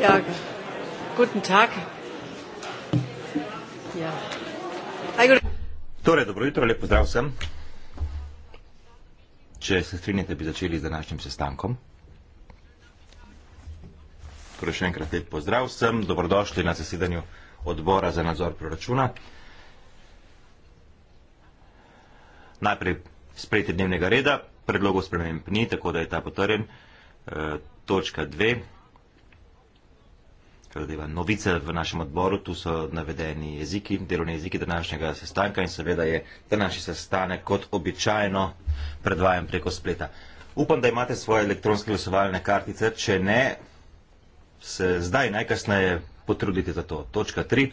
Ja, guten Tag. Ja. Torej, dobro jutro, lepo zdrav vsem. Če se strinjate, bi začeli z današnjim sestankom. Torej, še enkrat lepo zdrav vsem, dobrodošli na zasedanju odbora za nadzor proračuna. Najprej sprejete dnevnega reda, predlogov sprememb ni, tako da je ta potrjen. E, točka dve, kar zadeva novice v našem odboru, tu so navedeni jeziki, delovni jeziki današnjega sestanka in seveda je današnji sestanek kot običajno predvajan preko spleta. Upam, da imate svoje elektronske glasovalne kartice, če ne, se zdaj najkasneje potrudite za to. Točka tri,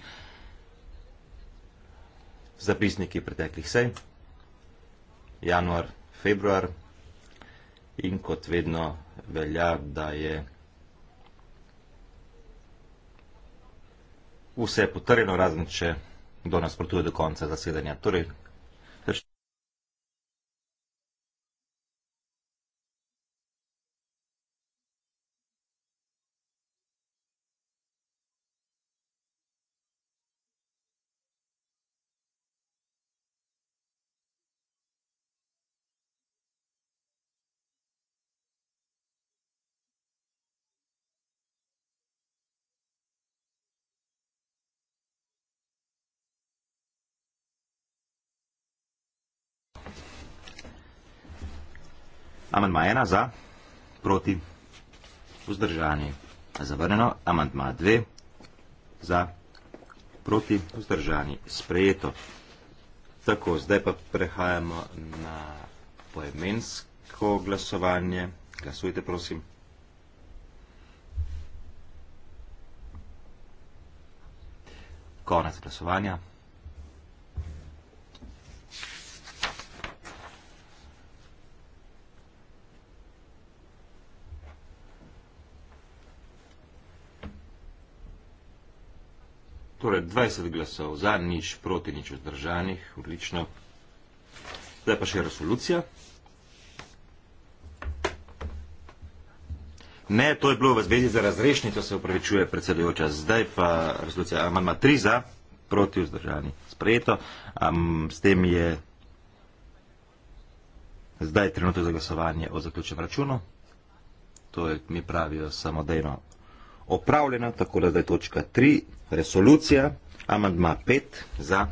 zapisniki preteklih sej, januar, februar, in kot vedno velja, da je vse potrjeno, razen če kdo nasprotuje do konca zasedanja. Torej, Amandma ena za, proti, vzdržani. Zavrnjeno. Amandma dve za, proti, vzdržani. Sprejeto. Tako, zdaj pa prehajamo na poemensko glasovanje. Glasujte, prosim. Konec glasovanja. Torej, 20 glasov za, nič proti, nič vzdržanih, odlično. Zdaj pa še resolucija. Ne, to je bilo v zvezi za razrešnico, se upravičuje predsedujoča. Zdaj pa resolucija. Amandma 3 za, proti vzdržani, sprejeto. Am, s tem je zdaj trenutek za glasovanje o zaključnem računu. To je, mi pravijo, samodejno opravljena, tako da zdaj točka 3, resolucija, amandma 5 za,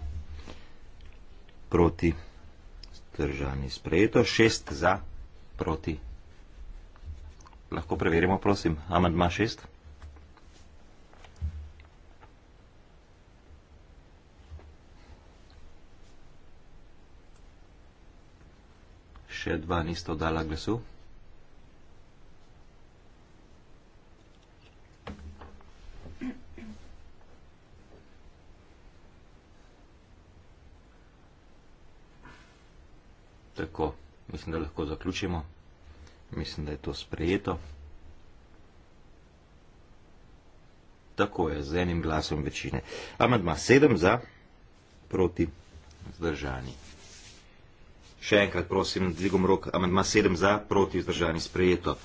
proti, zdržani sprejeto, 6 za, proti. Lahko preverimo, prosim, amandma 6. Še dva nista oddala glasu. tako. Mislim, da lahko zaključimo. Mislim, da je to sprejeto. Tako je, z enim glasom večine. Amadma sedem za, proti vzdržani. Še enkrat prosim, dvigom rok, amadma sedem za, proti vzdržani, sprejeto.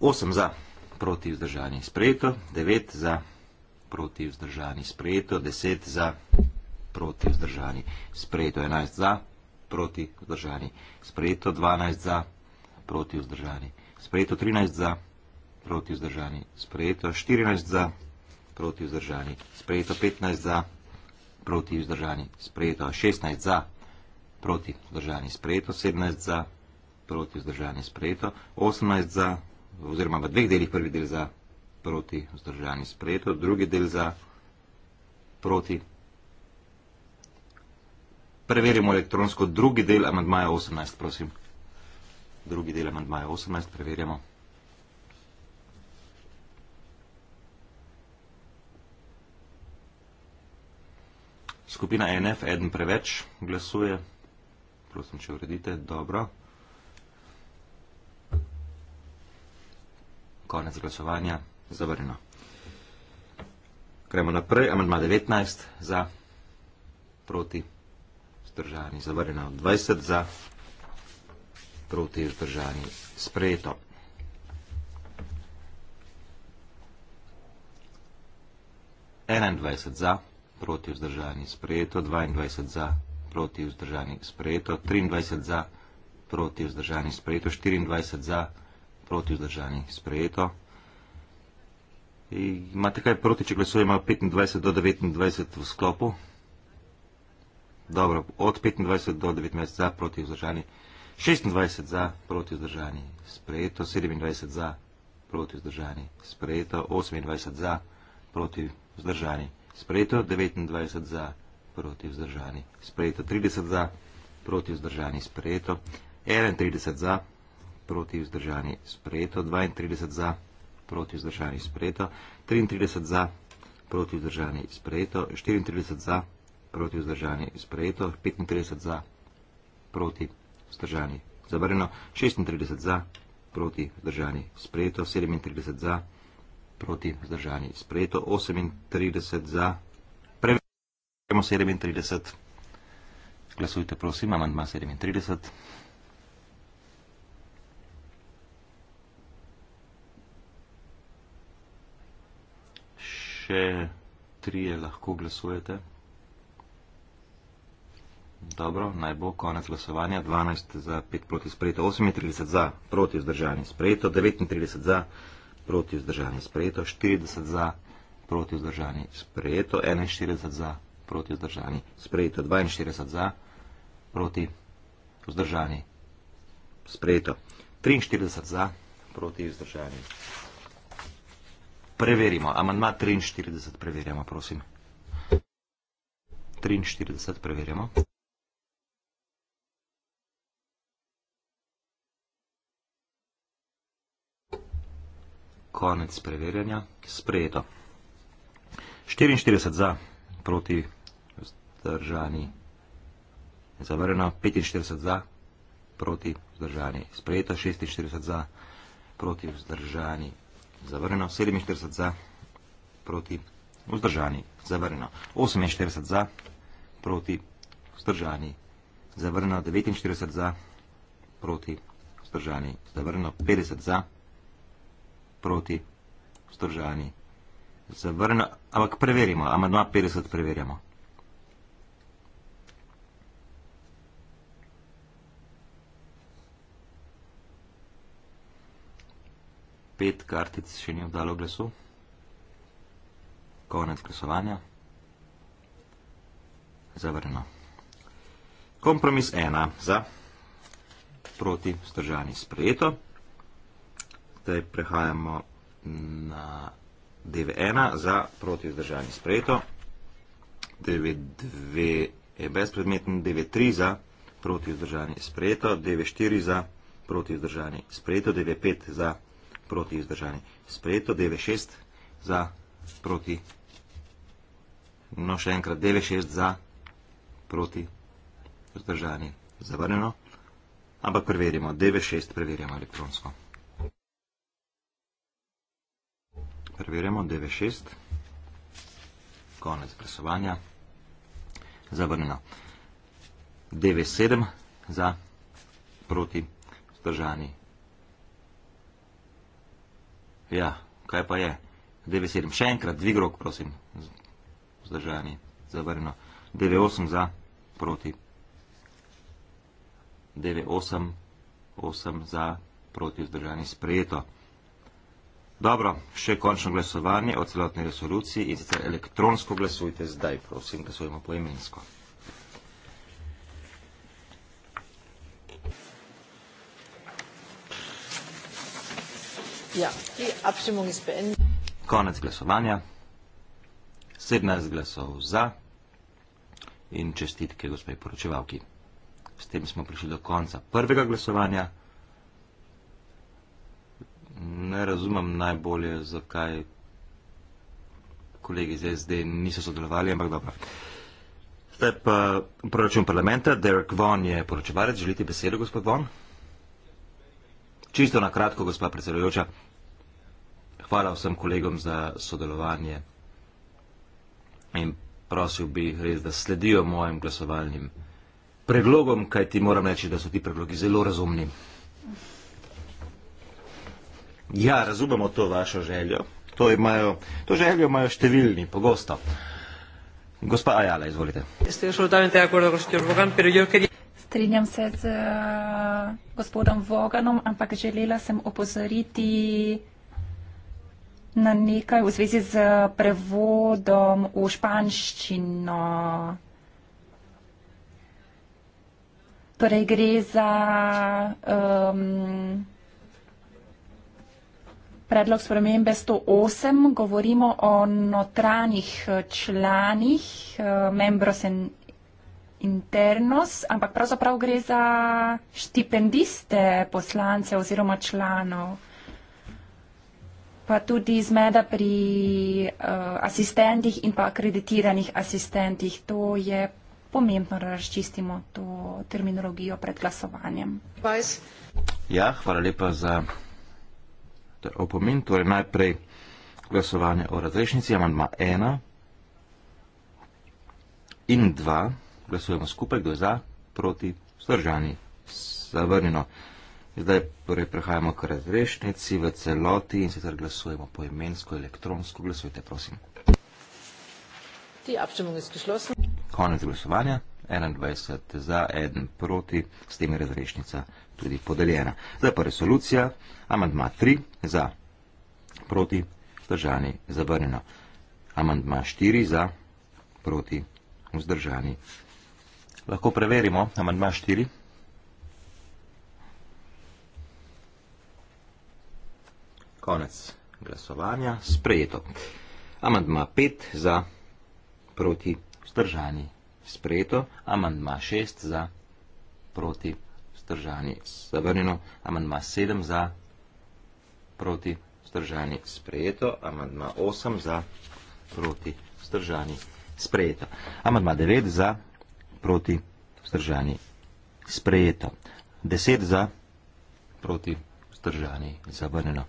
Osem za, proti vzdržani, sprejeto. Devet za, proti vzdržani, sprejeto. Deset za, proti vzdržani, sprejeto. Enajst za, proti vzdržani proti vzdržani, sprejeto 12 za proti vzdržani, sprejeto 13 za proti vzdržani, sprejeto 14 za proti vzdržani, sprejeto 15 za proti vzdržani, sprejeto 16 za proti vzdržani, sprejeto 17 za proti vzdržani, sprejeto 18 za oziroma v dveh delih prvi del za proti vzdržani, sprejeto drugi del za proti vzdržani preverimo elektronsko drugi del amandmaja 18, prosim. Drugi del amandmaja 18, preverjamo. Skupina e NF, eden preveč, glasuje. Prosim, če uredite. Dobro. Konec glasovanja, zavrjeno. Gremo naprej, amandma 19, za, proti, vzdržani, zavrnjeno 20 za, proti vzdržani sprejeto. Enaindvajset za, proti vzdržani sprejeto, dvaindvajset za, proti vzdržani sprejeto, triindvajset za, proti vzdržani sprejeto, štiriindvajset za, proti vzdržani sprejeto. Imate kaj proti, če glasujemo petindvajset do devetindvajset v sklopu? Dobro, od 25 do 19 za, proti vzdržani, 26 za, proti vzdržani, sprejeto, 27 za, proti vzdržani, sprejeto, 28 za, proti vzdržani, sprejeto, 29 za, proti vzdržani, sprejeto, 30 za, proti vzdržani, sprejeto, 31 za, proti vzdržani, sprejeto, 32 za, proti vzdržani, sprejeto, 33 za, proti vzdržani, sprejeto, 34 za, proti vzdržani, sprejeto, proti vzdržani, sprejeto 35 za, proti vzdržani, zavrnjeno 36 za, proti vzdržani, sprejeto 37 za, proti vzdržani, sprejeto 38 za, prevedemo 37, glasujte prosim, amandma 37. Še trije lahko glasujete. Dobro, naj bo konec glasovanja 12 za 5 proti sprejeto, 38 za proti vzdržanje sprejeto, 39 za proti vzdržanje sprejeto, 40 za proti vzdržanje sprejeto, 41 za proti vzdržanje sprejeto, 42 za proti vzdržanje sprejeto, 43 za proti vzdržanje. Preverimo, amandma 43 preverjamo, prosim. 43 preverjamo. konec preverjanja, sprejeto. 44 za, proti, zdržani, zavrjeno, 45 za, proti, zdržani, sprejeto, 46 za, proti, zdržani, zavrjeno, 47 za, proti, vzdržani, zavrjeno, 48 za, proti, vzdržani, zavrjeno, 49 za, proti, vzdržani, zavrjeno, 50 za, proti, vzdržani, proti vzdržani. Zavrnjeno, ampak preverimo, amadma 50 preverjamo. Pet kartic še ni vdalo glasu. Konec glasovanja. Zavrnjeno. Kompromis ena za proti vzdržani sprejeto zdaj prehajamo na DV1 za protivzdržanje sprejeto, DV2 je brezpredmeten, DV3 za protivzdržanje sprejeto, DV4 za protivzdržanje sprejeto, DV5 za protivzdržanje sprejeto, DV6 za proti, no še enkrat, DV6 za protivzdržanje zavrneno, ampak preverimo, DV6 preverimo elektronsko. preverjamo, 9.6, konec presovanja, zavrneno. 9.7 za proti vzdržani. Ja, kaj pa je? 9.7, še enkrat, dvig rok, prosim, vzdržani, zavrneno. 9.8 za proti. 9.8, 8 za proti vzdržani, sprejeto. 9.9. Dobro, še končno glasovanje o celotni resoluciji in sicer elektronsko glasujte zdaj, prosim, glasujemo poimensko. Ja, ki apšemo izpen. Konec glasovanja. 17 glasov za in čestitke gospej poročevalki. S tem smo prišli do konca prvega glasovanja. Ne razumem najbolje, zakaj kolegi iz SD niso sodelovali, ampak dobro. Zdaj pa proračun parlamenta. Derek Von je poročevalec. Želite besedo, gospod Von? Čisto na kratko, gospa predsedujoča. Hvala vsem kolegom za sodelovanje in prosil bi res, da sledijo mojim glasovalnim predlogom, kaj ti moram reči, da so ti predlogi zelo razumni. Uh -huh. Ja, razumemo to vašo željo. To, imajo, to željo imajo številni, pogosto. Gospa Ajala, izvolite. Strinjam se z uh, gospodom Voganom, ampak želela sem opozoriti na nekaj v zvezi z eh, prevodom v španščino. Torej gre za. Um, predlog spremembe 108, govorimo o notranjih eh, članih, eh, membros in internos, ampak pravzaprav gre za štipendiste poslance oziroma članov, pa tudi zmeda pri uh, asistentih in pa akreditiranih asistentih. To je pomembno, da razčistimo to terminologijo pred glasovanjem. Ja, hvala lepa za To je opomin, torej najprej glasovanje o razrešnici, amandma 1 in 2. Glasujemo skupaj, kdo je za, proti, vzdržani, zavrnjeno. Zdaj torej prehajamo k razrešnici v celoti in sicer glasujemo poimensko, elektronsko. Glasujte, prosim. Konec glasovanja. 21 za, 1 proti, s tem je razrešnica tudi podeljena. Zdaj pa resolucija, amandma 3 za, proti, vzdržani, zavrnjeno. Amandma 4 za, proti, vzdržani. Lahko preverimo amandma 4. Konec glasovanja, sprejeto. Amandma 5 za, proti, vzdržani, sprejeto. Amandma 6 za, proti, vzdržani vzdržani, zavrnjeno, amandma 7 za, proti, vzdržani, sprejeto, amandma 8 za, proti, vzdržani, sprejeto, amandma 9 za, proti, vzdržani, sprejeto, 10 za, proti, vzdržani, zavrnjeno,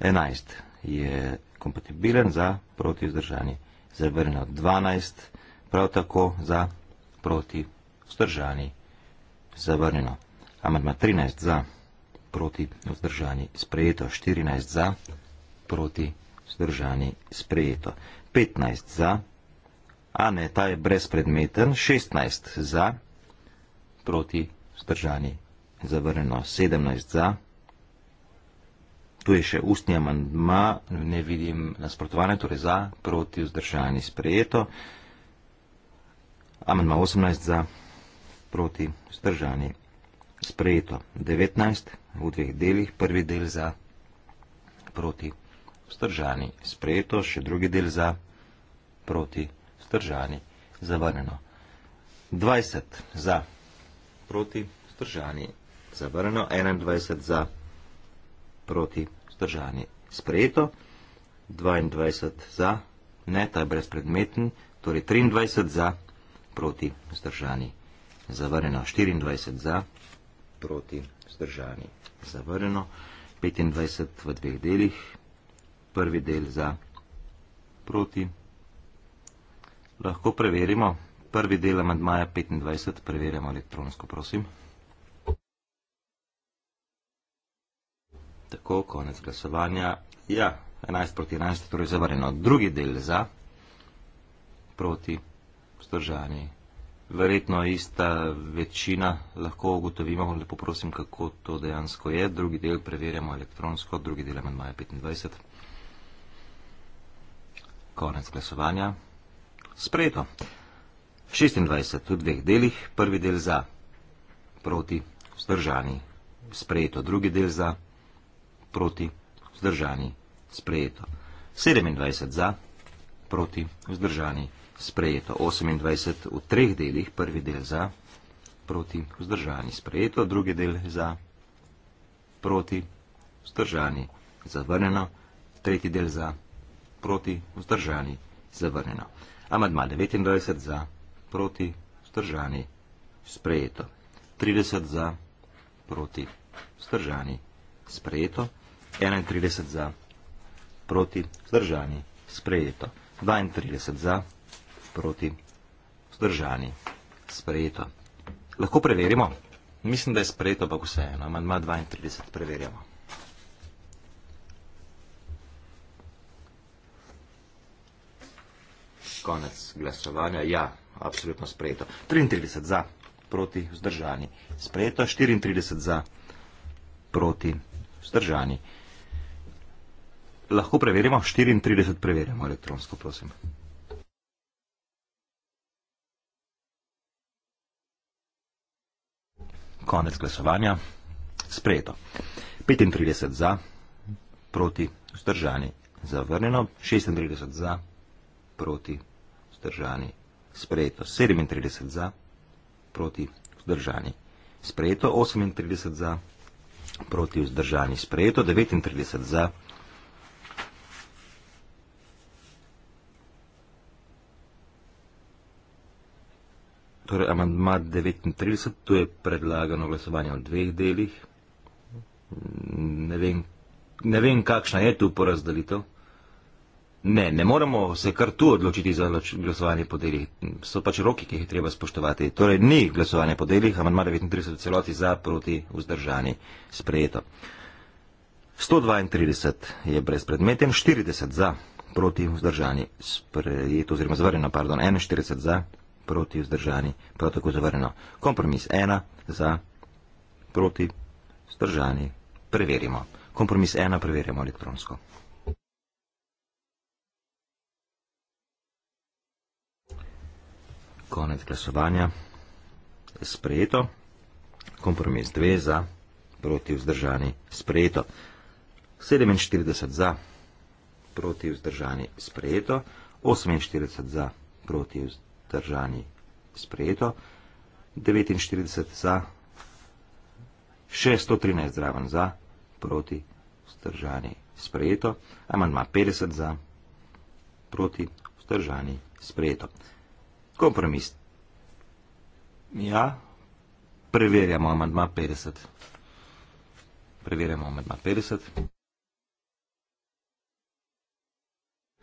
11 je kompatibilen za, proti, vzdržani, zavrnjeno, 12 prav tako za, proti, vzdržani, zavrnjeno. Amandma 13 za, proti vzdržani sprejeto, 14 za, proti vzdržani sprejeto, 15 za, a ne, ta je brezpredmeten, 16 za, proti vzdržani zavrneno, 17 za, tu je še ustni amandma, ne vidim nasprotovane, torej za, proti vzdržani sprejeto, amandma 18 za, proti vzdržani sprejeto sprejeto 19 v dveh delih, prvi del za proti stržani sprejeto, še drugi del za proti stržani zavrneno. 20 za proti stržani zavrneno, 21 za proti stržani sprejeto, 22 za ne, ta je brezpredmeten, torej 23 za proti stržani zavrneno, 24 za proti stržani proti zdržani. Zavrjeno, 25 v dveh delih, prvi del za proti. Lahko preverimo, prvi del amadmaja 25 preverjamo elektronsko, prosim. Tako, konec glasovanja. Ja, 11 proti 11, torej zavrjeno. Drugi del za, proti, vzdržani, verjetno ista večina, lahko ugotovimo, lepo prosim, kako to dejansko je. Drugi del preverjamo elektronsko, drugi del amandmaja 25. Konec glasovanja. Sprejeto. 26 v dveh delih, prvi del za, proti, vzdržani, sprejeto, drugi del za, proti, vzdržani, sprejeto. 27 za, proti, vzdržani, sprejeto sprejeto 28 v treh delih, prvi del za, proti, vzdržani sprejeto, drugi del za, proti, vzdržani, zavrneno, tretji del za, proti, vzdržani, zavrneno. Amadma 29 za, proti, vzdržani, sprejeto. 30 za, proti, vzdržani, sprejeto. 31 za, proti, vzdržani, sprejeto. 32 za, proti, vzdržani, sprejeto. Lahko preverimo? Mislim, da je sprejeto, ampak vseeno. Amandma 32 preverjamo. Konec glasovanja. Ja, absolutno sprejeto. 33 za, proti, vzdržani, sprejeto. 34 za, proti, vzdržani. Lahko preverimo? 34 preverjamo elektronsko, prosim. Konec glasovanja. Sprejeto. 35 za, proti vzdržani, zavrnjeno. 36 za, proti vzdržani, sprejeto. 37 za, proti vzdržani, sprejeto. 38 za, proti vzdržani, sprejeto. 39 za, Torej, amandma 39, tu je predlagano glasovanje v dveh delih. Ne vem, ne vem kakšna je tu porazdelitev. Ne, ne moramo se kar tu odločiti za glasovanje po delih. So pač roki, ki jih je treba spoštovati. Torej, ni glasovanje po delih, amandma 39 v celoti za proti vzdržani sprejeto. 132 je brezpredmeten, 40 za proti vzdržani sprejeto oziroma zvrjeno, pardon, 41 za proti vzdržani, prav tako zavrnjeno. Kompromis ena za proti vzdržani. Preverimo. Kompromis ena preverimo elektronsko. Konec glasovanja. Sprejeto. Kompromis dve za proti vzdržani. Sprejeto. 47 za proti vzdržani. Sprejeto. 48 za proti vzdržani vzdržani. Sprejeto 49 za, 613 zraven za, proti vzdržani. Sprejeto, amandma 50 za, proti vzdržani. Sprejeto. Kompromis. Ja, preverjamo amandma 50. Preverjamo amandma 50.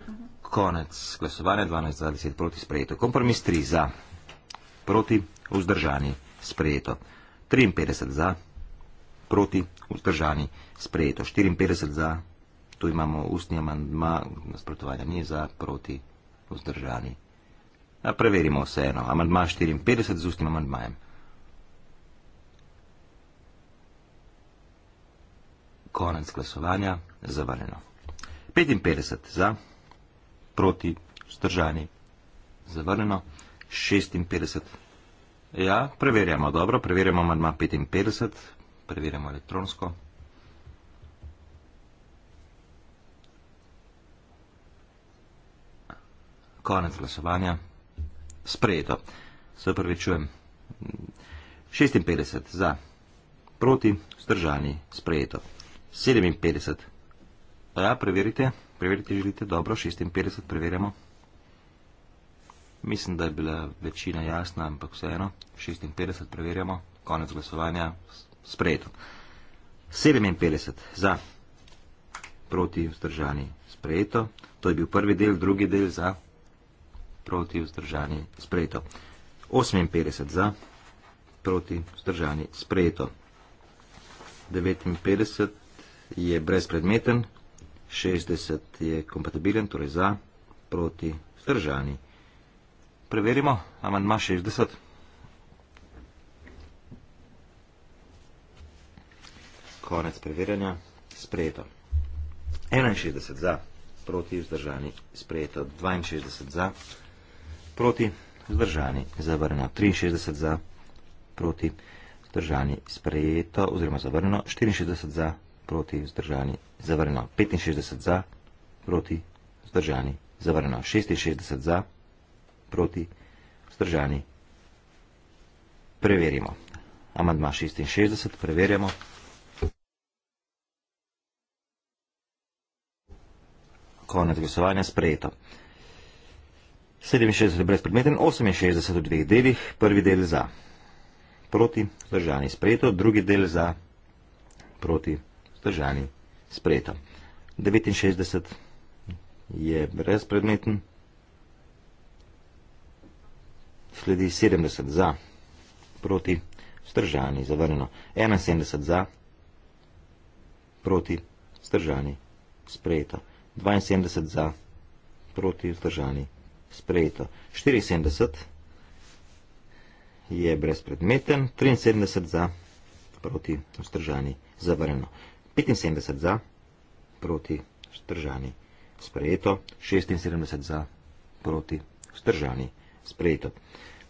Mhm konec glasovanja 12.20 proti sprejeto. Kompromis 3 za, proti vzdržani sprejeto. 53 za, proti vzdržani sprejeto. 54 za, tu imamo ustni amandma, nasprotovanja ni za, proti vzdržani. A preverimo vseeno. Amandma 54 z ustnim amandmajem. Konec glasovanja, zavrnjeno. 55 za proti vzdržani. Zavrljeno 56. Ja, preverjamo dobro, preverjamo madma 55, preverjamo elektronsko. Konec glasovanja. Sprejeto. Se upravičujem. 56 za, proti, vzdržani, sprejeto. 57. Ja, preverite. Preverite, želite dobro, 56 preverjamo. Mislim, da je bila večina jasna, ampak vseeno, 56 preverjamo, konec glasovanja, sprejeto. 57 za, proti vzdržani, sprejeto. To je bil prvi del, drugi del za, proti vzdržani, sprejeto. 58 za, proti vzdržani, sprejeto. 59 je brezpredmeten, 60 je kompatibilen, torej za, proti, vzdržani. Preverimo, amandma 60. Konec preverjanja, sprejeto. 61 za, proti, vzdržani, sprejeto. 62 za, proti, vzdržani, zavrnjeno. 63 za, proti, vzdržani, sprejeto, oziroma zavrnjeno. 64 za, proti vzdržani, zavrnil 65 za, proti vzdržani, zavrnil 66 za, proti vzdržani. Preverimo. Amandma 66, preverjamo. Konec glasovanja sprejeto. 67 je brezpredmeten, 68 v dveh delih, prvi del za, proti, zdržani sprejeto, drugi del za, proti, zdržani sprejeto vzdržani, sprejeto. 69 je brezpredmeten, sledi 70 za, proti, vzdržani, zavrneno. 71 za, proti, vzdržani, sprejeto. 72 za, proti, vzdržani, sprejeto. 74 je brezpredmeten, 73 za, proti, vzdržani, zavrneno. 75 za, proti vzdržani, sprejeto, 76 za, proti vzdržani, sprejeto.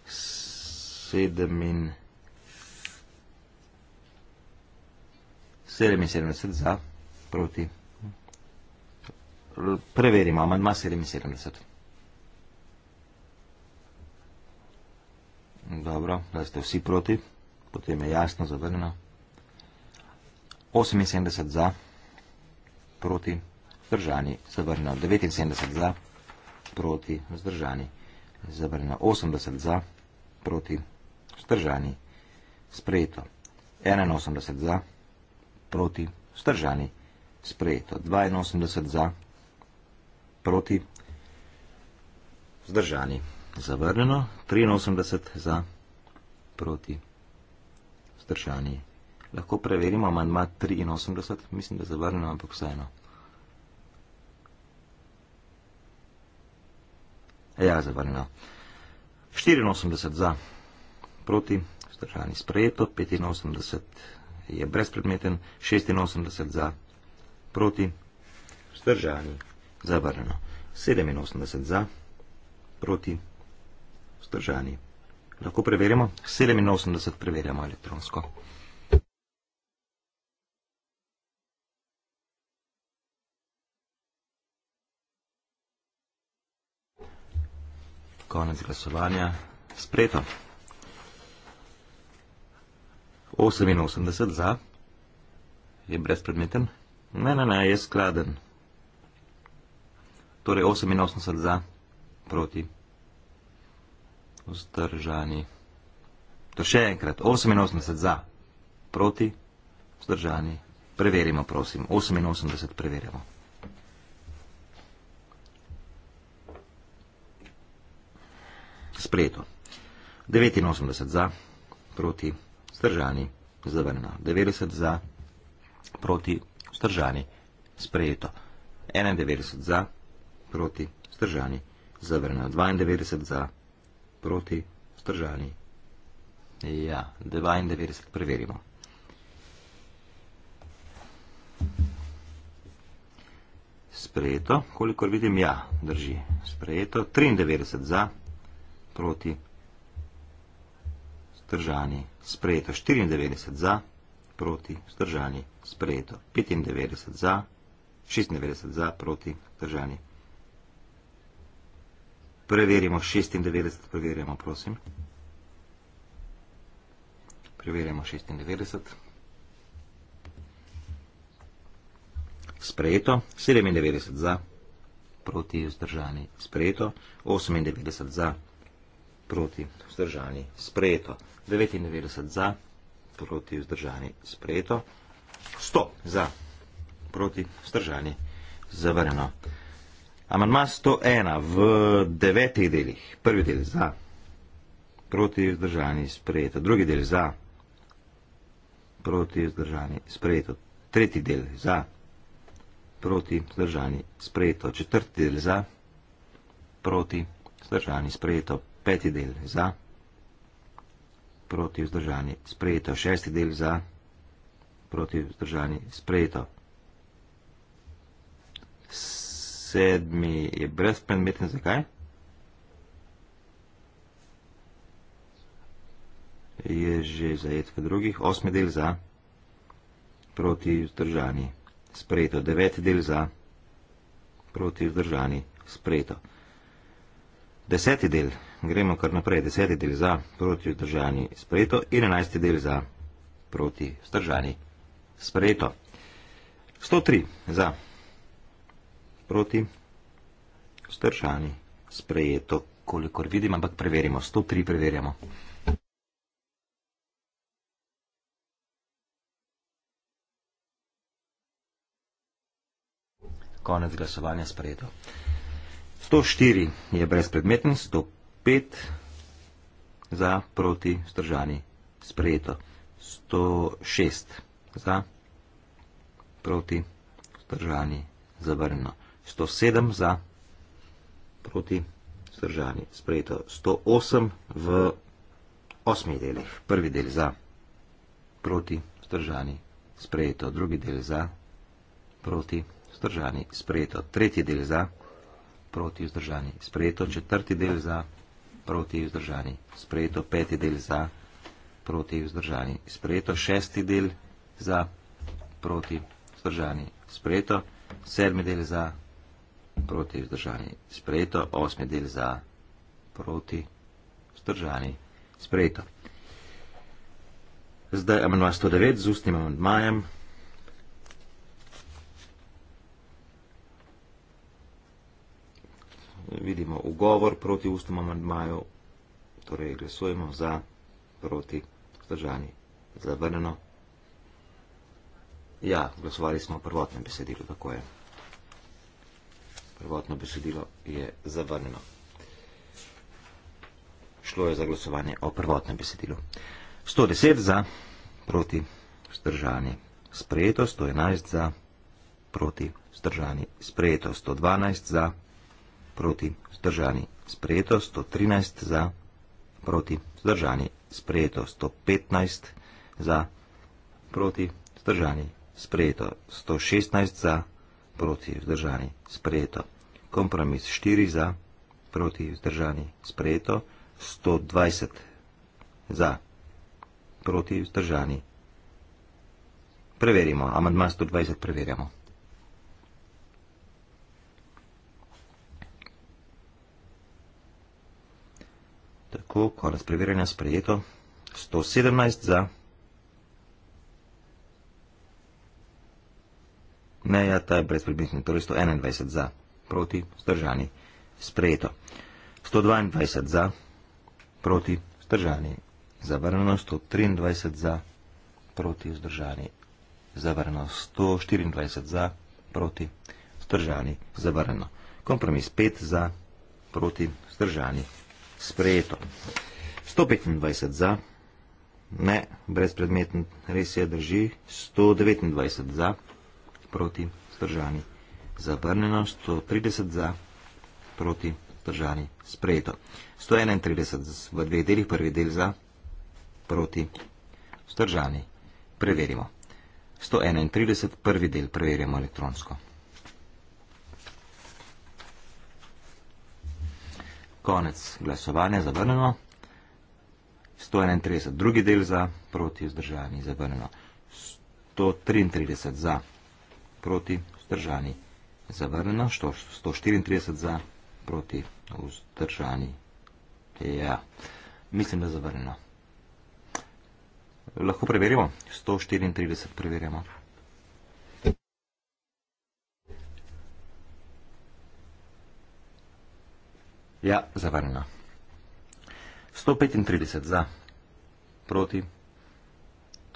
77 za, proti, preverimo, amandma 77. Dobro, da ste vsi proti, potem je jasno zavrnjeno. 78 za, proti vzdržani, zavrnjeno 79 za, proti vzdržani, zavrnjeno 80 za, proti vzdržani, sprejeto 81 za, proti vzdržani, sprejeto 82 za, proti vzdržani, zavrnjeno 83 za, proti vzdržani, sprejeto lahko preverimo, ima 83, mislim, da zavrnemo, ampak vseeno. Ja, zavrnemo. 84 za, proti, vzdržani sprejeto, 85 je brezpredmeten, 86 za, proti, vzdržani, zavrnemo. 87 za, proti, vzdržani. Lahko preverimo, 87 preverjamo elektronsko. Konec glasovanja. Spreto. 88 za. Je brezpredmeten? Ne, ne, ne, je skladen. Torej 88 za. Proti. Vzdržani. To še enkrat. 88 za. Proti. Vzdržani. Preverimo, prosim. 88 preverimo. sprejeto. 89 za, proti, stržani, zavrnjeno. 90 za, proti, stržani, sprejeto. 91 za, proti, stržani, zavrnjeno. 92 za, proti, stržani. Ja, 92 preverimo. Sprejeto, kolikor vidim, ja, drži. Sprejeto, 93 za, proti, stržani proti. Zdržani, sprejeto 94 za, proti, zdržani, sprejeto 95 za, 96 za, proti, zdržani. Preverimo 96, preverimo, prosim. Preverimo 96. Sprejeto 97 za, proti, zdržani, sprejeto 98 za, proti vzdržani sprejeto. 99 za, proti vzdržani sprejeto. 100 za, proti vzdržani zavrjeno. Amanma 101 v devetih delih. Prvi del za, proti vzdržani sprejeto. Drugi del za, proti vzdržani sprejeto. Tretji del za, proti vzdržani sprejeto. Četrti del za, proti vzdržani sprejeto peti del za, proti vzdržani, sprejeto, šesti del za, proti vzdržani, sprejeto. Sedmi je brezpredmeten, zakaj? Je že zajet v drugih, osmi del za, proti vzdržani, sprejeto, deveti del za, proti vzdržani, sprejeto. Deseti del za gremo kar naprej. Deseti del za, proti vzdržani sprejeto in enajsti del za, proti vzdržani sprejeto. 103 za, proti vzdržani sprejeto, kolikor vidim, ampak preverimo. 103 preverjamo. Konec glasovanja sprejeto. 104 je brezpredmeten, 105. 5 za, proti, stržani, sprejeto. 106 za, proti, stržani, zavrnjeno. 107 za, proti, stržani, sprejeto. 108 v osmih delih. Prvi del za, proti, stržani, sprejeto. Drugi del za, proti, stržani, sprejeto. Tretji del za, proti, stržani, sprejeto. Četrti del za, proti, stržani, sprejeto proti vzdržani, sprejeto peti del za, proti vzdržani, sprejeto šesti del za, proti vzdržani, sprejeto sedmi del za, proti vzdržani, sprejeto osmi del za, proti vzdržani, sprejeto. Zdaj amandma 109 z ustnim amandmajem. vidimo ugovor proti ustom amandmaju, torej glasujemo za, proti, zdržani, zavrneno. Ja, glasovali smo prvotno besedilo, tako je. Prvotno besedilo je zavrneno. Šlo je za glasovanje o prvotnem besedilu. 110 za, proti, zdržani, sprejeto, 111 za, proti, zdržani, sprejeto, 112 za, proti, zdržani, sprejeto, 112 za, proti zdržani, sprejeto 113 za, proti zdržani, sprejeto 115 za, proti zdržani, sprejeto 116 za, proti zdržani, sprejeto. Kompromis 4 za, proti zdržani, sprejeto 120 za, proti zdržani. Preverimo, amandma 120 preverjamo. Tako, konec preverjanja sprejeto. 117 za. Ne, ja, ta je brezpredmetni. Torej 121 za. Proti, zdržani. Sprejeto. 122 za. Proti, zdržani. Zavrnjeno. 123 za. Proti, zdržani. Zavrnjeno. 124 za. Proti, zdržani. Zavrnjeno. Kompromis 5 za. Proti, zdržani sprejeto. 125 za, ne, brezpredmeten, res je drži, 129 za, proti, zdržani, zavrnjeno, 130 za, proti, zdržani, sprejeto. 131 v dveh delih, prvi del za, proti, zdržani, preverimo. 131 prvi del, preverjamo elektronsko. 131. Konec glasovanja, zavrnjeno. 131, drugi del za, proti vzdržani, zavrnjeno. 133 za, proti vzdržani, zavrnjeno. 134 za, proti vzdržani. Ja, mislim, da zavrnjeno. Lahko preverimo? 134 preverjamo. Ja, zavrnjeno. 135 za, proti,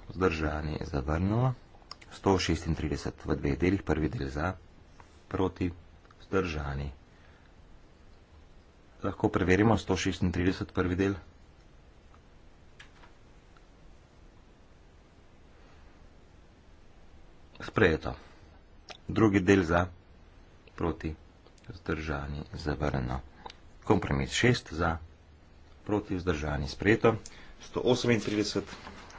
vzdržani zavrnjeno. 136 v dveh delih, prvi del za, proti, vzdržani. Lahko preverimo 136 prvi del. Sprejeto. Drugi del za, proti, zdržani, zavrnjeno kompromis 6 za proti vzdržanje sprejeto, 138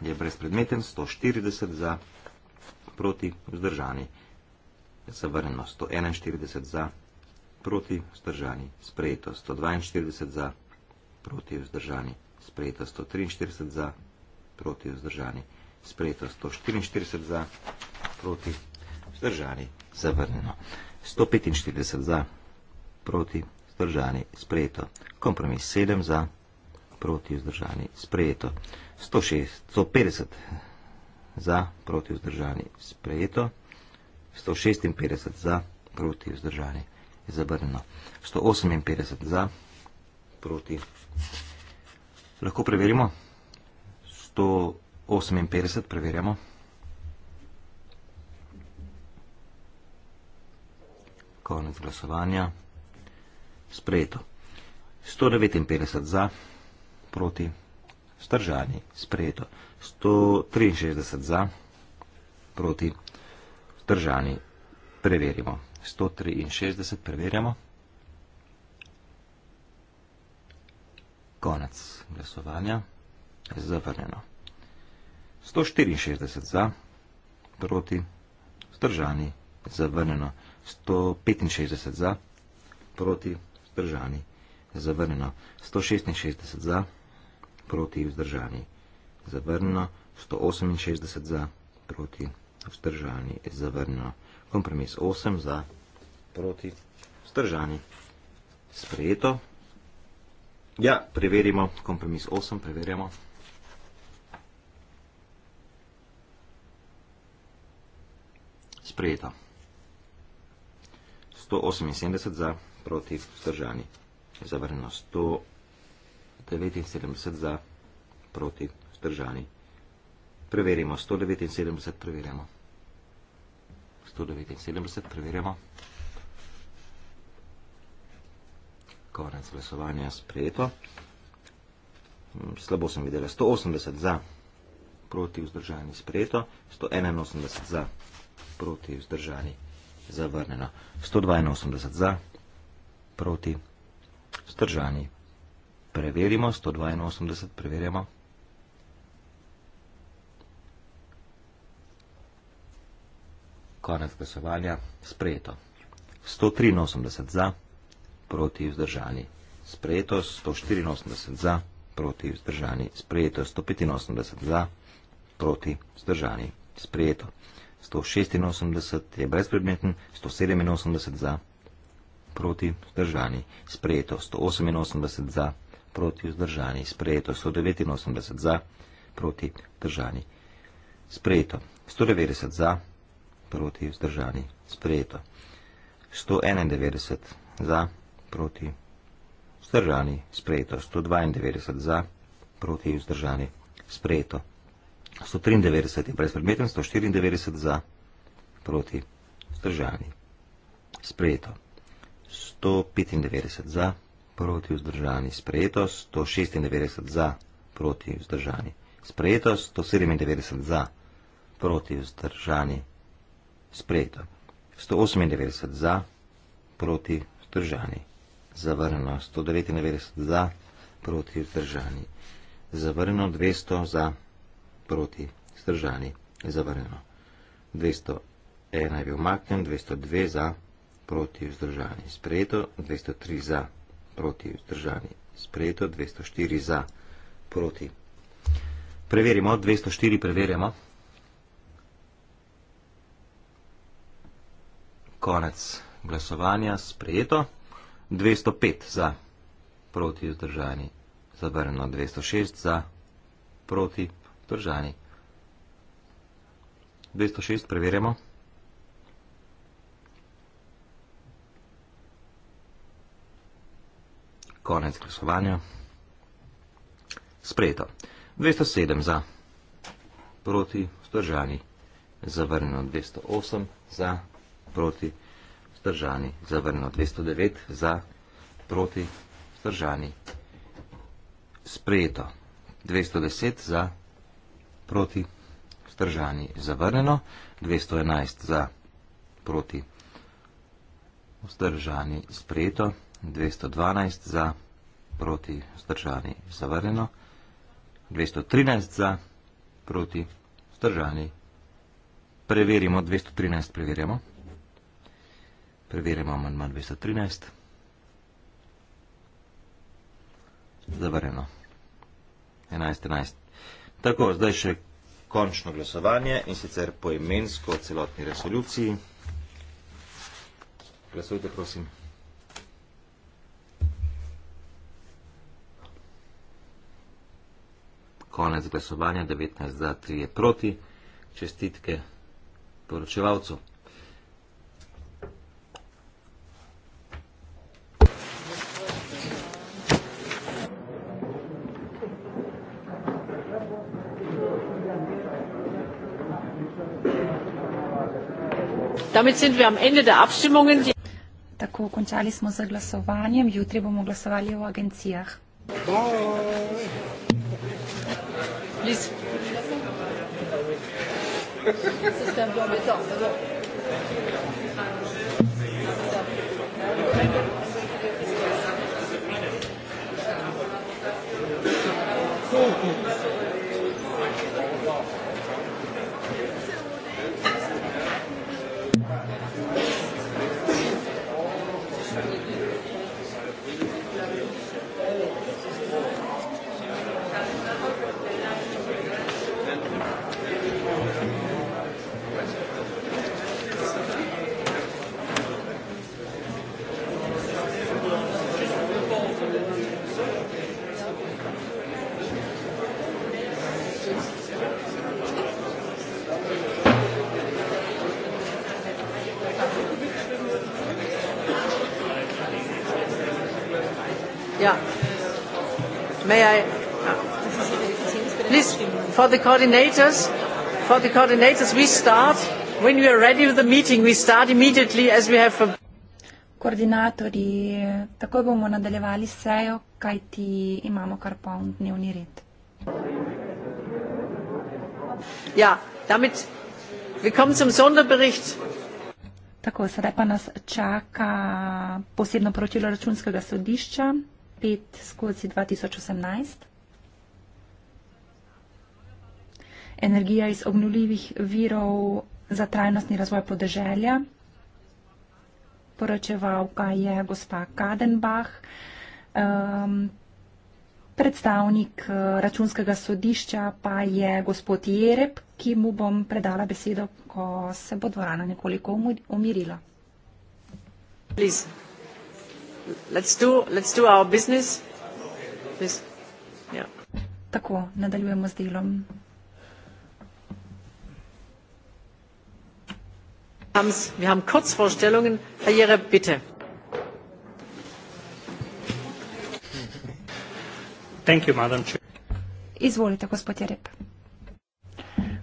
je brezpredmeten, 140 za proti vzdržanje zavrnjeno, 141 za proti vzdržanje sprejeto, 142 za proti vzdržanje sprejeto, 143 za proti vzdržanje sprejeto, 144 za proti vzdržanje zavrnjeno, 145 za proti vzdržanje vzdržani, sprejeto. Kompromis 7 za, proti vzdržani, sprejeto. 106, 150 za, proti vzdržani, sprejeto. 156 za, proti vzdržani, zabrneno. 158 za, proti. Lahko preverimo. 158 preverjamo. Konec glasovanja sprejeto. 159 za, proti, vzdržani, sprejeto. 163 za, proti, vzdržani, preverimo. 163 preverjamo. Konec glasovanja, zavrnjeno. 164 za, proti, vzdržani, zavrnjeno. 165 za, proti, vzdržani vzdržani. Zavrnjeno 166 za, proti vzdržani. Zavrnjeno 168 za, proti vzdržani. Zavrnjeno kompromis 8 za, proti vzdržani. Sprejeto. Ja, preverimo kompromis 8, preverjamo. Sprejeto. 178 za proti vzdržani. Zavrnjeno 179 za proti vzdržani. Preverimo 179, preverjamo. 179, preverjamo. Konec glasovanja sprejeto. Slabo sem videla. 180 za proti vzdržani sprejeto. 181 za proti vzdržani zavrneno. 182 za proti vzdržani proti stržani. Preverimo, 182, preverjamo. Konec glasovanja, sprejeto. 183 za, proti vzdržani. Sprejeto, 184 za, proti vzdržani. Sprejeto, 185 za, proti vzdržani. Sprejeto, 186 je brezpredmeten, 187 za, proti vzdržani proti vzdržani, sprejeto 188 za, proti vzdržani, sprejeto 189 za, proti vzdržani, sprejeto 190 za, proti vzdržani, sprejeto 191 za, proti vzdržani, sprejeto 192 za, proti vzdržani, sprejeto 193 je brezpredmeten, 194 za, proti vzdržani, sprejeto. 195 za, proti vzdržani sprejeto, 196 za, proti vzdržani sprejeto, 197 za, proti vzdržani sprejeto, 198 za, proti vzdržani zavrnjeno, 199 za, proti vzdržani zavrnjeno, 200 za, proti vzdržani zavrnjeno, 201 je bil maknjen, 202 za, proti vzdržani zavrnjeno proti vzdržani, sprejeto 203 za, proti vzdržani, sprejeto 204 za, proti. Preverimo, 204 preverjamo. Konec glasovanja, sprejeto. 205 za, proti vzdržani, zavrnjeno 206 za, proti vzdržani. 206 preverjamo. 206 preverjamo. Konec glasovanja. Sprejeto. 207 za, proti vzdržani, zavrnjeno 208 za, proti vzdržani, zavrnjeno 209 za, proti vzdržani. Sprejeto. 210 za, proti vzdržani, zavrnjeno 211 za, proti vzdržani, sprejeto. 212 za, proti vzdržani zavrnjeno, 213 za, proti vzdržani. Preverimo, 213 preverjamo. Preverjamo amandman 213. Zavrnjeno. 11, 11. Tako, zdaj še končno glasovanje in sicer poimensko celotni resoluciji. Glasujte, prosim. konec glasovanja, 19 za, 3 je proti. Čestitke poročevalcu. Tako končali smo z glasovanjem, jutri bomo glasovali v agencijah. Bye please. C'est un peu embêtant, mais bon. for the coordinators, for the coordinators, we start when we are ready with the meeting. We start immediately as we have. A... Koordinatorji, tako bomo nadaljevali sejo, kaj ti imamo kar poln dnevni red. Ja, damit willkommen zum Sonderbericht. Tako, sedaj pa nas čaka posebno poročilo računskega sodišča 5 skozi 2018. energija iz obnuljivih virov za trajnostni razvoj podeželja. Poročevalka je gospa Kadenbach, um, predstavnik uh, računskega sodišča pa je gospod Jereb, ki mu bom predala besedo, ko se bo dvorana nekoliko umirila. Let's do, let's do yeah. Tako, nadaljujemo z delom. wir haben Kurzvorstellungen. Herr Jere, bitte. Thank you, Madam Chair. Izvolite, gospod Jereb.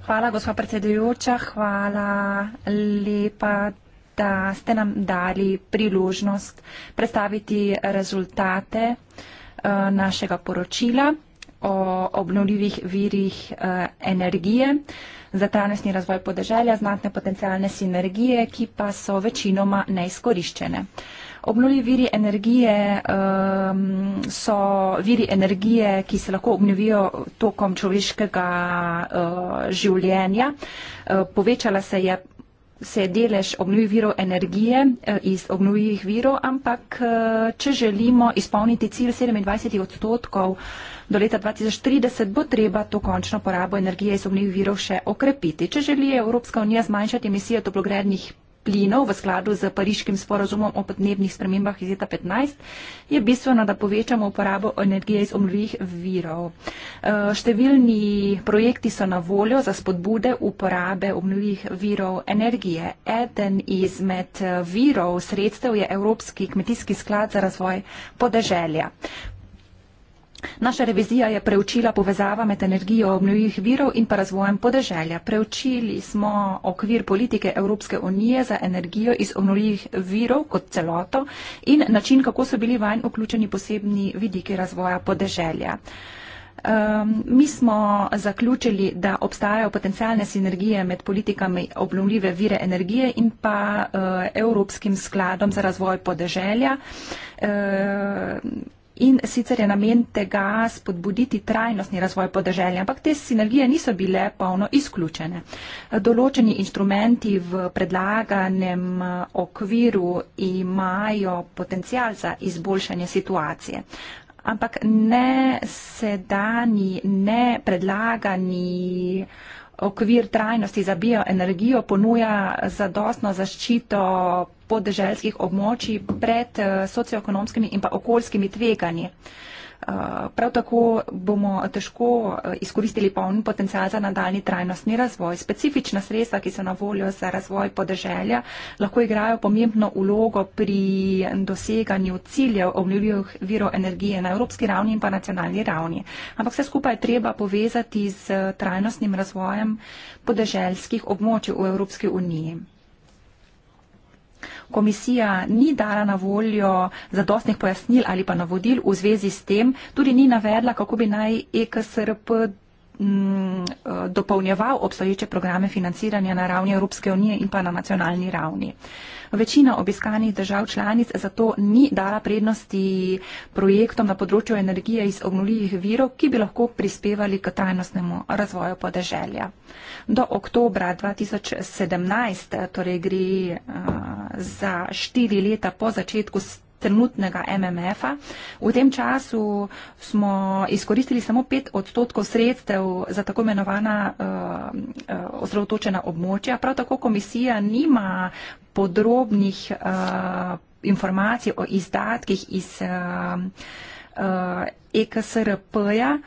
Hvala, gospod predsedujoča, hvala lepa, da ste nam dali priložnost predstaviti rezultate eh, našega poročila o obnovljivih virih eh, energije za trajnostni razvoj podeželja znatne potencijalne sinergije, ki pa so večinoma neizkoriščene. Obnovljivi viri energije um, so viri energije, ki se lahko obnovijo tokom človeškega uh, življenja. Uh, povečala se je se delež obnovljivih virov energije eh, iz obnovljivih virov, ampak eh, če želimo izpolniti cilj 27 odstotkov do leta 2030, bo treba to končno porabo energije iz obnovljivih virov še okrepiti. Če želi Evropska unija zmanjšati emisije toplogrednih plinov v skladu z pariškim sporozumom o podnebnih spremembah iz leta 15, je bistveno, da povečamo uporabo energije iz omljivih virov. Eh, številni projekti so na voljo za spodbude uporabe omljivih virov energije. Eden izmed eh, virov sredstev je Evropski kmetijski sklad za razvoj podeželja. Naša revizija je preučila povezava med energijo obnovljivih virov in pa razvojem podeželja. Preučili smo okvir politike Evropske unije za energijo iz obnovljivih virov kot celoto in način, kako so bili vanj vključeni posebni vidiki razvoja podeželja. Um, mi smo zaključili, da obstajajo potencialne sinergije med politikami obnovljive vire energije in pa uh, Evropskim skladom za razvoj podeželja. Uh, In sicer je namen tega spodbuditi trajnostni razvoj podeželja, ampak te sinergije niso bile polno izključene. Določeni inštrumenti v predlaganem eh, okviru imajo potencial za izboljšanje situacije. Ampak ne sedani, ne predlagani okvir trajnosti za bioenergijo ponuja zadostno zaščito podeželskih območij pred eh, socioekonomskimi in pa okoljskimi tveganji. Eh, prav tako bomo težko eh, izkoristili poln potencial za nadaljni trajnostni razvoj. Specifična sredstva, ki so na voljo za razvoj podeželja, lahko igrajo pomembno ulogo pri doseganju ciljev obnovljivih virov energije na evropski ravni in pa nacionalni ravni. Ampak vse skupaj je treba povezati z eh, trajnostnim razvojem podeželskih območij v Evropski uniji. Komisija ni dala na voljo zadostnih pojasnil ali pa navodil v zvezi s tem, tudi ni navedla, kako bi naj EKSRP Mm, eh, dopolnjeval obstoječe programe financiranja na ravni Evropske unije in pa na nacionalni ravni. Večina obiskanih držav članic zato ni dala prednosti projektom na področju energije iz obnovljivih virov, ki bi lahko prispevali k trajnostnemu razvoju podeželja. Do oktobra 2017, torej gre uh, za štiri leta po začetku trenutnega MMF-a. V tem času smo izkoristili samo 5 odstotkov sredstev za tako imenovana uh, osredotočena območja. Prav tako komisija nima podrobnih uh, informacij o izdatkih iz uh, uh, EKSRP-ja.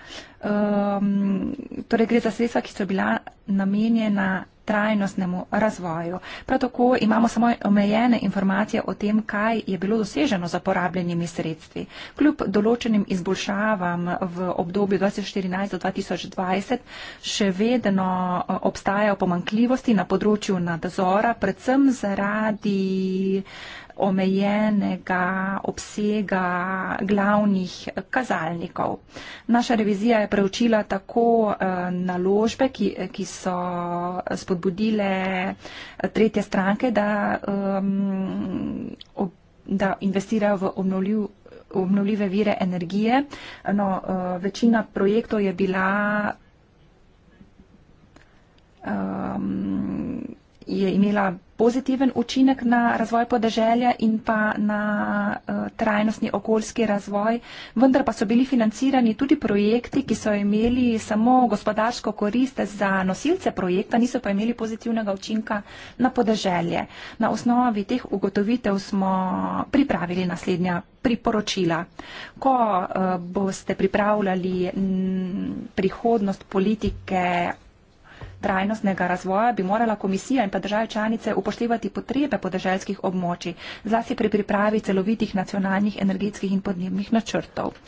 E um, ehm, torej gre za sredstva, ki so bila namenjena trajnostnemu razvoju. Prav tako imamo samo omejene informacije o tem, kaj je bilo doseženo za porabljenimi sredstvi. Kljub določenim izboljšavam v obdobju 2014-2020 še vedno e, obstajajo pomankljivosti na področju nadzora, predvsem zaradi uh, omejenega obsega glavnih kazalnikov. Naša revizija je preučila tako eh, naložbe, ki, ki so spodbudile eh, tretje stranke, da, ehm, da investirajo v obnovljiv obnovljive vire energije. No, eh, večina projektov je bila um, je imela pozitiven učinek na razvoj podeželja in pa na eh, trajnostni okoljski razvoj, vendar pa so bili financirani tudi projekti, ki so imeli samo gospodarsko korist za nosilce projekta, niso pa imeli pozitivnega učinka na podeželje. Na osnovi teh ugotovitev smo pripravili naslednja priporočila. Ko eh, boste pripravljali prihodnost politike trajnostnega razvoja bi morala komisija in pa države članice upoštevati potrebe podeželskih območij, zlasti pri pripravi celovitih nacionalnih energetskih in podnebnih načrtov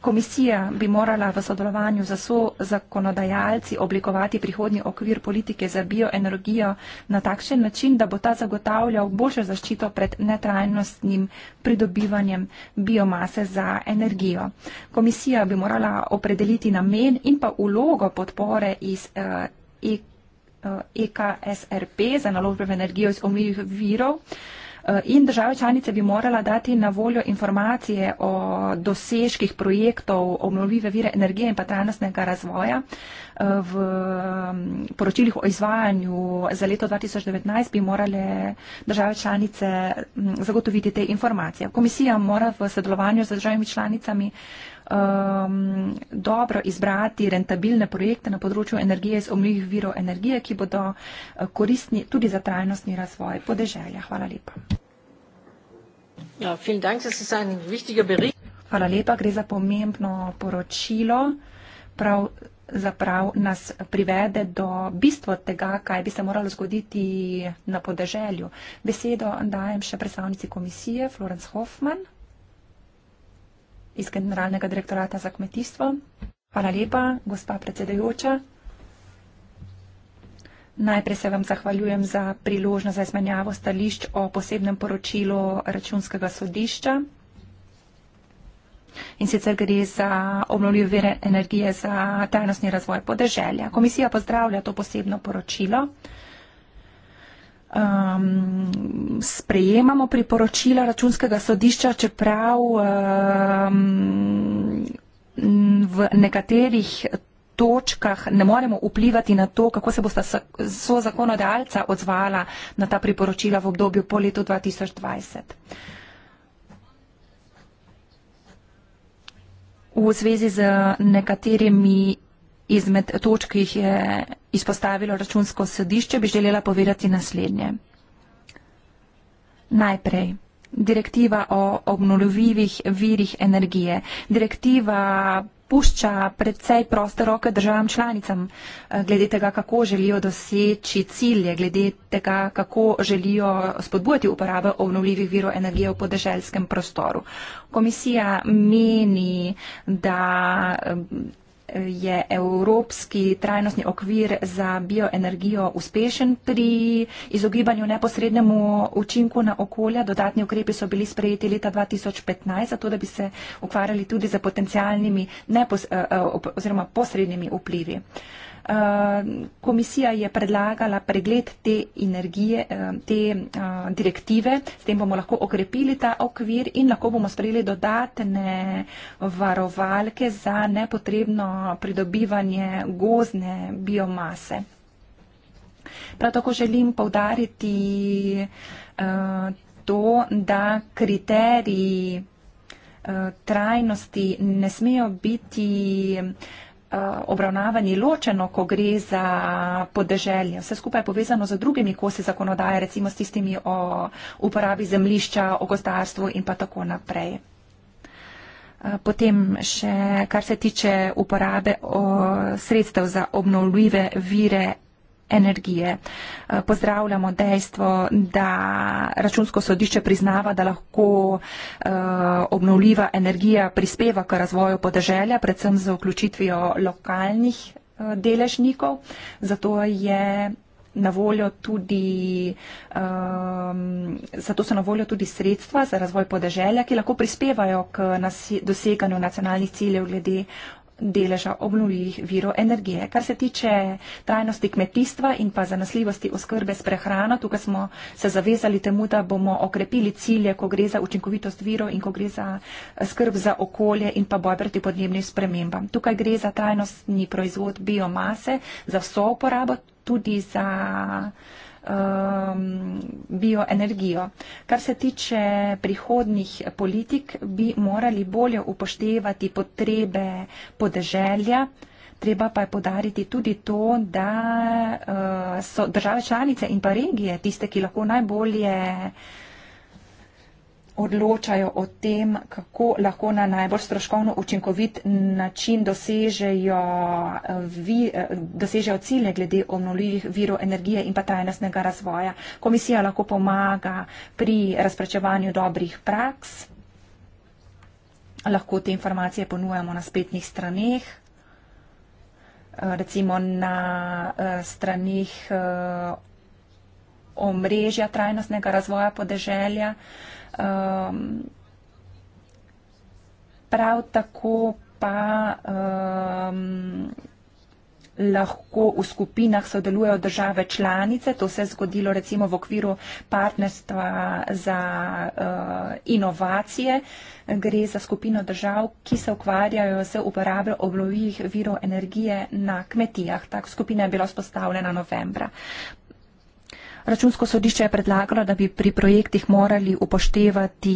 komisija bi morala v sodelovanju z so zakonodajalci oblikovati prihodnji okvir politike za bioenergijo na takšen način, da bo ta zagotavljal boljšo zaščito pred netrajnostnim pridobivanjem biomase za energijo. Komisija bi morala opredeliti namen in pa ulogo podpore iz uh, eh, EKSRP eh, e za naložbe v energijo iz omiljivih virov. Uh, Eh, in države članice bi morala dati na voljo informacije o dosežkih projektov obnovljive vire energije in pa trajnostnega razvoja. Eh, v mm, poročilih o izvajanju za leto 2019 bi morale države članice mm, zagotoviti te informacije. Komisija mora v sodelovanju z državami članicami um, dobro izbrati rentabilne projekte na področju energije iz omljivih virov energije, ki bodo uh, koristni tudi za trajnostni razvoj podeželja. Hvala lepa. Ja, Hvala lepa, gre za pomembno poročilo. Prav zaprav nas privede do bistva tega, kaj bi se moralo zgoditi na podeželju. Besedo dajem še predstavnici komisije, Florence Hoffman iz Generalnega direktorata za kmetijstvo. Hvala lepa, gospa predsedajoča. Najprej se vam zahvaljujem za priložnost za izmenjavo stališč o posebnem poročilu računskega sodišča. In sicer gre za obnovljive vire energije za trajnostni razvoj podeželja. Komisija pozdravlja to posebno poročilo. Um, sprejemamo priporočila računskega sodišča, čeprav uh, nekaterih točkah ne moremo vplivati na to, kako se bosta so zakonodajalca odzvala na ta priporočila v obdobju po letu 2020. V zvezi z nekaterimi izmed točk, ki jih je izpostavilo računsko sodišče, bi želela povedati naslednje. Najprej. Direktiva o obnovljivih virih energije. Direktiva pušča predvsej proste roke državam članicam, eh, glede tega, kako želijo doseči cilje, glede tega, kako želijo spodbujati uporabo obnovljivih virov energije v podeželskem prostoru. Komisija meni, da je evropski trajnostni okvir za bioenergijo uspešen pri izogibanju neposrednemu učinku na okolje. Dodatni ukrepi so bili sprejeti leta 2015, zato da bi se ukvarjali tudi z potencialnimi eh, eh, oziroma posrednimi vplivi. Eh, komisija je predlagala pregled te, energije, eh, te eh, direktive, s tem bomo lahko okrepili ta okvir in lahko bomo sprejeli dodatne varovalke za nepotrebno pridobivanje gozne biomase. Prav tako želim povdariti to, da kriteriji trajnosti ne smejo biti Eh, obravnavani ločeno, ko gre za podeželje. Vse skupaj je povezano z drugimi kosi zakonodaje, recimo s tistimi o uporabi zemlišča, o gozdarstvu in pa tako naprej. Eh, potem še, kar se tiče uporabe sredstev za obnovljive vire energije. Eh, pozdravljamo dejstvo, da računsko sodišče priznava, da lahko eh, obnovljiva energija prispeva k razvoju podeželja, predvsem z vključitvijo lokalnih eh, deležnikov. Zato je na voljo tudi, um, zato so na voljo tudi sredstva za razvoj podeželja, ki lahko prispevajo k nas, doseganju nacionalnih ciljev glede deleža obnovljivih virov energije. Kar se tiče trajnosti kmetijstva in pa zanesljivosti oskrbe s prehrano, tukaj smo se zavezali temu, da bomo okrepili cilje, ko gre za učinkovitost virov in ko gre za skrb za okolje in pa boj proti podnebnim spremembam. Tukaj gre za trajnostni proizvod biomase, za vso uporabo, tudi za um, bioenergijo. Kar se tiče prihodnih politik, bi morali bolje upoštevati potrebe podeželja. Treba pa je podariti tudi to, da uh, so države članice in pa regije tiste, ki lahko najbolje uh, odločajo o tem, kako lahko na najbolj stroškovno učinkovit način dosežejo, eh, vi, eh, dosežejo cilje glede obnovljivih virov energije in pa trajnostnega razvoja. Komisija lahko pomaga pri razprečevanju dobrih praks. Lahko te informacije ponujamo na spletnih straneh, eh, recimo na stranih omrežja trajnostnega razvoja podeželja. Um, prav tako pa um, lahko v skupinah sodelujejo države članice. To se je zgodilo recimo v okviru partnerstva za uh, inovacije. Gre za skupino držav, ki se ukvarjajo z uporabo obnovljivih virov energije na kmetijah. Tak skupina je bila spostavljena novembra. Računsko sodišče je predlagalo, da bi pri projektih morali upoštevati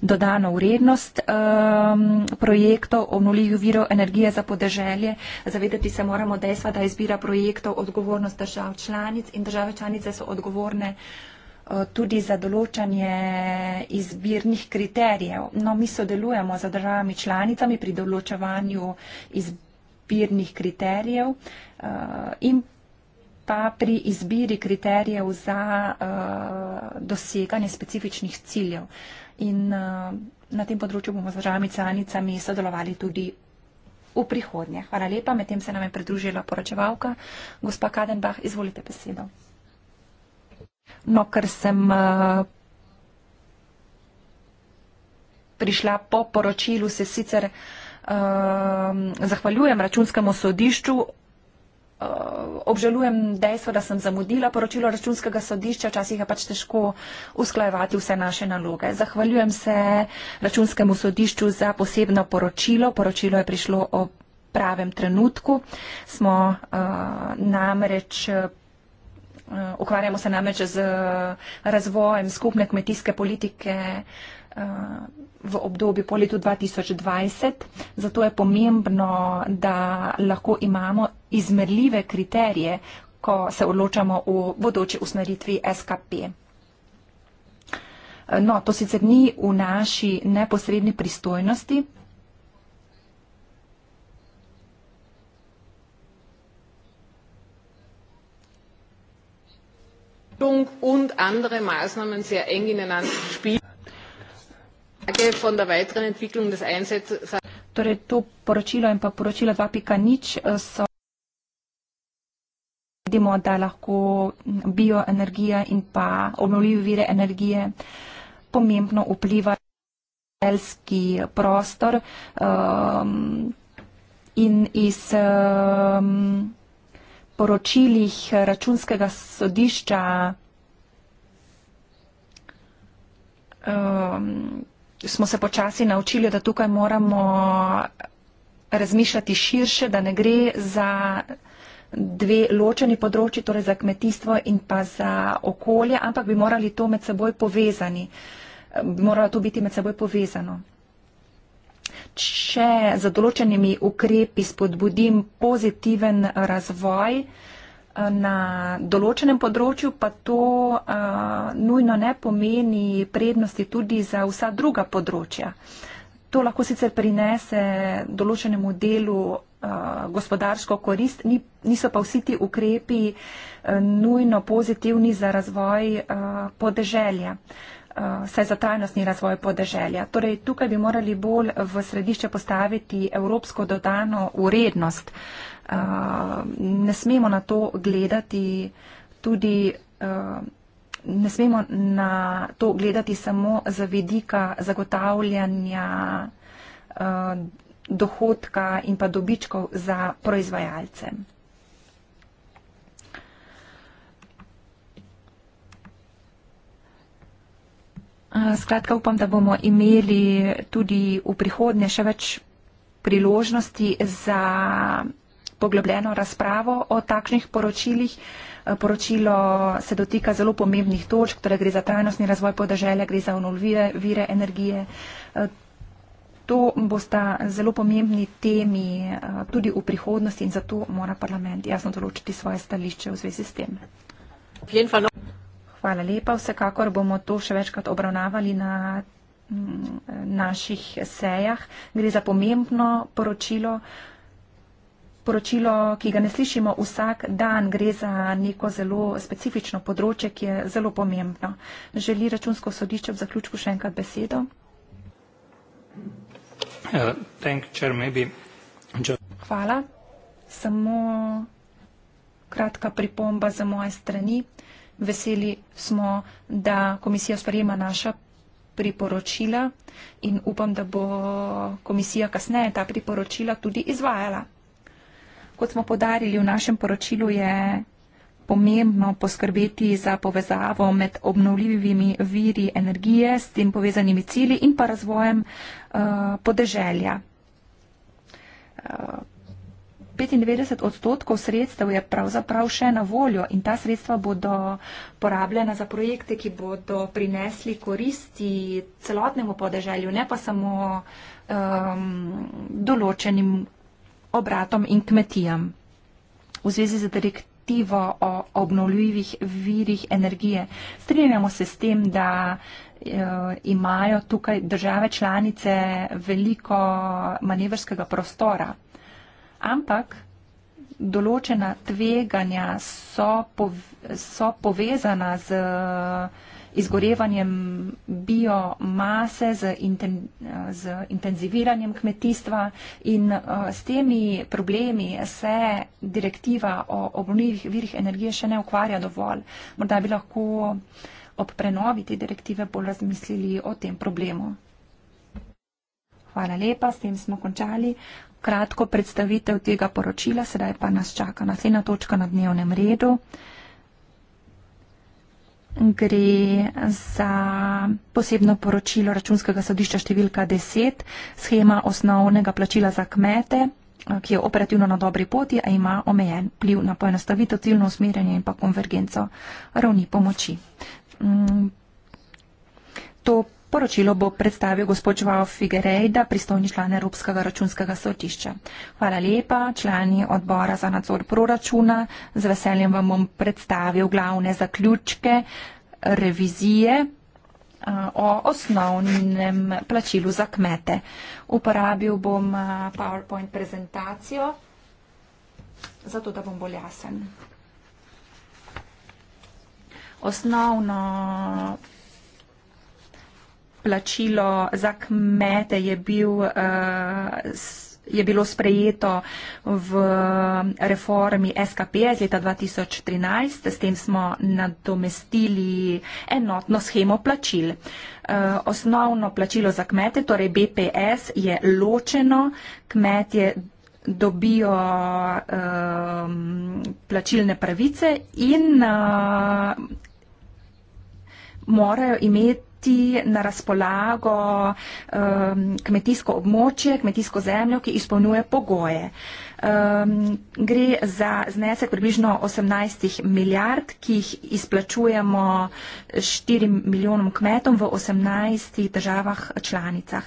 dodano vrednost um, projektov obnuljivih virov energije za podeželje. Zavedati se moramo dejstva, da izbira projektov odgovornost držav članic in države članice so odgovorne uh, tudi za določanje izbirnih kriterijev. No, mi sodelujemo z državami članicami pri določevanju izbirnih kriterijev uh, in pa pri izbiri kriterijev za uh, doseganje specifičnih ciljev. In uh, na tem področju bomo z državami članicami sodelovali tudi v prihodnje. Hvala lepa, medtem se nam je pridružila poročevalka. Gospa Kadenbach, izvolite besedo. No, ker sem uh, prišla po poročilu, se sicer uh, zahvaljujem računskemu sodišču. Eh, obžalujem dejstvo, da sem zamudila poročilo računskega sodišča, včasih je pač težko usklajevati vse naše naloge. Zahvaljujem se računskemu sodišču za posebno poročilo. Poročilo je prišlo o pravem trenutku. Smo uh, namreč. Eh, ukvarjamo se namreč z razvojem skupne kmetijske politike v obdobju po letu 2020. Zato je pomembno, da lahko imamo izmerljive kriterije, ko se odločamo o bodoči usmeritvi SKP. No, to sicer ni v naši neposrednji pristojnosti. und andere Maßnahmen sehr eng ineinander spielen. Torej, to poročilo in pa poročilo 2.0 eh, so. Vidimo, da lahko bioenergija in pa obnovljive vire energije pomembno vpliva na elski prostor um, in iz um, poročilih računskega sodišča um, smo se počasi naučili, da tukaj moramo razmišljati širše, da ne gre za dve ločeni področji, torej za kmetijstvo in pa za okolje, ampak bi morali to med seboj povezani. Bi moralo to biti med seboj povezano. Če za določenimi ukrepi spodbudim pozitiven razvoj, na določenem področju, pa to uh, nujno ne pomeni prednosti tudi za vsa druga področja. To lahko sicer prinese določenemu delu uh, gospodarsko korist, ni, niso pa vsi ti ukrepi uh, nujno pozitivni za razvoj uh, podeželja. Uh, vsaj eh, za trajnostni razvoj podeželja. Torej, tukaj bi morali bolj v središče postaviti evropsko dodano urednost. Eh, ne smemo na to gledati tudi. Eh, ne smemo na to gledati samo za vidika zagotavljanja uh, dohodka in pa dobičkov za proizvajalce. Eh, skratka, upam, da bomo imeli tudi v prihodnje še več priložnosti za poglobljeno razpravo o takšnih poročilih. Eh, poročilo se dotika zelo pomembnih točk, torej gre za trajnostni razvoj podeželja, gre za obnovljive vire energije. Eh, to bosta zelo pomembni temi tudi v prihodnosti in zato mora parlament jasno določiti svoje stališče v zvezi s tem. Hvala lepa. Vsekakor bomo to še večkrat obravnavali na mm, naših sejah. Gre za pomembno poročilo. Poročilo, ki ga ne slišimo vsak dan, gre za neko zelo specifično področje, ki je zelo pomembno. Želi računsko sodišče v zaključku še enkrat besedo. Ja, Hvala. Samo kratka pripomba za moje strani. Veseli smo, da komisija sprejema naša priporočila in upam, da bo komisija kasneje ta priporočila tudi izvajala. Kot smo podarili v našem poročilu, je pomembno poskrbeti za povezavo med obnovljivimi viri energije s tem povezanimi cili in pa razvojem uh, podeželja. Uh, 95 odstotkov sredstev je pravzaprav še na voljo in ta sredstva bodo porabljena za projekte, ki bodo prinesli koristi celotnemu podeželju, ne pa samo um, določenim obratom in kmetijam. V zvezi z direktivo o obnovljivih virih energije strinjamo se s tem, da eh, imajo tukaj države članice veliko manevrskega prostora ampak določena tveganja so, pov, so povezana z eh, izgorevanjem biomase, z, inten, z intenziviranjem kmetijstva in eh, s temi problemi se direktiva o obnovljivih virih energije še ne ukvarja dovolj. Morda bi lahko ob prenovi te direktive bolj razmislili o tem problemu. Hvala lepa, s tem smo končali kratko predstavitev tega poročila, sedaj pa nas čaka naslednja točka na dnevnem redu. Gre za posebno poročilo računskega sodišča številka 10, schema osnovnega plačila za kmete, eh, ki je operativno na dobri poti, a ima omejen pliv na poenostavitev, ciljno usmerjanje in pa konvergenco ravni pomoči. Mm, to Poročilo bo predstavil gospod Joao Figueiredo, pristojni član Evropskega računskega sodišča. Hvala lepa, člani odbora za nadzor proračuna. Z veseljem vam bom predstavil glavne zaključke revizije o osnovnem plačilu za kmete. Uporabil bom PowerPoint prezentacijo, zato da bom bolj jasen. Osnovno plačilo za kmete je, bil, eh, je bilo sprejeto v reformi SKP iz leta 2013. S tem smo nadomestili enotno schemo plačil. Eh, osnovno plačilo za kmete, torej BPS, je ločeno. Kmetje dobijo um, plačilne pravice in uh, morajo imeti imeti na razpolago um, kmetijsko območje, kmetijsko zemljo, ki izpolnjuje pogoje. Um, gre za znesek približno 18 milijard, ki jih izplačujemo 4 milijonom kmetom v 18 državah članicah.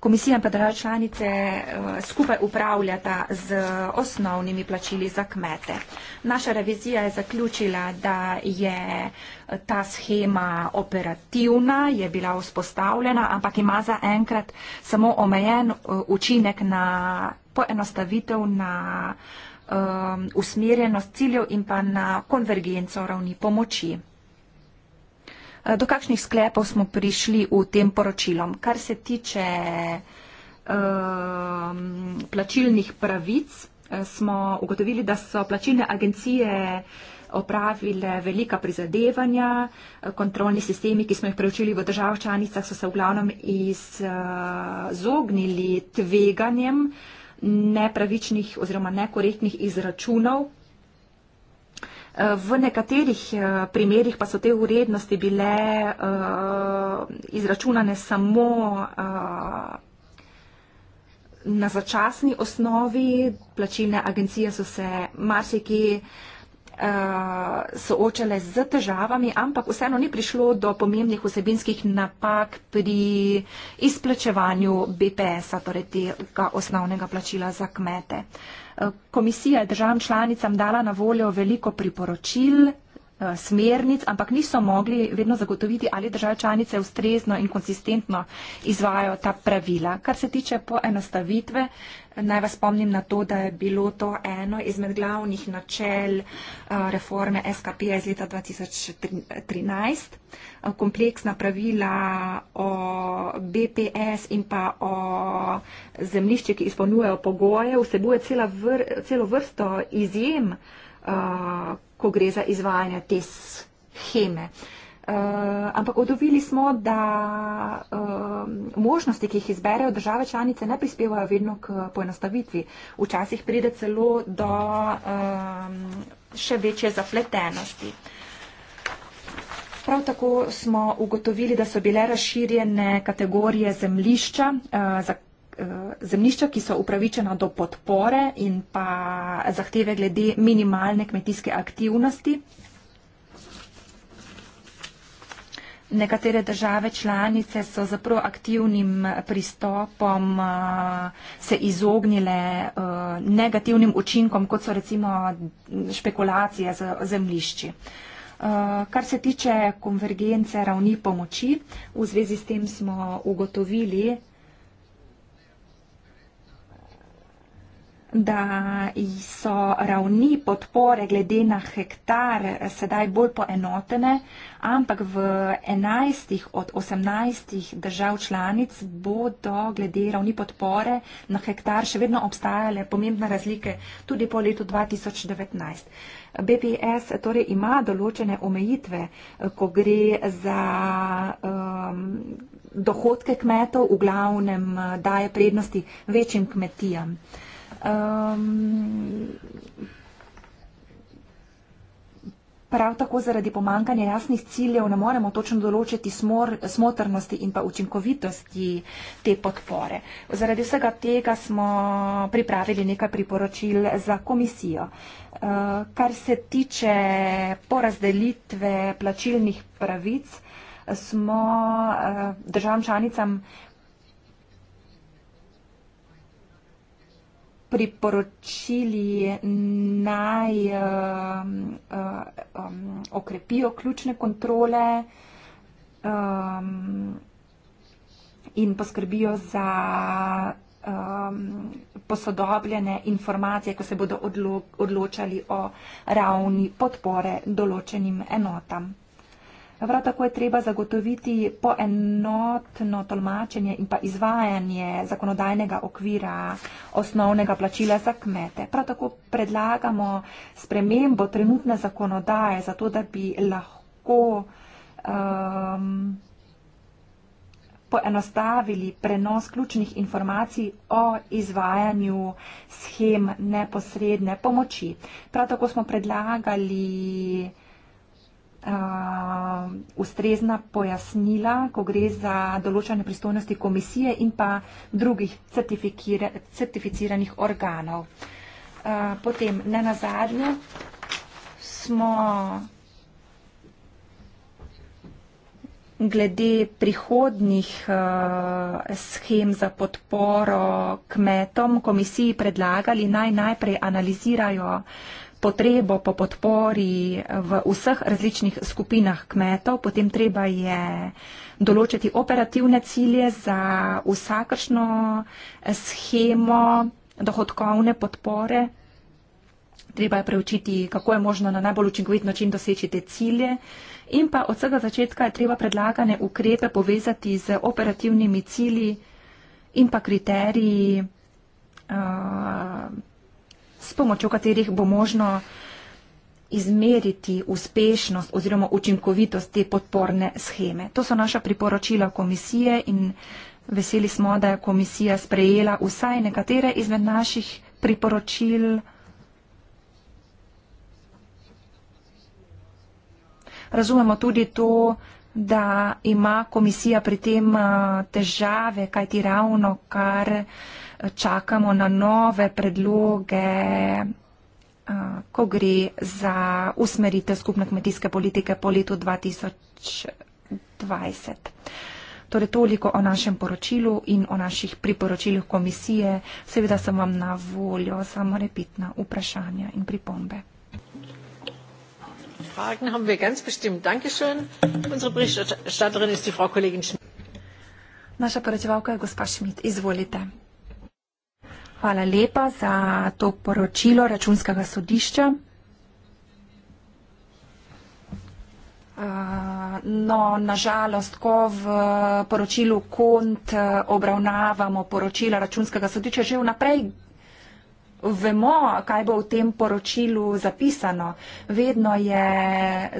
Komisija in pa države članice eh, skupaj upravljata z osnovnimi plačili za kmete. Naša revizija je zaključila, da je eh, ta schema operativna, je bila vzpostavljena, ampak ima za enkrat samo omejen eh, učinek na poenostavitev, na um, usmerjenost ciljev in pa na konvergenco ravni pomoči do kakšnih sklepov smo prišli v tem poročilom. Kar se tiče um, plačilnih pravic, smo ugotovili, da so plačilne agencije opravile velika prizadevanja. Kontrolni sistemi, ki smo jih preučili v državah članicah, so se v glavnem izognili tveganjem nepravičnih oziroma nekorektnih izračunov, V nekaterih eh, primerjih pa so te urednosti bile eh, izračunane samo eh, na začasni osnovi. Plačilne agencije so se marsiki soočale z težavami, ampak vseeno ni prišlo do pomembnih vsebinskih napak pri izplačevanju BPS-a, torej tega osnovnega plačila za kmete. Uh, Komisija je državam članicam dala na voljo veliko priporočil, eh, smernic, ampak niso mogli vedno zagotoviti, ali države članice ustrezno in konsistentno izvajo ta pravila. Kar se tiče poenostavitve, Naj vas spomnim na to, da je bilo to eno izmed glavnih načel eh, reforme SKP iz leta 2013. Eh, kompleksna pravila o BPS in pa o zemljišče, ki izpolnjujejo pogoje, vsebuje vr celo vrsto izjem, eh, ko gre za izvajanje te scheme. Eh, ampak odovili smo, da uh, možnosti, ki jih izberejo države članice, ne prispevajo vedno k poenostavitvi. Včasih pride celo do um, še večje zapletenosti. Prav tako smo ugotovili, da so bile razširjene kategorije zemlišča, eh, za, eh, zemlišča, ki so upravičena do podpore in pa zahteve glede minimalne kmetijske aktivnosti. Nekatere države članice so zapravo aktivnim pristopom uh, se izognile uh, negativnim učinkom, kot so recimo špekulacije z zemlišči. Uh, kar se tiče konvergence ravni pomoči, v zvezi s tem smo ugotovili, da so ravni podpore glede na hektar sedaj bolj poenotene, ampak v 11 od 18 držav članic bodo glede ravni podpore na hektar še vedno obstajale pomembne razlike tudi po letu 2019. BPS torej ima določene omejitve, ko gre za um, dohodke kmetov, v glavnem daje prednosti večjim kmetijam. Ehm, prav tako zaradi pomankanja jasnih ciljev ne moremo točno določiti smor, smotrnosti in pa učinkovitosti te podpore. Zaradi vsega tega smo pripravili nekaj priporočil za komisijo. Ehm, kar se tiče porazdelitve plačilnih pravic, smo ehm, državčanicam priporočili naj uh, uh, um, okrepijo ključne kontrole um, in poskrbijo za um, posodobljene informacije, ko se bodo odlo odločali o ravni podpore določenim enotam. Prav tako je treba zagotoviti poenotno tolmačenje in pa izvajanje zakonodajnega okvira osnovnega plačila za kmete. Prav tako predlagamo spremembo trenutne zakonodaje, zato da bi lahko um, poenostavili prenos ključnih informacij o izvajanju schem neposredne pomoči. Prav tako smo predlagali Um, ustrezna pojasnila, ko gre za določene pristojnosti komisije in pa drugih certificiranih organov. Uh, potem, ne na zadnje, smo glede prihodnih uh, schem za podporo kmetom komisiji predlagali naj najprej analizirajo potrebo po podpori v vseh različnih skupinah kmetov, potem treba je določiti operativne cilje za vsakršno schemo dohodkovne podpore. Treba je preučiti, kako je možno na najbolj učinkovit način doseči te cilje. In pa od vsega začetka je treba predlagane ukrepe povezati z operativnimi cilji in pa kriteriji. Uh, s pomočjo katerih bo možno izmeriti uspešnost oziroma učinkovitost te podporne scheme. To so naša priporočila komisije in veseli smo, da je komisija sprejela vsaj nekatere izmed naših priporočil. Razumemo tudi to, da ima komisija pri tem eh, težave, kaj ti ravno, kar čakamo na nove predloge, ko gre za usmeritev skupne kmetijske politike po letu 2020. Torej toliko o našem poročilu in o naših priporočilih komisije. Seveda sem vam na voljo za morebitna vprašanja in pripombe. Naša poročevalka je gospa Šmit. Izvolite. Hvala lepa za to poročilo računskega sodišča. No, nažalost, ko v poročilu KONT obravnavamo poročila računskega sodišča, že vnaprej vemo, kaj bo v tem poročilu zapisano. Vedno je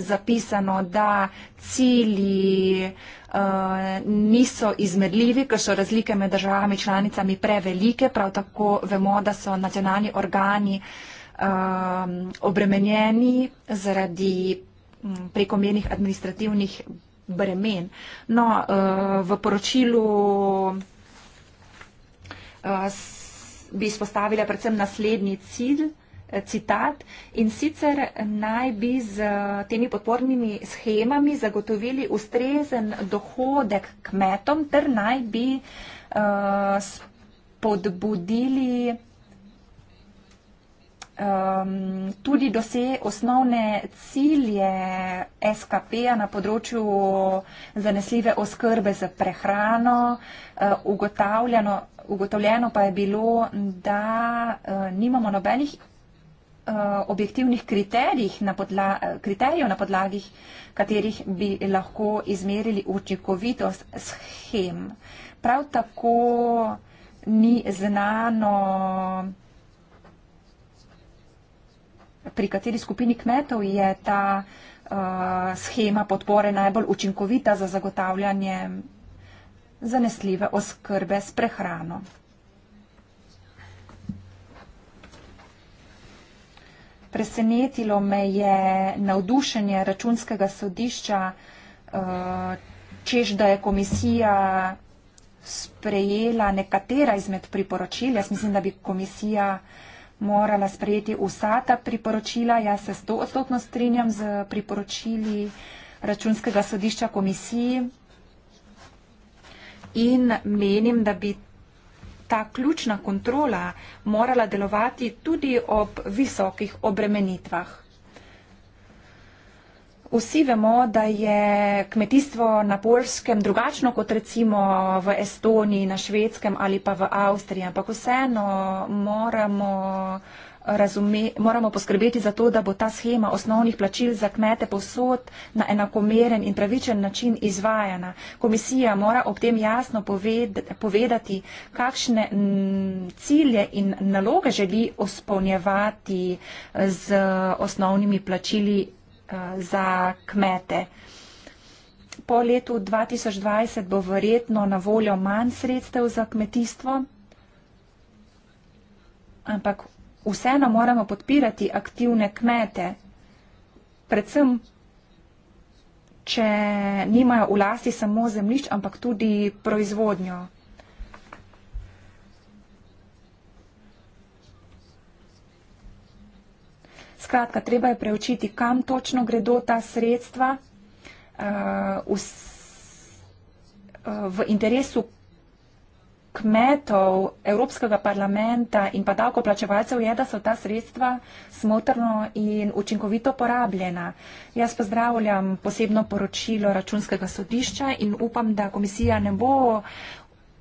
zapisano, da cilji uh, niso izmedljivi, ker so razlike med državami članicami prevelike. Prav tako vemo, da so nacionalni organi um, obremenjeni zaradi mm, prekomernih administrativnih bremen. No, uh, v poročilu uh, bi izpostavila predvsem naslednji cilj, eh, citat, in sicer naj bi z eh, temi podpornimi schemami zagotovili ustrezen dohodek kmetom ter naj bi eh, spodbudili. Uh, um, tudi dose osnovne cilje SKP-a na področju zanesljive oskrbe z prehrano. Uh, ugotavljeno, ugotovljeno pa je bilo, da uh, nimamo nobenih uh, objektivnih na podla, kriterijev, na podlagih katerih bi lahko izmerili učinkovitost schem. Prav tako ni znano, pri kateri skupini kmetov je ta uh, schema podpore najbolj učinkovita za zagotavljanje zanesljive oskrbe s prehrano. Presenetilo me je navdušenje računskega sodišča, uh, čež da je komisija sprejela nekatera izmed priporočil. Jaz mislim, da bi komisija uh, morala sprejeti vsa ta priporočila. Jaz se stotno strinjam z priporočili računskega sodišča komisiji in menim, da bi ta ključna kontrola morala delovati tudi ob visokih obremenitvah. Vsi vemo, da je kmetijstvo na Polskem drugačno kot recimo v Estoniji, na Švedskem ali pa v Avstriji, ampak vseeno moramo, razume, moramo poskrbeti za to, da bo ta schema osnovnih plačil za kmete posod na enakomeren in pravičen način izvajana. Komisija mora ob tem jasno povedati, kakšne cilje in naloge želi osponjevati z osnovnimi plačili Eh, za kmete. Po letu 2020 bo verjetno na voljo manj sredstev za kmetijstvo, ampak vseeno moramo podpirati aktivne kmete, predvsem, če nimajo v lasti samo zemljišč, ampak tudi proizvodnjo. Skratka, treba je preučiti, kam točno gredo ta sredstva uh, eh, v, uh, eh, v interesu kmetov Evropskega parlamenta in pa davkoplačevalcev je, da so ta sredstva smotrno in učinkovito porabljena. Jaz pozdravljam posebno poročilo računskega sodišča in upam, da komisija ne bo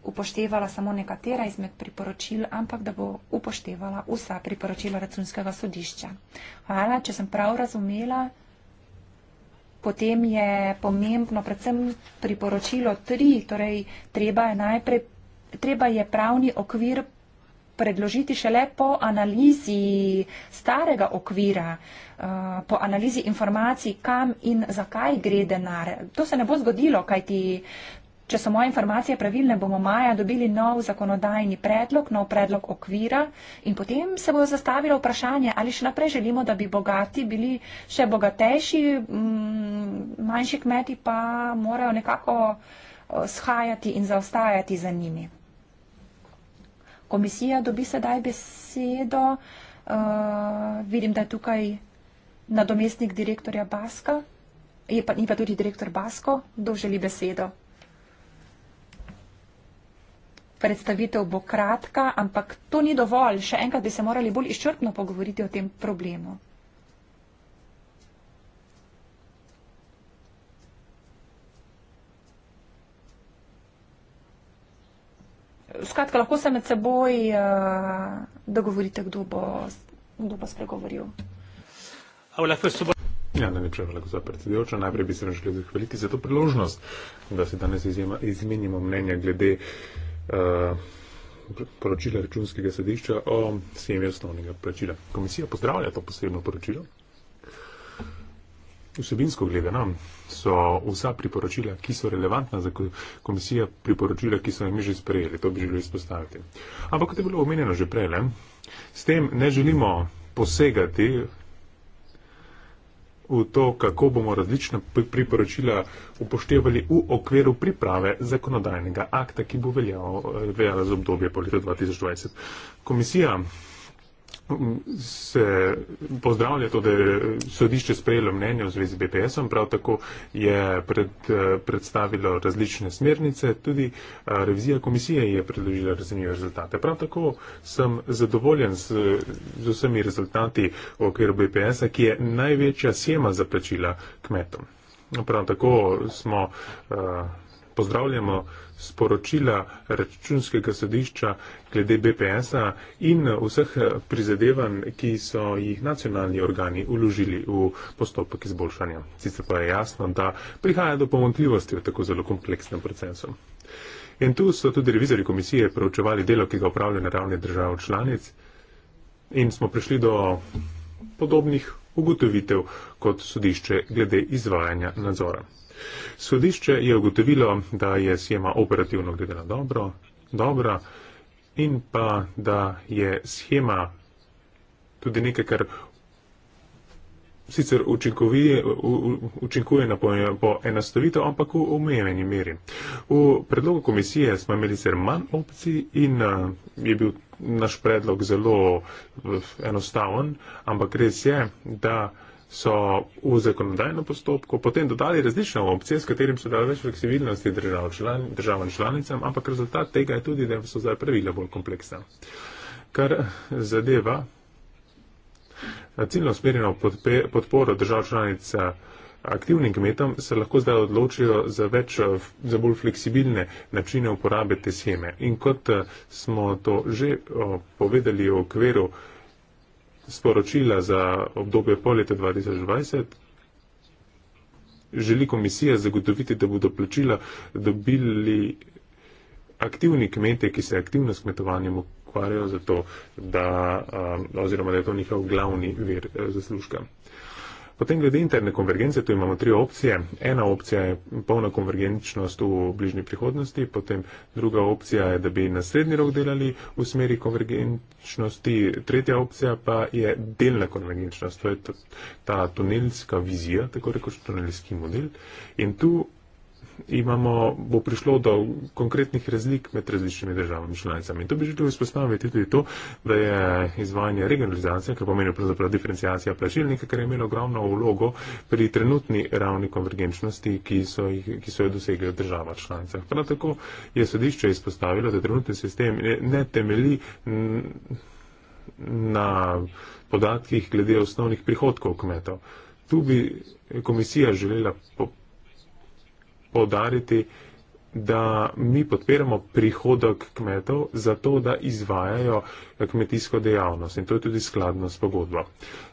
upoštevala samo nekatera izmed priporočil, ampak da bo upoštevala vsa priporočila računskega sodišča. Hvala, če sem prav razumela, potem je pomembno predvsem priporočilo tri, torej treba je najprej, treba je pravni okvir predložiti šele po analizi starega okvira, eh, po analizi informacij, kam in zakaj gre denar. To se ne bo zgodilo, kajti Če so moje informacije pravilne, bomo maja dobili nov zakonodajni predlog, nov predlog okvira in potem se bo zastavilo vprašanje, ali še naprej želimo, da bi bogati bili še bogatejši, mm, manjši kmeti pa morajo nekako eh, shajati in zaostajati za njimi. Komisija dobi sedaj besedo. Uh, vidim, da je tukaj nadomestnik direktorja Baska. Je pa, ni pa tudi direktor Basko, kdo želi besedo predstavitev bo kratka, ampak to ni dovolj. Še enkrat bi se morali bolj izčrpno pogovoriti o tem problemu. Skratka, lahko se med seboj uh, dogovorite, kdo bo, kdo bo spregovoril. Ja, najlepša hvala, gospod predsedujoča. Najprej bi se vam želel zahvaliti za to priložnost, da se danes izmenjamo mnenja glede uh, Eh, poročila računskega sodišča o sistemu osnovnega plačila. Komisija pozdravlja to posebno poročilo. Vsebinsko gledano so vsa priporočila, ki so relevantna za komisijo, priporočila, ki so jih mi že sprejeli. To bi želeli izpostaviti. Ampak kot je bilo omenjeno že prej, ne? s tem ne želimo posegati v to, kako bomo različna priporočila upoštevali v okviru priprave zakonodajnega akta, ki bo veljal, veljala za obdobje po letu 2020. Komisija se pozdravlja to, da je sodišče sprejelo mnenje v zvezi z BPS-om, prav tako je pred, predstavilo različne smernice, tudi eh, revizija komisije je predložila razumljive rezultate. Prav tako sem zadovoljen z, z vsemi rezultati v okviru BPS-a, ki je največja sema za plačila kmetom. Prav tako smo, eh, pozdravljamo sporočila računskega sodišča glede BPS-a in vseh prizadevanj, ki so jih nacionalni organi uložili v postopek izboljšanja. Sicer pa je jasno, da prihaja do pomotljivosti v tako zelo kompleksnem procesu. In tu so tudi revizori komisije preučevali delo, ki ga upravlja na ravni držav članic in smo prišli do podobnih ugotovitev kot sodišče glede izvajanja nadzora. Sodišče je ugotovilo, da je schema operativno gledala dobro, dobra in pa da je schema tudi nekaj, kar sicer učinkuje na poenostavitev, po ampak v omejeni meri. V predlogu komisije smo imeli sicer manj opcij in je bil naš predlog zelo enostaven, ampak res je, da so v zakonodajnem postopku potem dodali različne opcije, s katerim so dali več fleksibilnosti držav član, državam članicam, ampak rezultat tega je tudi, da so zdaj pravila bolj kompleksna. Kar zadeva eh, ciljno smerjeno podpe, podporo držav članic eh, aktivnim kmetom, se lahko zdaj odločijo za, več, eh, za bolj fleksibilne načine uporabe te scheme. In kot smo to že povedali v okviru sporočila za obdobje po leta 2020. Želi komisija zagotoviti, da bodo plačila dobili aktivni kmetje, ki se aktivno s kmetovanjem ukvarjajo, zato, da, um, oziroma da je to njihov glavni vir eh, zaslužka. Potem glede interne konvergence, tu imamo tri opcije. Ena opcija je polna konvergenčnost v bližnji prihodnosti, potem druga opcija je, da bi naslednji rok delali v smeri konvergenčnosti, tretja opcija pa je delna konvergenčnost, to je ta tunelska vizija, tako rekoč tunelski model. In tu imamo, bo prišlo do konkretnih razlik med različnimi državami članicami. In to bi želel izpostaviti tudi to, da je izvajanje regionalizacije, kar pomeni pravzaprav diferencijacija plačilnika, kar je imelo ogromno vlogo pri trenutni ravni konvergenčnosti, ki so, jih, ki so jo dosegli v državah članicah. Prav tako je sodišče izpostavilo, da trenutni sistem ne temeli na podatkih glede osnovnih prihodkov kmetov. Tu bi komisija želela povdariti, da mi podpiramo prihodek kmetov za to, da izvajajo kmetijsko dejavnost in to je tudi skladno s pogodbo.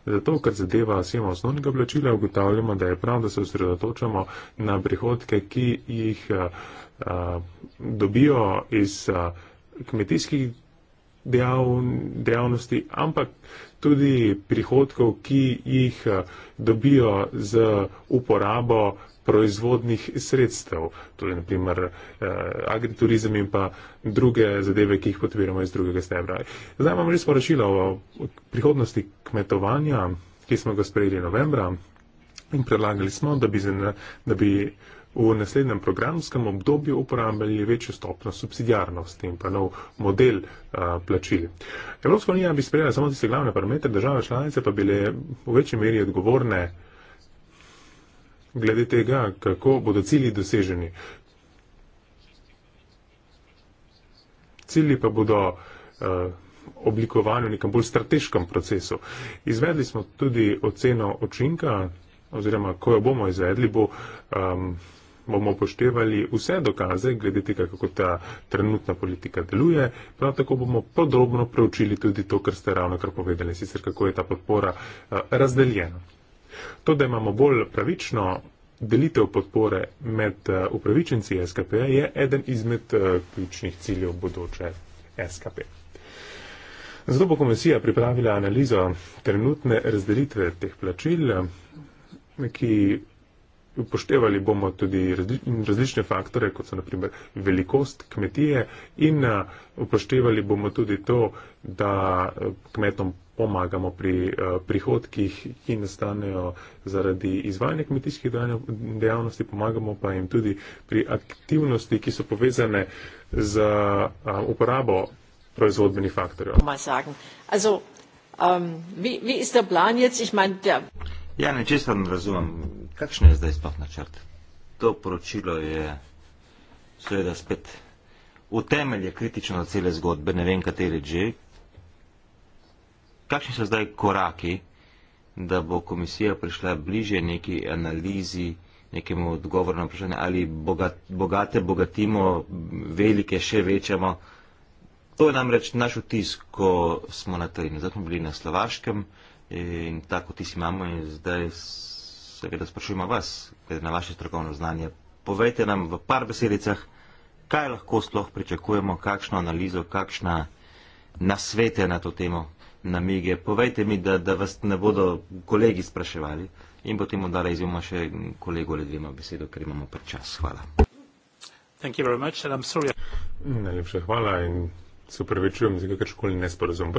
Zato, ker zadeva sema osnovnega plačila, ugotavljamo, da je prav, da se osredotočamo na prihodke, ki jih a, eh, a, eh, dobijo iz a, eh, kmetijskih dejavnosti, ampak tudi prihodkov, ki jih dobijo z uporabo proizvodnih sredstev. To je naprimer eh, agriturizem in pa druge zadeve, ki jih potviramo iz drugega stebra. Zdaj imam res sporočilo o prihodnosti kmetovanja, ki smo ga sprejeli novembra in predlagali smo, da bi, zene, da bi v naslednjem programskem obdobju uporabljali večjo stopno subsidijarnosti in pa nov model eh, plačil. Evropska unija bi sprejela samo tiste glavne parametre, države članice pa bile v večji meri odgovorne glede tega, kako bodo cilji doseženi. Cilji pa bodo uh, oblikovani v nekem bolj strateškem procesu. Izvedli smo tudi oceno očinka, oziroma ko jo bomo izvedli, bo, um, bomo upoštevali vse dokaze glede tega, kako ta trenutna politika deluje. Prav tako bomo podrobno preučili tudi to, kar ste ravno kar povedali, sicer kako je ta podpora uh, razdeljena. To, da imamo bolj pravično delitev podpore med eh, upravičenci SKP, je eden izmed eh, ključnih ciljev bodoče SKP. Zato bo komisija pripravila analizo trenutne razdelitve teh plačil, eh, ki upoštevali bomo tudi različne faktore, kot so naprimer velikost kmetije in upoštevali bomo tudi to, da kmetom pomagamo pri eh, prihodkih, ki nastanejo zaradi izvajanja kmetijskih dejavnosti, pomagamo pa jim tudi pri aktivnosti, ki so povezane z eh, uporabo proizvodbenih faktorjev. Ähm, ja, nečesto ne razumem. Kakšen je zdaj sploh načrt? To poročilo je seveda spet v temelje kritično za cele zgodbe, ne vem kateri že, kakšni so zdaj koraki, da bo komisija prišla bliže neki analizi, nekemu odgovoru na vprašanje, ali bogat, bogate bogatimo, velike še večamo. To je namreč naš vtis, ko smo na terenu. Zdaj smo bili na Slovaškem in tako vtis imamo in zdaj seveda sprašujemo vas, glede na vaše strokovno znanje. Povejte nam v par besedicah, kaj lahko sploh pričakujemo, kakšno analizo, kakšna nasvete na to temo namige, povejte mi, da, da vas ne bodo kolegi spraševali. In potem bom dala izjemo še kolegu ali dvema besedo, ker imamo pač čas. Hvala. Najlepša hvala in se upravičujem za kakršnokoli nesporazum.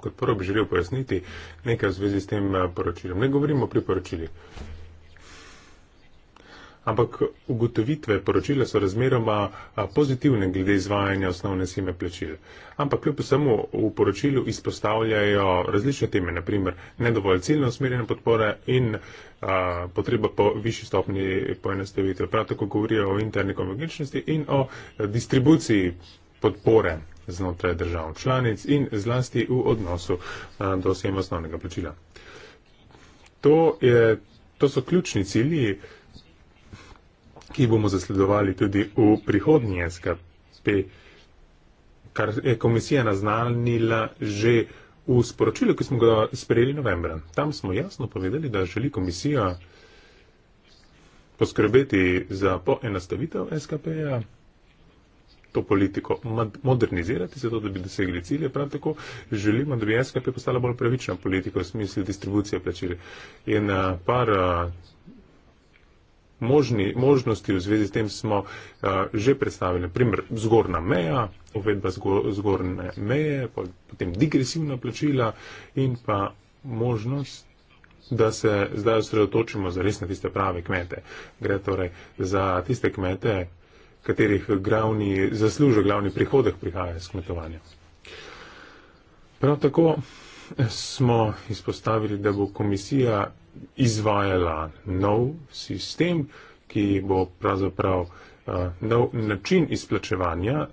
Kot prvo bi želel pojasniti nekaj v zvezi s tem eh, poročilom. Ne govorimo o priporočilih ampak ugotovitve poročila so razmeroma pozitivne glede izvajanja osnovne sime plačil. Ampak kljub vsemu v poročilu izpostavljajo različne teme, naprimer nedovolj ciljno usmerjene podpore in a, potreba po višji stopni poenostavitve. Prav tako govorijo o interni konvergenčnosti in o distribuciji podpore znotraj držav članic in zlasti v odnosu a, do osnovnega plačila. To, je, to so ključni cilji ki bomo zasledovali tudi v prihodnji SKP, kar je komisija naznanila že v sporočilu, ki smo ga sprejeli novembra. Tam smo jasno povedali, da želi komisija poskrbeti za poenostavitev SKP-ja, to politiko modernizirati, zato da bi dosegli cilje. Prav tako želimo, da bi SKP postala bolj pravična politika v smislu distribucije plačil. In par možni, možnosti v zvezi s tem smo uh, že predstavili. Naprimer, zgornja meja, uvedba zgo, zgornje meje, potem digresivna plačila in pa možnost, da se zdaj osredotočimo za res na tiste prave kmete. Gre torej za tiste kmete, katerih glavni, zaslužijo glavni prihodek prihaja iz kmetovanja. Prav tako smo izpostavili, da bo komisija izvajala nov sistem, ki bo pravzaprav eh, nov način izplačevanja,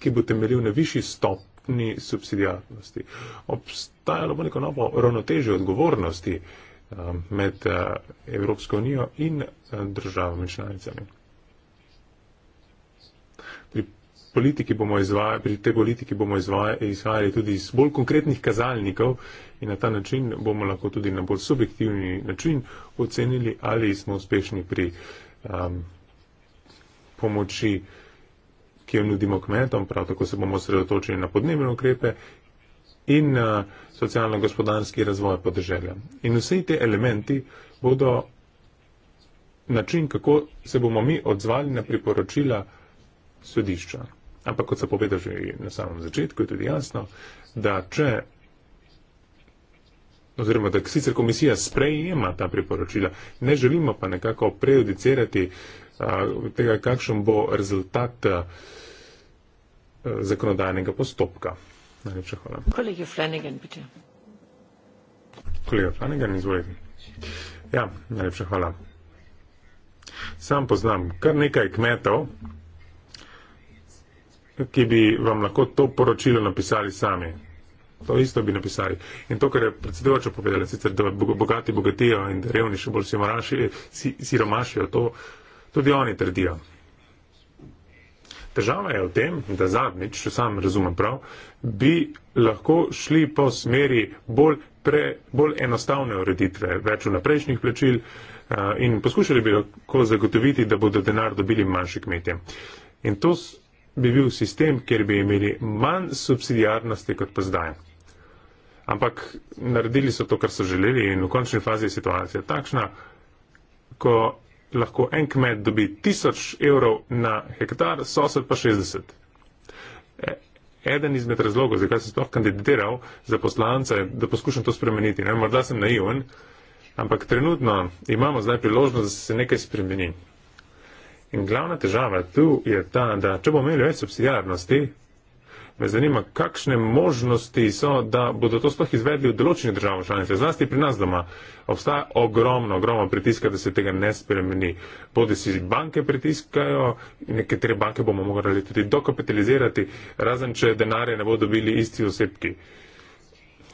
ki bo temeljil na višji stopni subsidijarnosti. Obstajalo bo neko novo ravnotežje odgovornosti eh, med eh, Evropsko unijo in državami članicami. politiki bomo izvajali, pri tej politiki bomo izhajali tudi iz bolj konkretnih kazalnikov in na ta način bomo lahko tudi na bolj subjektivni način ocenili, ali smo uspešni pri um, pomoči, ki jo nudimo kmetom, prav tako se bomo sredotočili na podnebne ukrepe in na socialno-gospodarski razvoj podeželja. In vsi te elementi bodo način, kako se bomo mi odzvali na priporočila sodišča. Ampak kot se povedal že na samem začetku, je tudi jasno, da če, oziroma da sicer komisija sprejema ta priporočila, ne želimo pa nekako prejudicirati tega, kakšen bo rezultat zakonodajnega postopka. Najlepša hvala. Kolega Flanagan, biti. Kolega Flanagan, izvolite. Ja, najlepša hvala. Sam poznam kar nekaj kmetov, ki bi vam lahko to poročilo napisali sami. To isto bi napisali. In to, kar je predsedujoča povedala, sicer, da bogati bogatijo in da revni še bolj siromašijo, to tudi oni trdijo. Težava je v tem, da zadnjič, če sam razumem prav, bi lahko šli po smeri bolj, pre, bolj enostavne ureditve, več vnaprejšnjih plačil eh, in poskušali bi lahko zagotoviti, da bodo denar dobili manjši kmetje. In to bi bil sistem, kjer bi imeli manj subsidijarnosti kot pa zdaj. Ampak naredili so to, kar so želeli in v končni fazi je situacija takšna, ko lahko en kmet dobi 1000 evrov na hektar, sosed pa 60. E, eden izmed razlogov, zakaj sem sploh kandidiral za poslance, je, da poskušam to spremeniti. Ne, morda sem naivn, ampak trenutno imamo zdaj priložnost, da se nekaj spremeni. In glavna težava tu je ta, da če bomo imeli več subsidijarnosti, me zanima, kakšne možnosti so, da bodo to sploh izvedli v določenih državah članice. Zlasti pri nas doma obstaja ogromno, ogromno pritiska, da se tega ne spremeni. Bodi si banke pritiskajo, nekatere banke bomo morali tudi dokapitalizirati, razen če denarje ne bodo dobili isti osebki.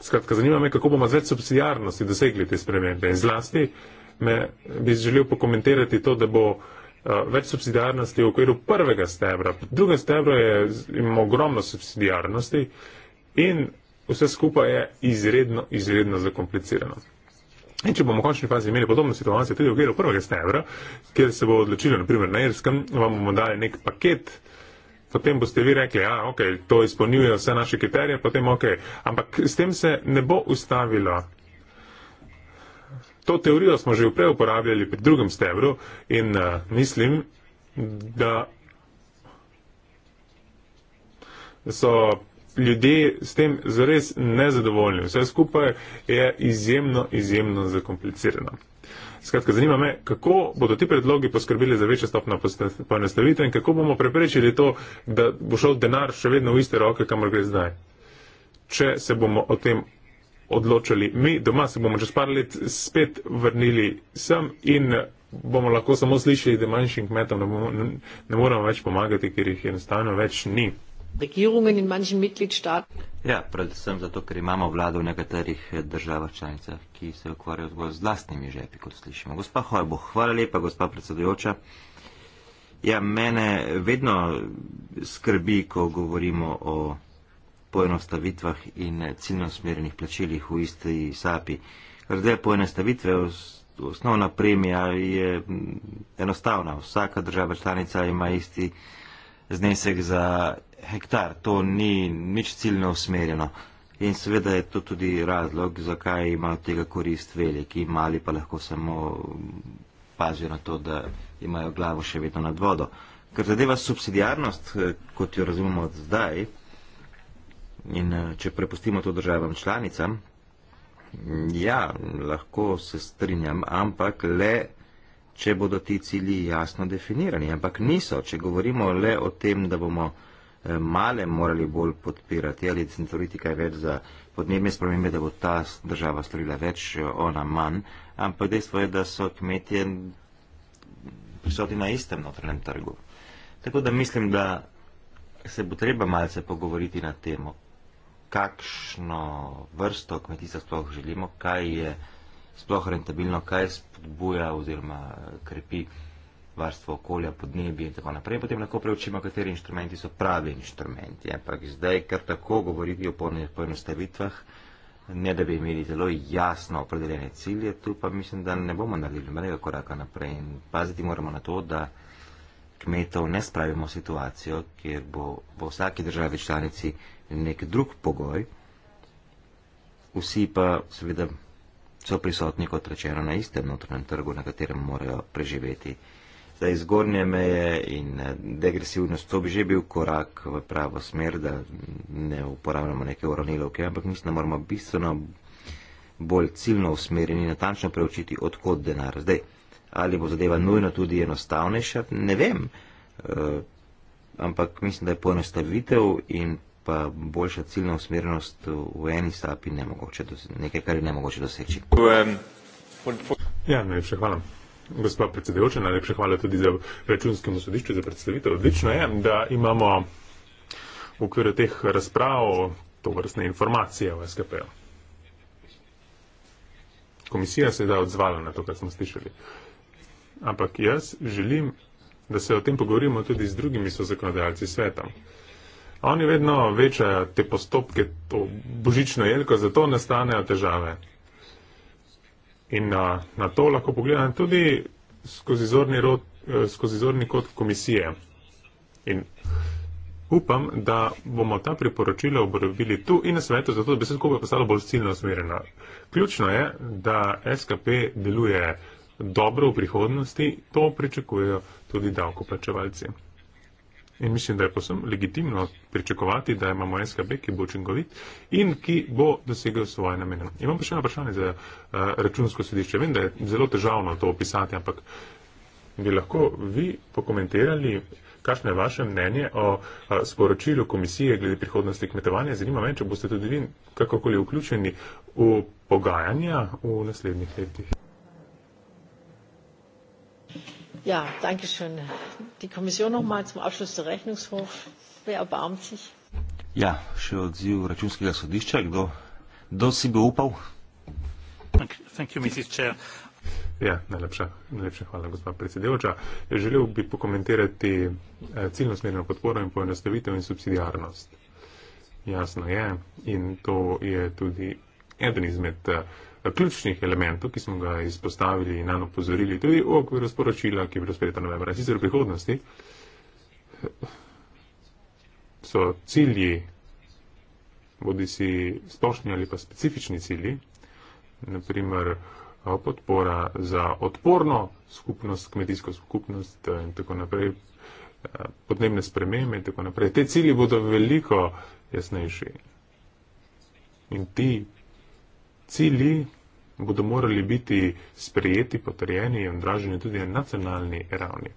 Skratka, zanima me, kako bomo z več subsidijarnosti dosegli te spremembe. In zlasti me bi želel pokomentirati to, da bo uh, Eh, več subsidijarnosti v okviru prvega stebra. Druge stebro je, ima ogromno subsidijarnosti in vse skupaj je izredno, izredno zakomplicirano. In če bomo v končni fazi imeli podobno situacijo tudi v okviru prvega stebra, kjer se bo odločilo, naprimer na Irskem, vam bomo dali nek paket, potem boste vi rekli, a ok, to izpolnjuje vse naše kriterije, potem ok. Ampak s tem se ne bo ustavila To teorijo smo že prej uporabljali pri drugem stebru in uh, mislim, da so ljudje s tem zares nezadovoljni. Vse skupaj je izjemno, izjemno zakomplicirano. Skratka, zanima me, kako bodo ti predlogi poskrbeli za večjo stopno poenostavitev in kako bomo preprečili to, da bo šel denar še vedno v iste roke, kamor gre zdaj, če se bomo o tem odločili mi, doma se bomo čez par let spet vrnili sem in bomo lahko samo slišali, da manjšim kmetom ne, bomo, ne moramo več pomagati, ker jih enostavno več ni. Ja, predvsem zato, ker imamo vlado v nekaterih državah članicah, ki se ukvarjajo zgolj z lastnimi žepi, kot slišimo. Gospa Hojbo, hvala lepa, gospa predsedujoča. Ja, mene vedno skrbi, ko govorimo o poenostavitvah in ciljno smerenih plačilih v isti sapi. Glede poenostavitve, osnovna premija je mm, enostavna. Vsaka država članica ima isti znesek za hektar. To ni nič ciljno usmerjeno. In seveda je to tudi razlog, zakaj ima od tega korist veliki, mali pa lahko samo mm, pazijo na to, da imajo glavo še vedno nad vodo. Ker zadeva subsidijarnost, eh, kot jo razumemo od zdaj, In eh, če prepustimo to državam članicam, ja, lahko se strinjam, ampak le, če bodo ti cilji jasno definirani. Ampak niso, če govorimo le o tem, da bomo eh, male morali bolj podpirati ali centuriti kaj več za podnebne spremembe, da bo ta država storila več, eh, ona manj. Ampak dejstvo je, da so kmetje prisotni na istem notranjem trgu. Tako da mislim, da se bo treba malce pogovoriti na temo, kakšno vrsto kmetijstva sploh želimo, kaj je sploh rentabilno, kaj spodbuja oziroma eh, krepi varstvo okolja, podnebje in tako naprej. Potem lahko preučimo, kateri inštrumenti so pravi inštrumenti. Ampak zdaj, ker tako govoriti o poenostavitvah, ne da bi imeli zelo jasno opredeljene cilje, tu pa mislim, da ne bomo naredili nobenega koraka naprej. In paziti moramo na to, da kmetov ne spravimo situacijo, kjer bo, bo vsaki državi članici nek drug pogoj, vsi pa seveda so prisotni, kot rečeno, na istem notranjem trgu, na katerem morajo preživeti. Za izgornje meje in eh, degresivnost to bi že bil korak v pravo smer, da ne uporabljamo neke uravnilovke, ampak mislim, da moramo bistveno bolj ciljno usmerjeni in natančno preučiti, odkot denar zdaj. Ali bo zadeva nujno tudi enostavnejša, ne vem. E, ampak mislim, da je poenostavitev in pa boljša ciljna usmerjenost v eni stapi nemogoče, nekaj, kar je nemogoče doseči. Ja, najlepša hvala. Gospa predsedujoča, najlepša hvala tudi za računskem sodišču za predstavitev. Odlično je, da imamo v okviru teh razprav to vrstne informacije v SKP-u. Komisija se je da odzvala na to, kar smo slišali. Ampak jaz želim, da se o tem pogovorimo tudi z drugimi sozakonodajalci svetom oni vedno večajo te postopke, to božično jedko, zato nastanejo težave. In na, na to lahko pogledam tudi skozi zorni, rod, e, skozi zorni kot komisije. In upam, da bomo ta priporočila obrobili tu in na svetu, zato da bi se skupaj postalo bolj ciljno usmerjeno. Ključno je, da SKP deluje dobro v prihodnosti, to pričakujejo tudi davkoplačevalci. In mislim, da je posem legitimno pričakovati, da imamo SKB, ki bo učinkovit in ki bo dosegel svoje namene. Imam pa še eno vprašanje za uh, računsko sodišče. Vem, da je zelo težavno to opisati, ampak bi lahko vi pokomentirali, kakšno je vaše mnenje o uh, sporočilu komisije glede prihodnosti kmetovanja. Zanima me, če boste tudi vi kakokoli vključeni v pogajanja v naslednjih letih. Ja, danke schön. Die Kommission noch mal zum Abschluss der Rechnungshof. Wer erbarmt sich? Ja, še odziv računskega sodišča. Kdo, kdo si bo upal? Thank you, Mrs. Chair. Ja, najlepša, najlepša hvala, gospod predsedevča. Želel bi pokomentirati eh, ciljno smerno podporo in poenostavitev in subsidiarnost. Jasno je in to je tudi eden izmed uh, ključnih elementov, ki smo ga izpostavili in nam upozorili tudi v okviru sporočila, ki je bilo sprejeto novembra, sicer v prihodnosti, so cilji, bodi si splošni ali pa specifični cilji, naprimer podpora za odporno skupnost, kmetijsko skupnost in tako naprej, podnebne spremembe in tako naprej. Te cilji bodo veliko jasnejši. In ti cilji bodo morali biti sprejeti, potrjeni in odraženi tudi na nacionalni ravni.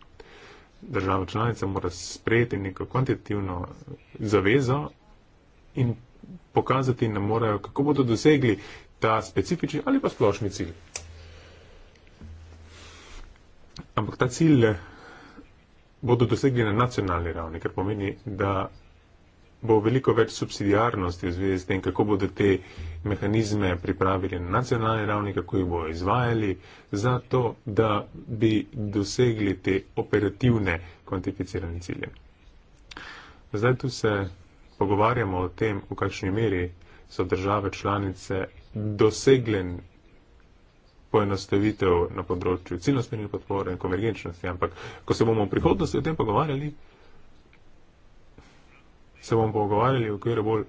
Država članica mora sprejeti neko kvantitativno zavezo in pokazati nam morajo, kako bodo dosegli ta specifični ali pa splošni cilj. Ampak ta cilj bodo dosegli na nacionalni ravni, kar pomeni, da bo veliko več subsidijarnosti v zvezi s tem, kako bodo te mehanizme pripravili na nacionalni ravni, kako jih bojo izvajali, zato da bi dosegli te operativne kvantificirane cilje. Zdaj tu se pogovarjamo o tem, v kakšni meri so države članice dosegle poenostavitev na področju ciljnostmerne podpore in konvergenčnosti, ampak ko se bomo v prihodnosti o tem pogovarjali, se bomo pogovarjali v okviru bolj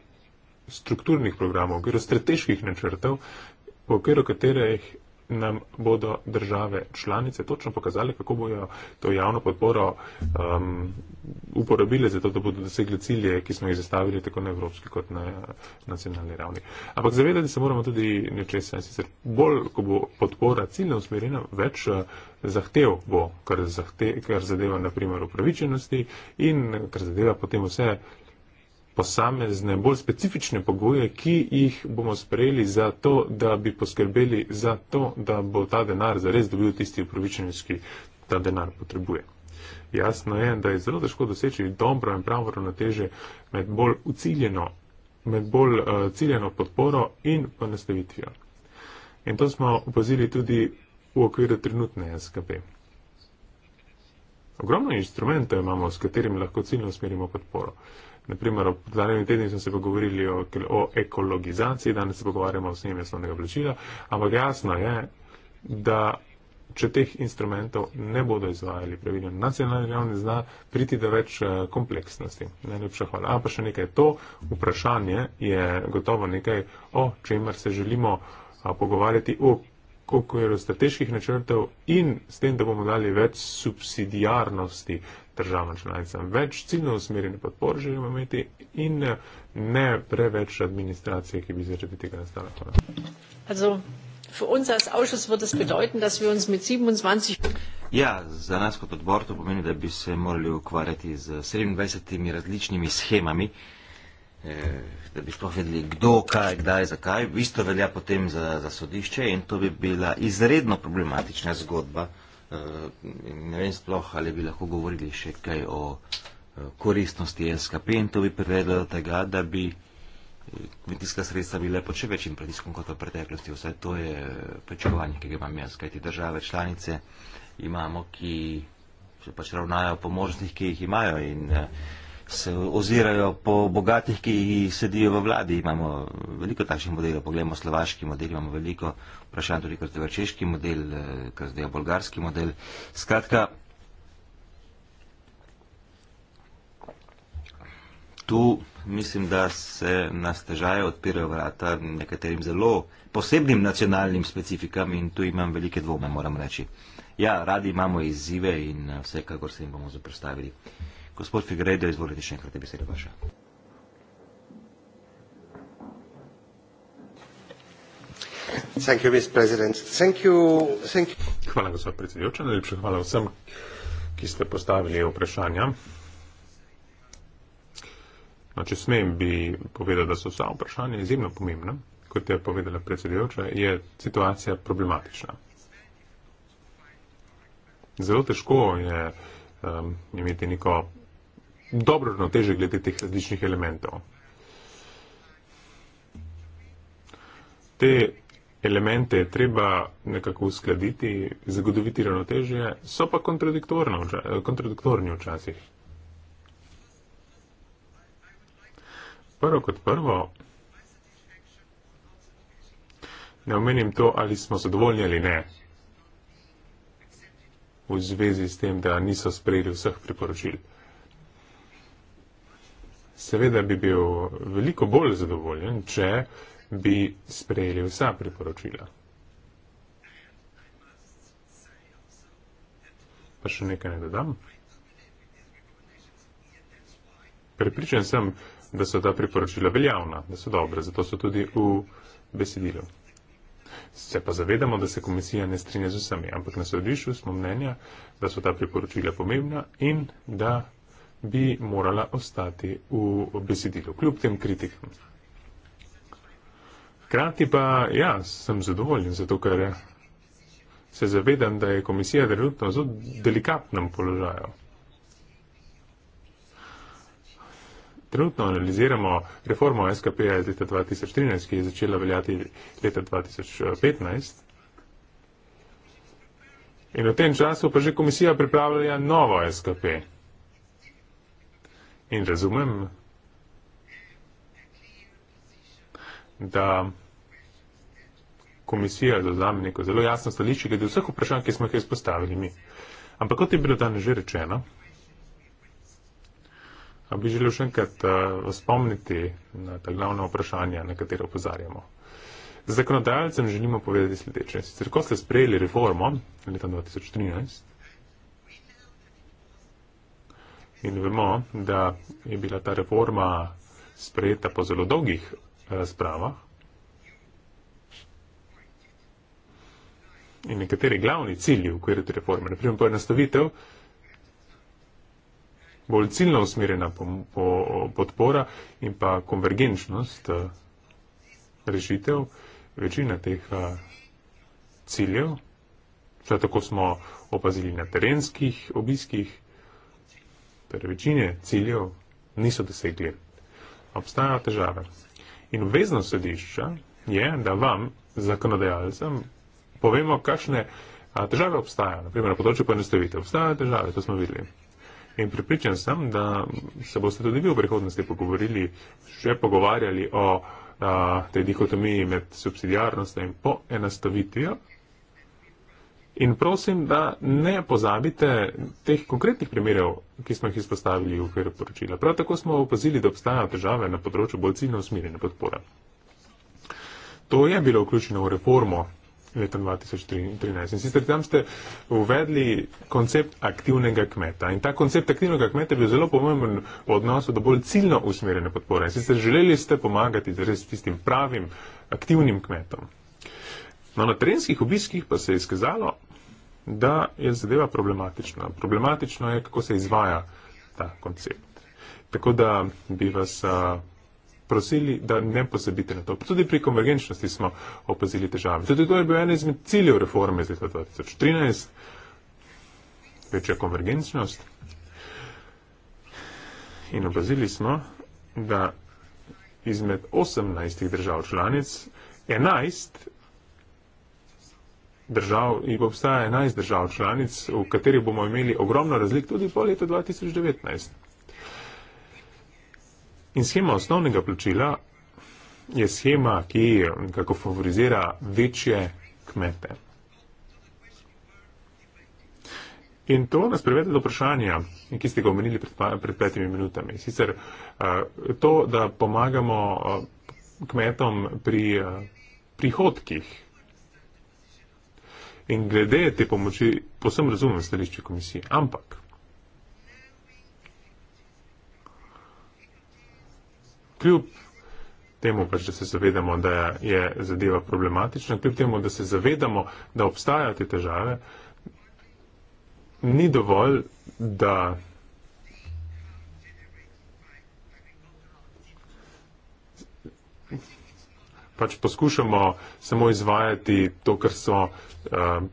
strukturnih programov, v okviru strateških načrtov, v okviru katerih nam bodo države članice točno pokazali, kako bojo to javno podporo um, uporabile za to, da bodo dosegli cilje, ki smo jih zastavili tako na evropski kot na nacionalni ravni. Ampak zavedati se moramo tudi nečesa, sicer bolj, ko bo podpora ciljno usmerjena, več uh, zahtev bo, kar, zahte, kar zadeva naprimer upravičenosti in kar zadeva potem vse posamezne, bolj specifične pogoje, ki jih bomo sprejeli za to, da bi poskrbeli za to, da bo ta denar zares dobil tisti upravičenec, ki ta denar potrebuje. Jasno je, da je zelo težko doseči dobro in pravo ravnoteže med bolj uciljeno, med bolj uh, ciljeno podporo in ponastavitvijo. In to smo opazili tudi v okviru trenutne SKP. Ogromno inštrumentov imamo, s katerim lahko ciljno usmerimo podporo. Uh, Naprimer, v zadnjem tednu smo se pogovorili o, o ekologizaciji, danes se pogovarjamo o snemi osnovnega plačila, ampak jasno je, da če teh instrumentov ne bodo izvajali pravilno, nacionalni javni zna priti do več eh, kompleksnosti. Najlepša hvala. Ampak še nekaj, to vprašanje je gotovo nekaj, o čemer se želimo eh, pogovarjati v koliko je strateških načrtov in s tem, da bomo dali več subsidijarnosti državam članicam, več ciljno usmerjene podpore želimo imeti in eh, ne preveč administracije, ki bi zaradi tega nastala. Ja, za nas kot odbor to pomeni, da bi se morali ukvarjati z 27 različnimi schemami, Eh, da bi sploh vedeli, kdo, kaj, kdaj, zakaj. Isto velja potem za, za sodišče in to bi bila izredno problematična zgodba. Eh, ne vem sploh, ali bi lahko govorili še kaj o eh, koristnosti SKP in to bi privedlo do tega, da bi kmetijska sredstva bile pod še večjim pritiskom kot v preteklosti. Vse to je pričakovanje, ki ga imam jaz, kajti države članice imamo, ki se pač ravnajo po možnostih, ki jih imajo. In, eh, se ozirajo po bogatih, ki sedijo v vladi. Imamo veliko takšnih modelov, pogledamo slovaški model, imamo veliko vprašanj tudi kar zdaj češki model, eh, kar zdaj bolgarski model. Skratka, tu mislim, da se na stežaje odpirajo vrata nekaterim zelo posebnim nacionalnim specifikam in tu imam velike dvome, moram reči. Ja, radi imamo izzive in eh, vsekakor se jim bomo zaprstavili. Gospod Figredo, izvolite še enkrat, da bi se ga vaša. Hvala, gospod predsedujoč, najlepša hvala vsem, ki ste postavili vprašanja. No, če smem, bi povedal, da so vsa vprašanja izjemno pomembna. Kot je povedala predsedujoča, je situacija problematična. Zelo težko je um, imeti neko dobro ravnoteže glede teh različnih elementov. Te elemente je treba nekako uskladiti, zagotoviti ravnoteže, so pa kontradiktorni včasih. Prvo kot prvo, ne omenim to, ali smo zadovoljni ali ne, v zvezi s tem, da niso sprejeli vseh priporočil. Seveda bi bil veliko bolj zadovoljen, če bi sprejeli vsa priporočila. Pa še nekaj ne dodam. Prepričan sem, da so ta priporočila veljavna, da so dobre, zato so tudi v besedilu. Se pa zavedamo, da se komisija ne strinja z vsemi, ampak na sodišču smo mnenja, da so ta priporočila pomembna in da bi morala ostati v besedilu, kljub tem kritikam. Hkrati pa, ja, sem zadovoljen, zato ker se zavedam, da je komisija trenutno zelo delikatnem položaju. Trenutno analiziramo reformo SKP iz leta 2013, ki je začela veljati leta 2015. In v tem času pa že komisija pripravlja novo SKP. In razumem, da komisija zazame neko zelo jasno stališče glede vseh vprašanj, ki smo jih izpostavili mi. Ampak kot je bilo danes že rečeno, bi želel še enkrat eh, spomniti na ta glavna vprašanja, na katero opozarjamo. Zakonodajalcem želimo povedati sledeče. Sicer, ko ste sprejeli reformo leta 2013, In vemo, da je bila ta reforma sprejeta po zelo dolgih eh, razpravah. In nekateri glavni cilji v okviru te reforme, naprimer poenostavitev, bolj ciljno usmerjena podpora in pa konvergenčnost eh, rešitev, večina teh eh, ciljev, tako smo opazili na terenskih obiskih, torej večine ciljev niso dosegli. Obstajajo težave. In obvezno sodišča je, da vam, zakonodajalcem, povemo, kakšne a, težave obstajajo. Naprimer, na področju poenostavitev obstajajo težave, to smo videli. In pripričan sem, da se boste tudi vi v prihodnosti pogovorili, še pogovarjali o a, tej dikotomiji med subsidijarnostjo in poenostavitvijo, In prosim, da ne pozabite teh konkretnih primerjev, ki smo jih izpostavili v okviru poročila. Prav tako smo opazili, da obstajajo težave na področju bolj ciljno usmirjene podpore. To je bilo vključeno v reformo leta 2013 in sicer tam ste uvedli koncept aktivnega kmeta. In ta koncept aktivnega kmeta je bil zelo pomemben v odnosu do bolj ciljno usmerjene podpore. In sicer želeli ste pomagati res tistim pravim aktivnim kmetom. No, na terenskih obiskih pa se je izkazalo, da je zadeva problematična. Problematično je, kako se izvaja ta koncept. Tako da bi vas a, prosili, da ne posebite na to. Tudi pri konvergenčnosti smo opazili težave. Tudi to je bil en izmed ciljev reforme iz leta 2013, večja konvergenčnost. In opazili smo, da izmed 18 držav članic 11 držav in obstaja 11 držav članic, v katerih bomo imeli ogromno razlik tudi po letu 2019. In schema osnovnega plačila je schema, ki kako favorizira večje kmete. In to nas privede do vprašanja, ki ste ga omenili pred, pred petimi minutami. Sicer eh, to, da pomagamo eh, kmetom pri eh, prihodkih, In glede te pomoči, posem razumem stališče komisije. Ampak. Kljub temu, pač, da se zavedamo, da je zadeva problematična, kljub temu, da se zavedamo, da obstajajo te težave, ni dovolj, da. pač poskušamo samo izvajati to, kar so um,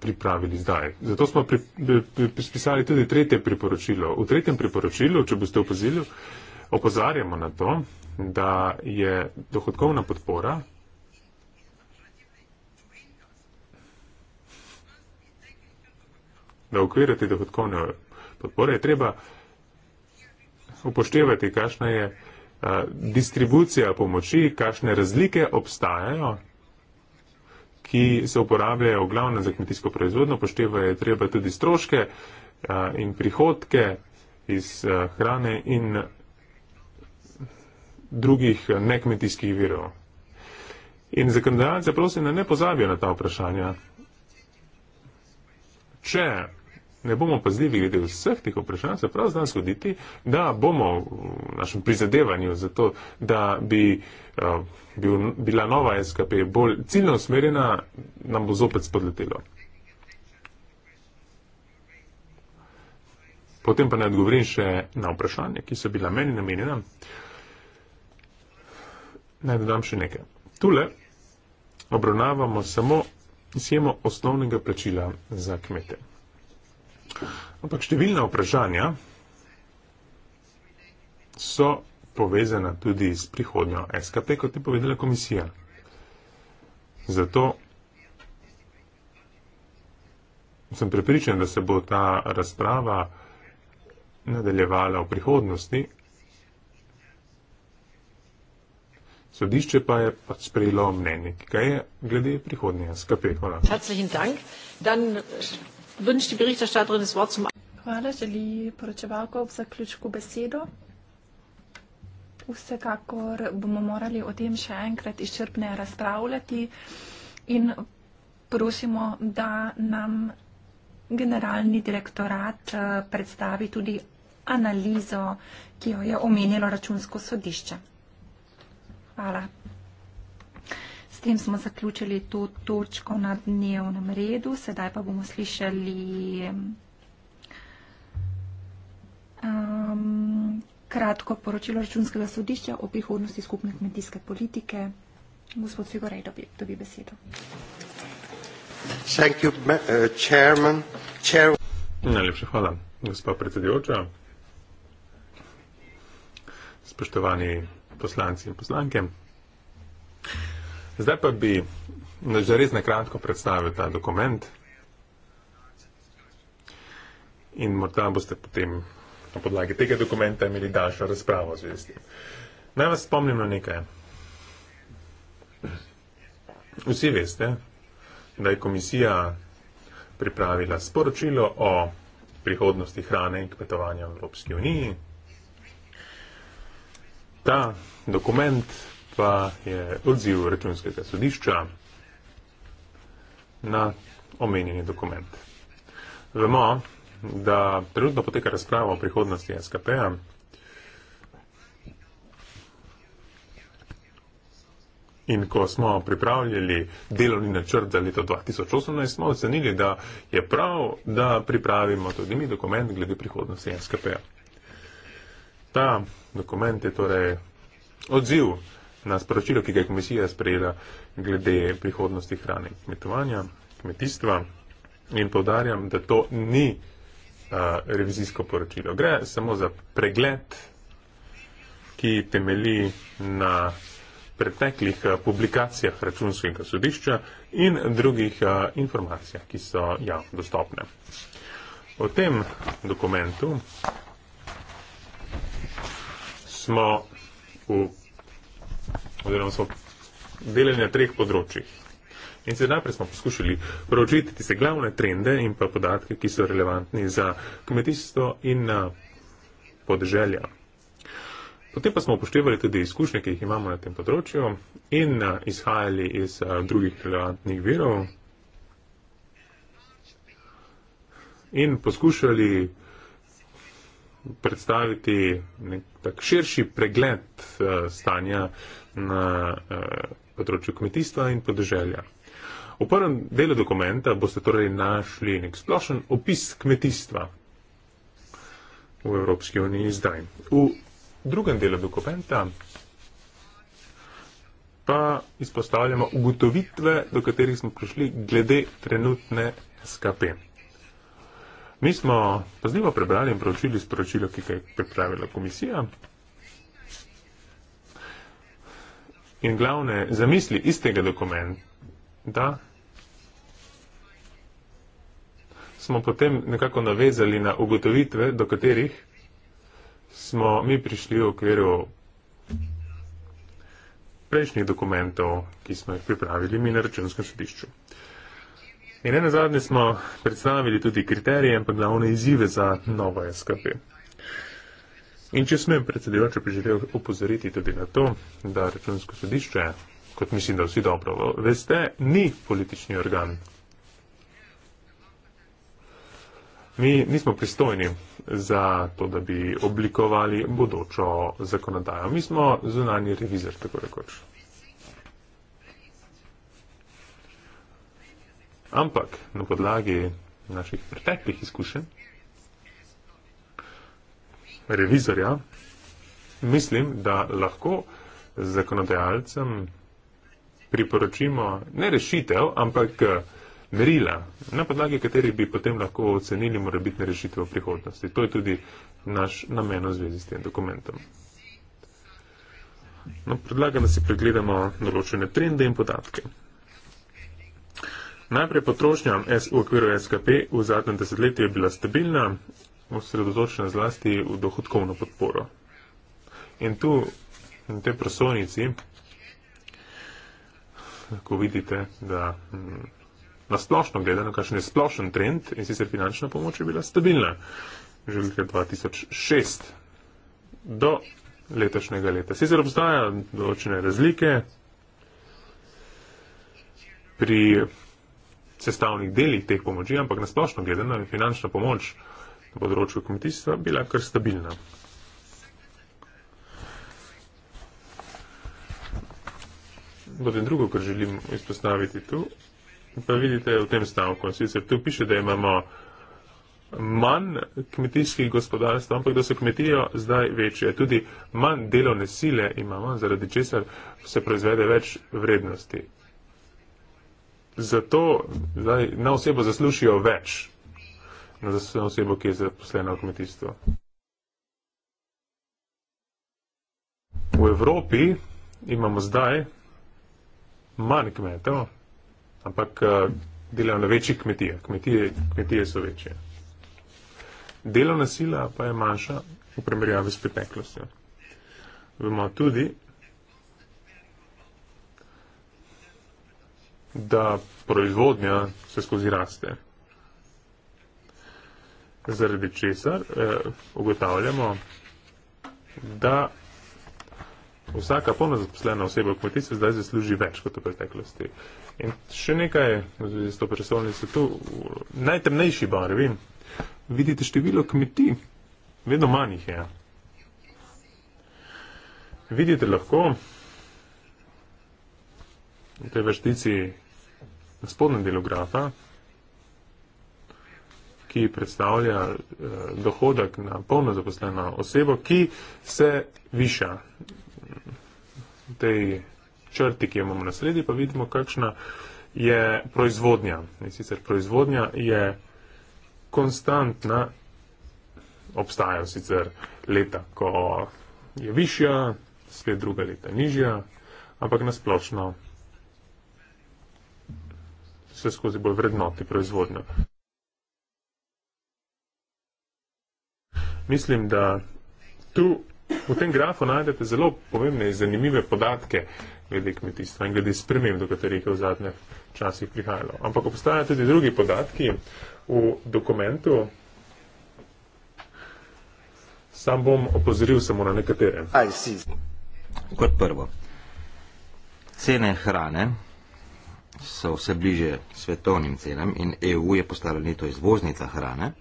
pripravili zdaj. Zato smo pri, pri, pri, spisali tudi tretje priporočilo. V tretjem priporočilu, če boste opozorili, opozarjamo na to, da je dohodkovna podpora. da okvirati dohodkovne podpore, je treba upoštevati, kakšna je uh, distribucija pomoči, kakšne razlike obstajajo, ki se uporabljajo glavno za kmetijsko proizvodno, poštevajo treba tudi stroške in prihodke iz hrane in drugih nekmetijskih virov. In zakonodajalce prosim, da ne pozabijo na ta vprašanja. Če ne bomo pazljivi glede vseh teh vprašanj, se prav zna zgoditi, da bomo v našem prizadevanju za to, da bi uh, bil, bila nova SKP bolj ciljno usmerjena, nam bo zopet spodletelo. Potem pa ne odgovorim še na vprašanje, ki so bila meni namenjena. Naj dodam še nekaj. Tule obravnavamo samo izjemo osnovnega plačila za kmete. Ampak številna vprašanja so povezana tudi s prihodnjo SKP, kot je povedala komisija. Zato sem prepričan, da se bo ta razprava nadaljevala v prihodnosti. Sodišče pa je pač sprejelo mnenje, ki ga je glede prihodnje SKP. Hvala. Vrništi berichterstatterin das Wort zum Hvala, želi poročevalko ob zaključku besedo. Vsekakor bomo morali o tem še enkrat izčrpne razpravljati in prosimo, da nam generalni direktorat eh, predstavi tudi analizo, ki jo je omenjalo računsko sodišče. Hvala tem smo zaključili to točko na dnevnem redu. Sedaj pa bomo slišali um, kratko poročilo računskega sodišča o prihodnosti skupne kmetijske politike. Gospod Sigorej, dobi, dobi besedo. You, uh, chairman. Chair Najlepša hvala, gospod predsedujoča. Spoštovani poslanci in poslanke. Zdaj pa bi že res nekratko predstavil ta dokument in morda boste potem na podlagi tega dokumenta imeli daljšo razpravo z vesti. Naj vas spomnim na nekaj. Vsi veste, da je komisija pripravila sporočilo o prihodnosti hrane in kmetovanja v Evropski uniji. Ta dokument pa je odziv računskega sodišča na omenjeni dokument. Vemo, da trenutno poteka razprava o prihodnosti SKP-a. In ko smo pripravljali delovni načrt za leto 2018, smo ocenili, da je prav, da pripravimo tudi mi dokument glede prihodnosti SKP. Ta dokument je torej odziv na sporočilo, ki ga je komisija sprejela glede prihodnosti hrane in kmetovanja, kmetijstva. In povdarjam, da to ni uh, revizijsko poročilo. Gre samo za pregled, ki temeli na preteklih publikacijah računskega sodišča in drugih uh, informacijah, ki so javno dostopne. O tem dokumentu smo v oziroma smo delali na treh področjih. In se najprej smo poskušali proučiti tiste glavne trende in pa podatke, ki so relevantni za kmetijstvo in na eh, podeželja. Potem pa smo upoštevali tudi izkušnje, ki jih imamo na tem področju in eh, izhajali iz eh, drugih relevantnih virov in poskušali predstaviti nek tak širši pregled stanja na eh, področju kmetijstva in podeželja. V prvem delu dokumenta boste torej našli nek splošen opis kmetijstva v Evropski uniji zdaj. V drugem delu dokumenta pa izpostavljamo ugotovitve, do katerih smo prišli glede trenutne SKP. Mi smo pozdravljivo prebrali in pročili sporočilo, ki ga je pripravila komisija, in glavne zamisli iz tega dokumenta smo potem nekako navezali na ugotovitve, do katerih smo mi prišli v okviru prejšnjih dokumentov, ki smo jih pripravili mi na računskem sodišču. In ne nazadnje smo predstavili tudi kriterije in pa glavne izzive za novo SKP. In če smem predsedujoče priželjel upozoriti tudi na to, da računsko sodišče, kot mislim, da vsi dobro veste, ni politični organ. Mi nismo pristojni za to, da bi oblikovali bodočo zakonodajo. Mi smo zunani revizor, tako rekoč. Ampak na podlagi naših preteklih izkušenj, revizorja, mislim, da lahko zakonodajalcem priporočimo ne rešitev, ampak merila, na podlagi katerih bi potem lahko ocenili morebitne rešitve v prihodnosti. To je tudi naš namen v zvezi s tem dokumentom. No, predlagam, da si pregledamo določene trende in podatke. Najprej potrošnja v okviru SKP v zadnjem desetletju je bila stabilna, osredotočena zlasti v dohodkovno podporo. In tu, na tej prosovnici, lahko vidite, da mm, nasplošno gledano, kakšen je splošen trend in sicer finančna pomoč je bila stabilna. Že od leta 2006 do letošnjega leta. Sicer obstajajo določene razlike pri sestavnih delih teh pomoči, ampak nasplošno gledano je finančna pomoč na področju kmetijstva bila kar stabilna. Potem drugo, kar želim izpostaviti tu, pa vidite v tem stavku. Sicer tu piše, da imamo manj kmetijskih gospodarstv, ampak da so kmetijo zdaj večje. Tudi manj delovne sile imamo, zaradi česar se proizvede več vrednosti. Zato zdaj, na osebo zaslušijo več, za vse osebo, ki je zaposlena v kmetijstvu. V Evropi imamo zdaj manj kmetov, ampak eh, delajo na večjih kmetijah. Kmetije, kmetije so večje. Delovna sila pa je manjša v primerjavi s preteklostjo. Vemo tudi, da proizvodnja se skozi raste zaradi česar eh, ugotavljamo, da vsaka polno zaposlena oseba v kmetijstvu zdaj zasluži več kot v preteklosti. In še nekaj, zvezi s to presolnico, tu v najtemnejši barvi vidite število kmetij, vedno manj jih je. Vidite lahko, v tej vrstici na spodnem delu grafa, ki predstavlja eh, dohodek na polno zaposleno osebo, ki se viša. V tej črti, ki jo imamo na sredi, pa vidimo, kakšna je proizvodnja. In sicer proizvodnja je konstantna, obstajajo sicer leta, ko je višja, spet druga leta nižja, ampak nasplošno se skozi bolj vrednoti proizvodnja. mislim, da tu v tem grafu najdete zelo pomembne in zanimive podatke glede kmetijstva in glede sprememb, do katerih je v zadnjih časih prihajalo. Ampak obstajajo tudi drugi podatki v dokumentu. Sam bom opozoril samo na nekatere. Kot prvo, cene hrane so vse bliže svetovnim cenam in EU je postala neto izvoznica hrane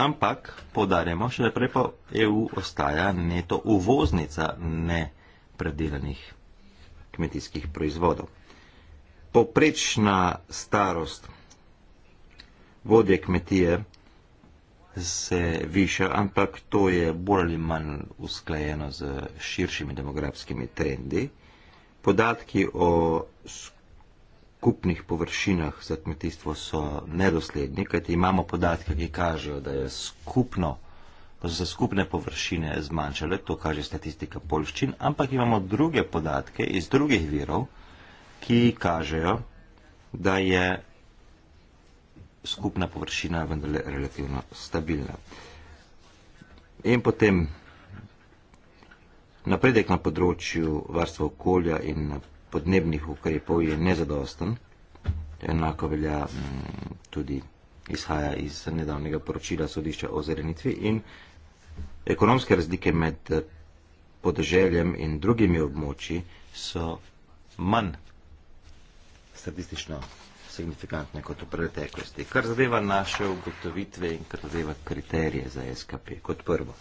ampak podarjamo, še naprej pa EU ostaja neto uvoznica nepredelanih kmetijskih proizvodov. Poprečna starost vodje kmetije se viša, ampak to je bolj ali manj usklajeno z širšimi demografskimi trendi. Podatki o skupnosti skupnih površinah za kmetijstvo so nedosledni, kajti imamo podatke, ki kažejo, da, skupno, da so se skupne površine zmanjšale, to kaže statistika polščin, ampak imamo druge podatke iz drugih virov, ki kažejo, da je skupna površina vendarle relativno stabilna. In potem napredek na področju varstva okolja in na podnebnih ukrepov je nezadosten. Enako velja mm, tudi izhaja iz nedavnega poročila sodišča o zelenitvi in ekonomske razlike med eh, podeželjem in drugimi območji so manj statistično signifikantne kot v preteklosti. Kar zadeva naše ugotovitve in kar zadeva kriterije za SKP kot prvo.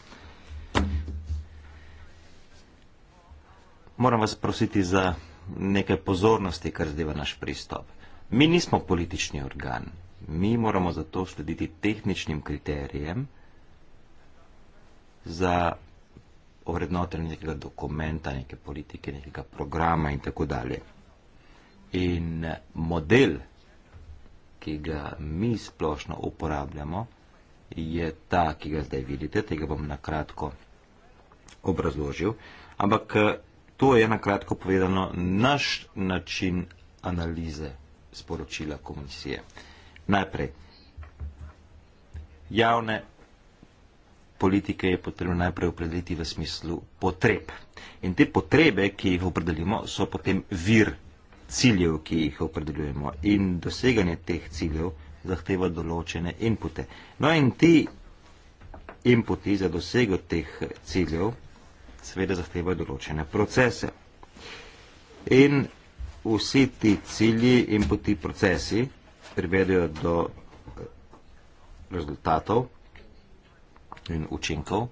Moram vas prositi za nekaj pozornosti, kar zdaj v naš pristop. Mi nismo politični organ, mi moramo zato slediti tehničnim kriterijem za ovrednotenje nekega dokumenta, neke politike, nekega programa in tako dalje. In model, ki ga mi splošno uporabljamo, je ta, ki ga zdaj vidite, tega bom na kratko obrazložil, ampak To je na kratko povedano naš način analize sporočila komisije. Najprej, javne politike je potrebno najprej opredeliti v smislu potreb. In te potrebe, ki jih opredelimo, so potem vir ciljev, ki jih opredeljujemo. In doseganje teh ciljev zahteva določene inpute. No in ti inputi za dosego teh ciljev seveda zahteva določene procese. In vsi ti cilji in poti procesi privedajo do eh, rezultatov in učinkov,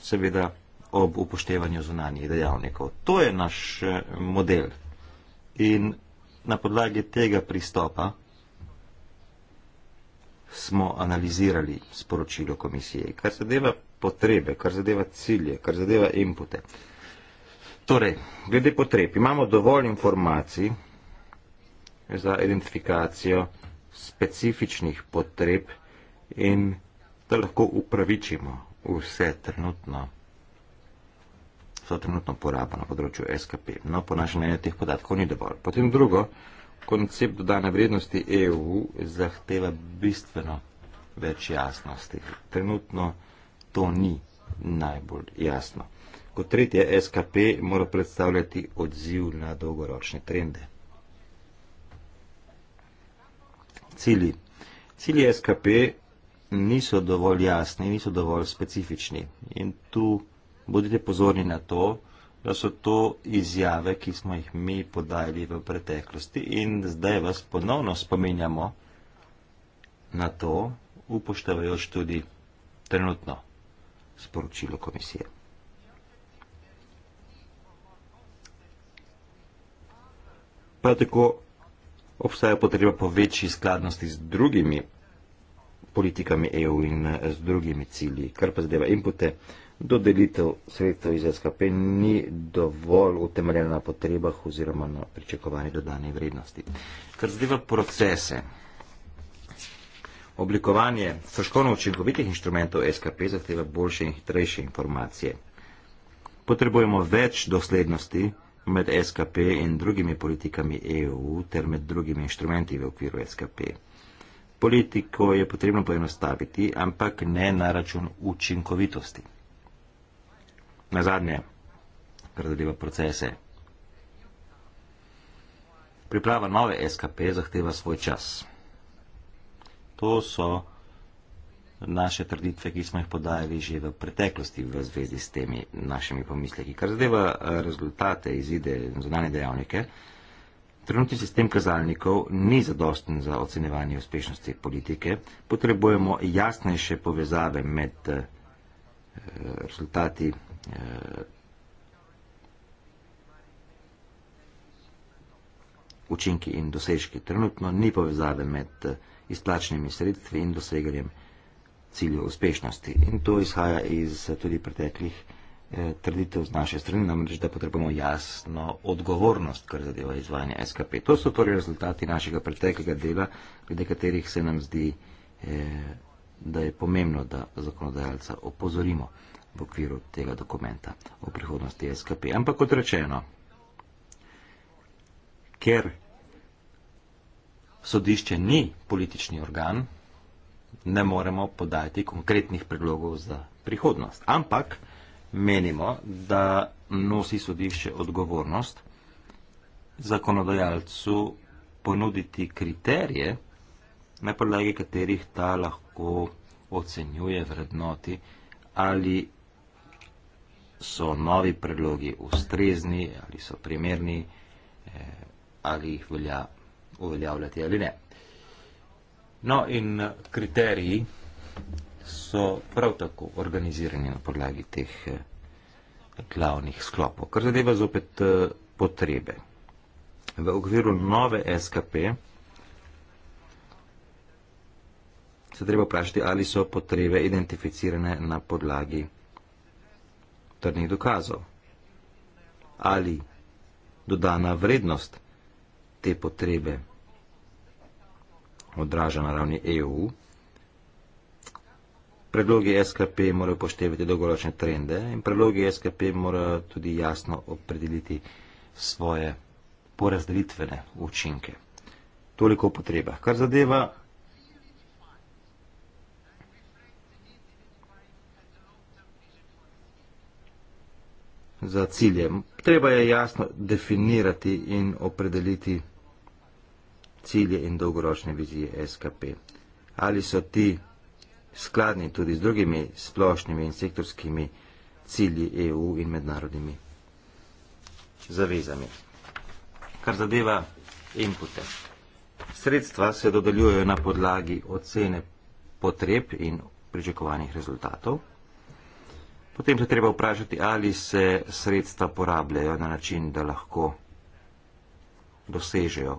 seveda ob upoštevanju zunanjih dejavnikov. To je naš eh, model. In na podlagi tega pristopa smo analizirali sporočilo komisije. Kar se deva potrebe, kar zadeva cilje, kar zadeva impute. Torej, glede potreb, imamo dovolj informacij za identifikacijo specifičnih potreb in da lahko upravičimo vse trenutno, vse trenutno porabo na področju SKP. No, po našem mnenju teh podatkov ni dovolj. Potem drugo, koncept dodane vrednosti EU zahteva bistveno več jasnosti. Trenutno to ni najbolj jasno. Kot tretje, SKP mora predstavljati odziv na dolgoročne trende. Cili. Cili SKP niso dovolj jasni, niso dovolj specifični. In tu bodite pozorni na to, da so to izjave, ki smo jih mi podajali v preteklosti in zdaj vas ponovno spominjamo na to, upoštevajoč tudi trenutno sporočilo komisije. Prav tako obstaja potreba po večji skladnosti z drugimi politikami EU in eh, z drugimi cilji, kar pa zadeva impute, dodelitev sredstev iz SKP ni dovolj utemeljena na potrebah oziroma na pričakovanje dodane vrednosti. Kar zadeva procese, Oblikovanje stroškovno učinkovitih inštrumentov SKP zahteva boljše in hitrejše informacije. Potrebujemo več doslednosti med SKP in drugimi politikami EU ter med drugimi inštrumenti v okviru SKP. Politiko je potrebno poenostaviti, ampak ne na račun učinkovitosti. Na zadnje, predvideva procese. Priprava nove SKP zahteva svoj čas. To so naše trditve, ki smo jih podajali že v preteklosti v zvezi s temi našimi pomisleki. Kar zadeva eh, rezultate, izide in zunanje dejavnike, trenutni sistem kazalnikov ni zadosten za ocenevanje uspešnosti politike. Potrebujemo jasnejše povezave med eh, rezultati eh, učinki in dosežki. Trenutno ni povezave med rezultati izplačnimi sredstvi in dosegarjem ciljev uspešnosti. In to izhaja iz eh, tudi preteklih eh, trditev z naše strani, namreč, da potrebujemo jasno odgovornost, kar zadeva izvajanje SKP. To so torej rezultati našega preteklega dela, glede katerih se nam zdi, eh, da je pomembno, da zakonodajalca opozorimo v okviru tega dokumenta o prihodnosti SKP. Ampak kot rečeno, ker sodišče ni politični organ, ne moremo podajati konkretnih predlogov za prihodnost. Ampak menimo, da nosi sodišče odgovornost zakonodajalcu ponuditi kriterije, na podlagi katerih ta lahko ocenjuje vrednoti, ali so novi predlogi ustrezni, ali so primerni, eh, ali jih velja uveljavljati ali ne. No in kriteriji so prav tako organizirani na podlagi teh eh, glavnih sklopov, kar zadeva zopet eh, potrebe. V okviru nove SKP se treba vprašati, ali so potrebe identificirane na podlagi trdnih dokazov, ali dodana vrednost te potrebe odraža na ravni EU. Predlogi SKP morajo poštevati dolgoročne trende in predlogi SKP morajo tudi jasno opredeliti svoje porazdelitvene učinke. Toliko potreba. Kar zadeva za cilje. Treba je jasno definirati in opredeliti cilje in dolgoročne vizije SKP. Ali so ti skladni tudi z drugimi splošnimi in sektorskimi cilji EU in mednarodnimi zavezami. Kar zadeva inpute. Sredstva se dodeljujejo na podlagi ocene potreb in pričakovanih rezultatov. Potem se treba vprašati, ali se sredstva porabljajo na način, da lahko dosežejo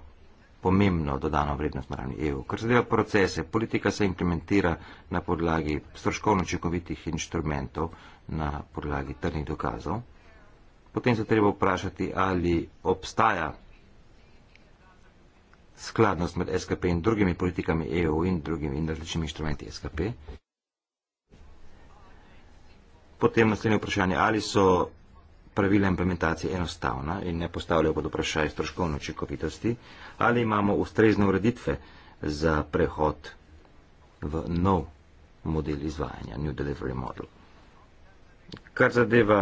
pomembno dodano vrednost na ravni EU. Kar zadeva procese, politika se implementira na podlagi stroškovno učinkovitih inštrumentov, na podlagi trdnih dokazov. Potem se treba vprašati, ali obstaja skladnost med SKP in drugimi politikami EU in drugimi in različnimi inštrumenti SKP. Potem naslednje vprašanje, ali so pravila implementacije enostavna in ne postavljajo pod vprašaj stroškovno učinkovitosti, ali imamo ustrezne ureditve za prehod v nov model izvajanja, New Delivery Model. Kar zadeva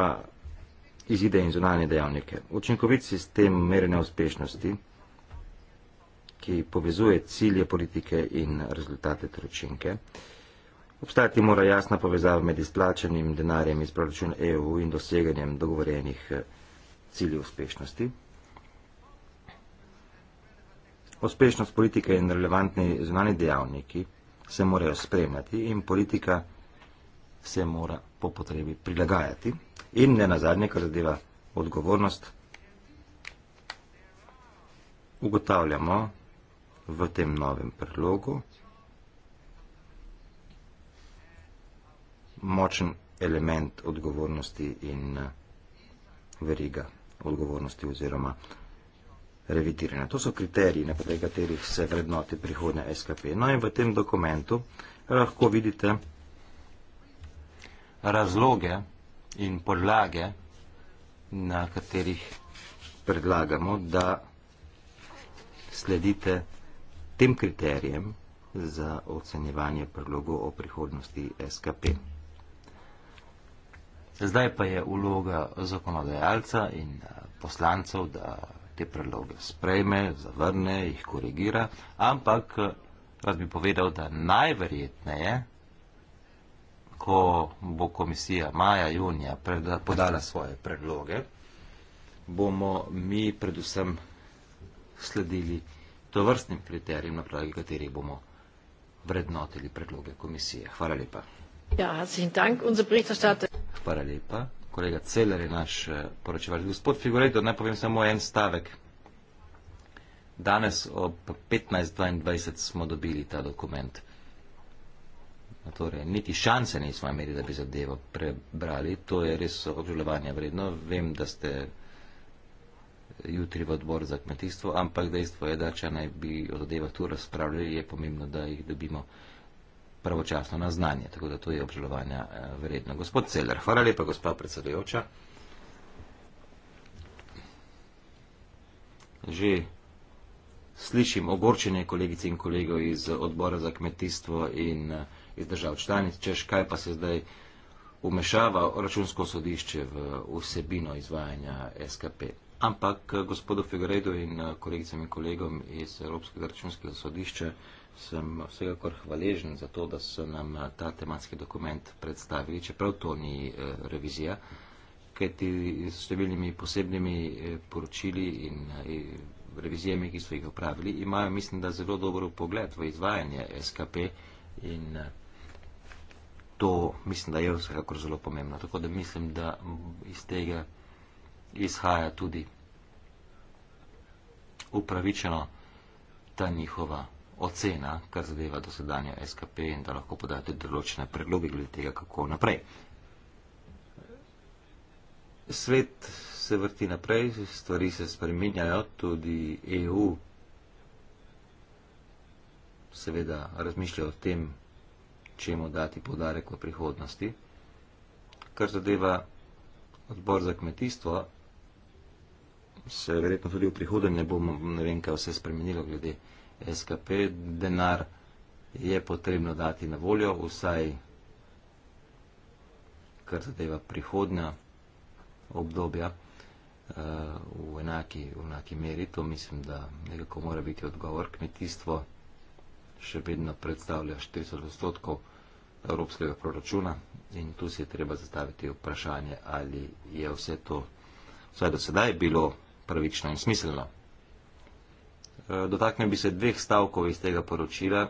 izide in zunanje dejavnike. Učinkovit sistem merjene uspešnosti, ki povezuje cilje politike in rezultate ter učinke, Obstajati mora jasna povezava med izplačanim denarjem iz proračuna EU in doseganjem dogovorjenih eh, ciljev uspešnosti. Uspešnost politike in relevantni zunani dejavniki se morajo spremljati in politika se mora po potrebi prilagajati. In ne nazadnje, kar zadeva odgovornost, ugotavljamo v tem novem prilogu, močen element odgovornosti in eh, veriga odgovornosti oziroma revidiranja. To so kriteriji, na podlagi katerih se vrednoti prihodnja SKP. No in v tem dokumentu eh, lahko vidite razloge in podlage, na katerih predlagamo, da sledite tem kriterijem za ocenjevanje predlogov o prihodnosti SKP. Zdaj pa je uloga zakonodajalca in eh, poslancev, da te predloge sprejme, zavrne, jih korigira, ampak eh, raz bi povedal, da najverjetneje, ko bo komisija maja, junija podala svoje predloge, bomo mi predvsem sledili to vrstnim kriterijem, na podlagi katerih bomo vrednotili predloge komisije. Hvala lepa. Ja, herzlichen Dank, unser Berichterstatter. Hvala lepa. Kolega Celer je naš eh, poročevalec. Gospod Figuredo, naj povem samo en stavek. Danes ob 15.22 smo dobili ta dokument. No, torej, niti šanse nismo imeli, da bi zadevo prebrali. To je res obžalovanje vredno. Vem, da ste eh, jutri v odbor za kmetijstvo, ampak dejstvo je, da če naj bi o zadevah tu razpravljali, je pomembno, da jih dobimo pravočasno na znanje. Tako da to je obžalovanja eh, vredno. Gospod Celer, hvala lepa, gospod predsedujoča. Že slišim ogorčenje kolegic in kolegov iz odbora za kmetijstvo in eh, iz držav članic, češ kaj pa se zdaj umešava računsko sodišče v vsebino izvajanja SKP. Ampak eh, gospodu Figuredu in kolegicam in kolegom iz Evropskega računskega sodišča sem vsekakor hvaležen za to, da so nam eh, ta tematski dokument predstavili, čeprav to ni eh, revizija, kajti s številnimi posebnimi eh, poročili in revizijami, ki so jih upravili, imajo, mislim, da zelo dober pogled v izvajanje SKP in to mislim, da je vsekakor zelo pomembno. Tako da mislim, da iz tega izhaja tudi upravičeno ta njihova ocena, kar zadeva dosedanje SKP in da lahko podate določene predloge glede tega, kako naprej. Svet se vrti naprej, stvari se spreminjajo, tudi EU seveda razmišlja o tem, čemu dati podarek v prihodnosti. Kar zadeva odbor za kmetijstvo, se verjetno tudi v prihodnje ne bo, ne vem, kaj vse spremenilo glede SKP denar je potrebno dati na voljo, vsaj kar zadeva prihodnja obdobja eh, v enaki, v enaki meri. To mislim, da nekako mora biti odgovor. Kmetijstvo še vedno predstavlja 40 odstotkov evropskega proračuna in tu si je treba zastaviti vprašanje, ali je vse to vsaj do sedaj bilo pravično in smiselno. Dotaknem bi se dveh stavkov iz tega poročila.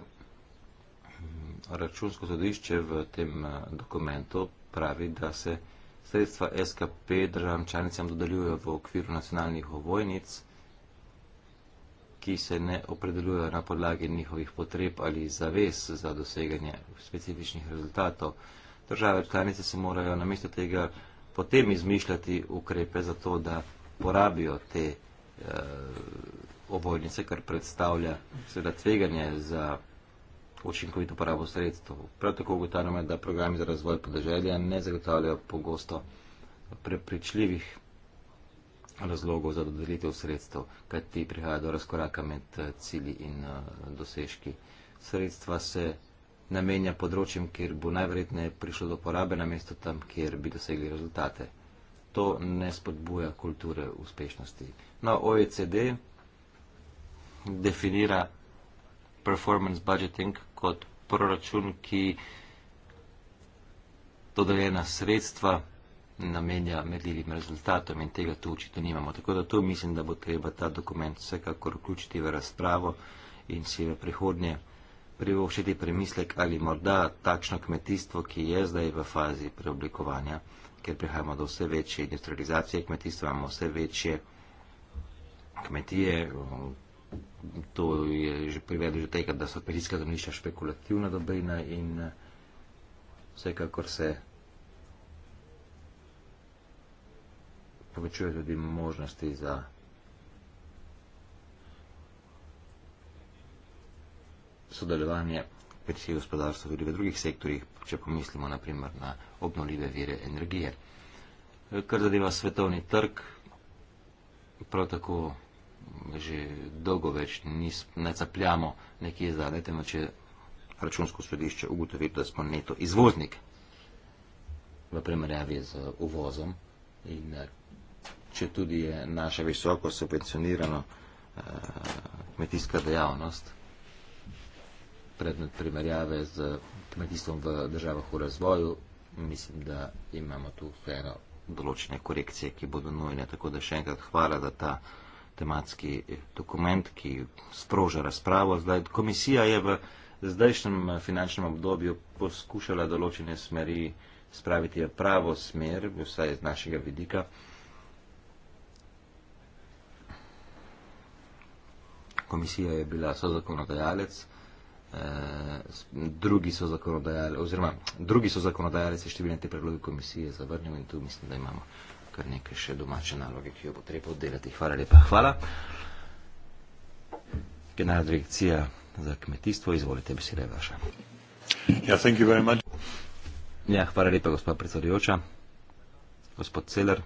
Računsko sodišče v tem eh, dokumentu pravi, da se sredstva SKP državam članicam dodeljujejo v okviru nacionalnih ovojnic, ki se ne opredeljujejo na podlagi njihovih potreb ali zavez za doseganje specifičnih rezultatov. Države članice se morajo namesto tega potem izmišljati ukrepe za to, da porabijo te. Eh, ovojnice, kar predstavlja seveda tveganje za učinkovito porabo sredstev. Prav tako ugotavljamo, da programi za razvoj podeželja ne zagotavljajo pogosto prepričljivih razlogov za dodelitev sredstev, kajti prihaja do razkoraka med eh, cilji in eh, dosežki. Sredstva se namenja področjem, kjer bo najverjetneje prišlo do porabe na mesto tam, kjer bi dosegli rezultate. To ne spodbuja kulture uspešnosti. Na no, OECD definira performance budgeting kot proračun, ki dodeljena sredstva namenja medljivim rezultatom in tega tu očito nimamo. Tako da tu mislim, da bo treba ta dokument vsekakor vključiti v razpravo in si v prihodnje privoščiti premislek ali morda takšno kmetijstvo, ki je zdaj v fazi preoblikovanja, ker prihajamo do vse večje industrializacije kmetijstva, imamo vse večje kmetije, to je že privedlo do tega, da so perijska zemljišča špekulativna dobrina in eh, vsekakor se povečuje tudi možnosti za sodelovanje perijskega gospodarstva tudi v drugih sektorjih, če pomislimo naprimer na obnovljive vire energije. Eh, kar zadeva svetovni trg, prav tako že dolgo več nis, ne capljamo nekje zadaj, temveč je računsko sodišče ugotovilo, da smo neto izvoznik v primerjavi z uvozom. In eh, če tudi je naša visoko subvencionirana eh, kmetijska dejavnost predmet primerjave z kmetijstvom v državah v razvoju, mislim, da imamo tu vseeno določene korekcije, ki bodo nujne. Tako da še enkrat hvala, da ta tematski dokument, ki sproža razpravo. Zdaj, komisija je v zdajšnjem eh, finančnem obdobju poskušala določene smeri spraviti v pravo smer, vsaj z našega vidika. Komisija je bila sozakonodajalec, eh, drugi so zakonodajalec, oziroma drugi so zakonodajalec, je številne te predloge komisije zavrnil in tu mislim, da imamo kar nekaj še domače naloge, ki jo bo treba oddelati. Hvala lepa. Hvala. Generalna direkcija za kmetijstvo, izvolite, beseda je vaša. Ja, thank you very much. Ja, hvala lepa, gospod predsedujoča. Gospod Celer,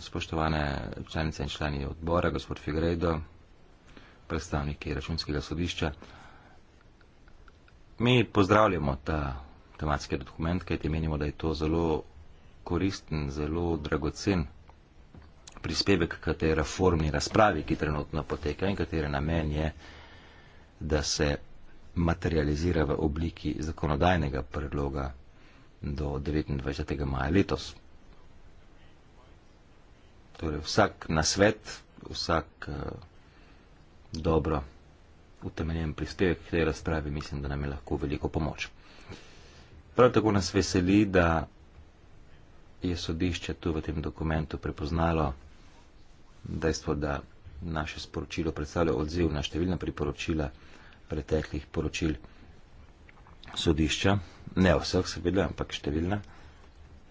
spoštovane članice in člani odbora, gospod Figredo, predstavniki računskega sodišča. Mi pozdravljamo ta tematski dokument, kajti menimo, da je to zelo koristen, zelo dragocen prispevek k tej reformni razpravi, ki trenutno poteka in katere namen je, da se materializira v obliki zakonodajnega predloga do 29. maja letos. Torej vsak nasvet, vsak uh, dobro utemeljen prispevek k tej razpravi mislim, da nam je lahko veliko pomoč. Prav tako nas veseli, da je sodišče tu v tem dokumentu prepoznalo dejstvo, da naše sporočilo predstavlja odziv na številna priporočila preteklih poročil sodišča, ne vseh seveda, ampak številna.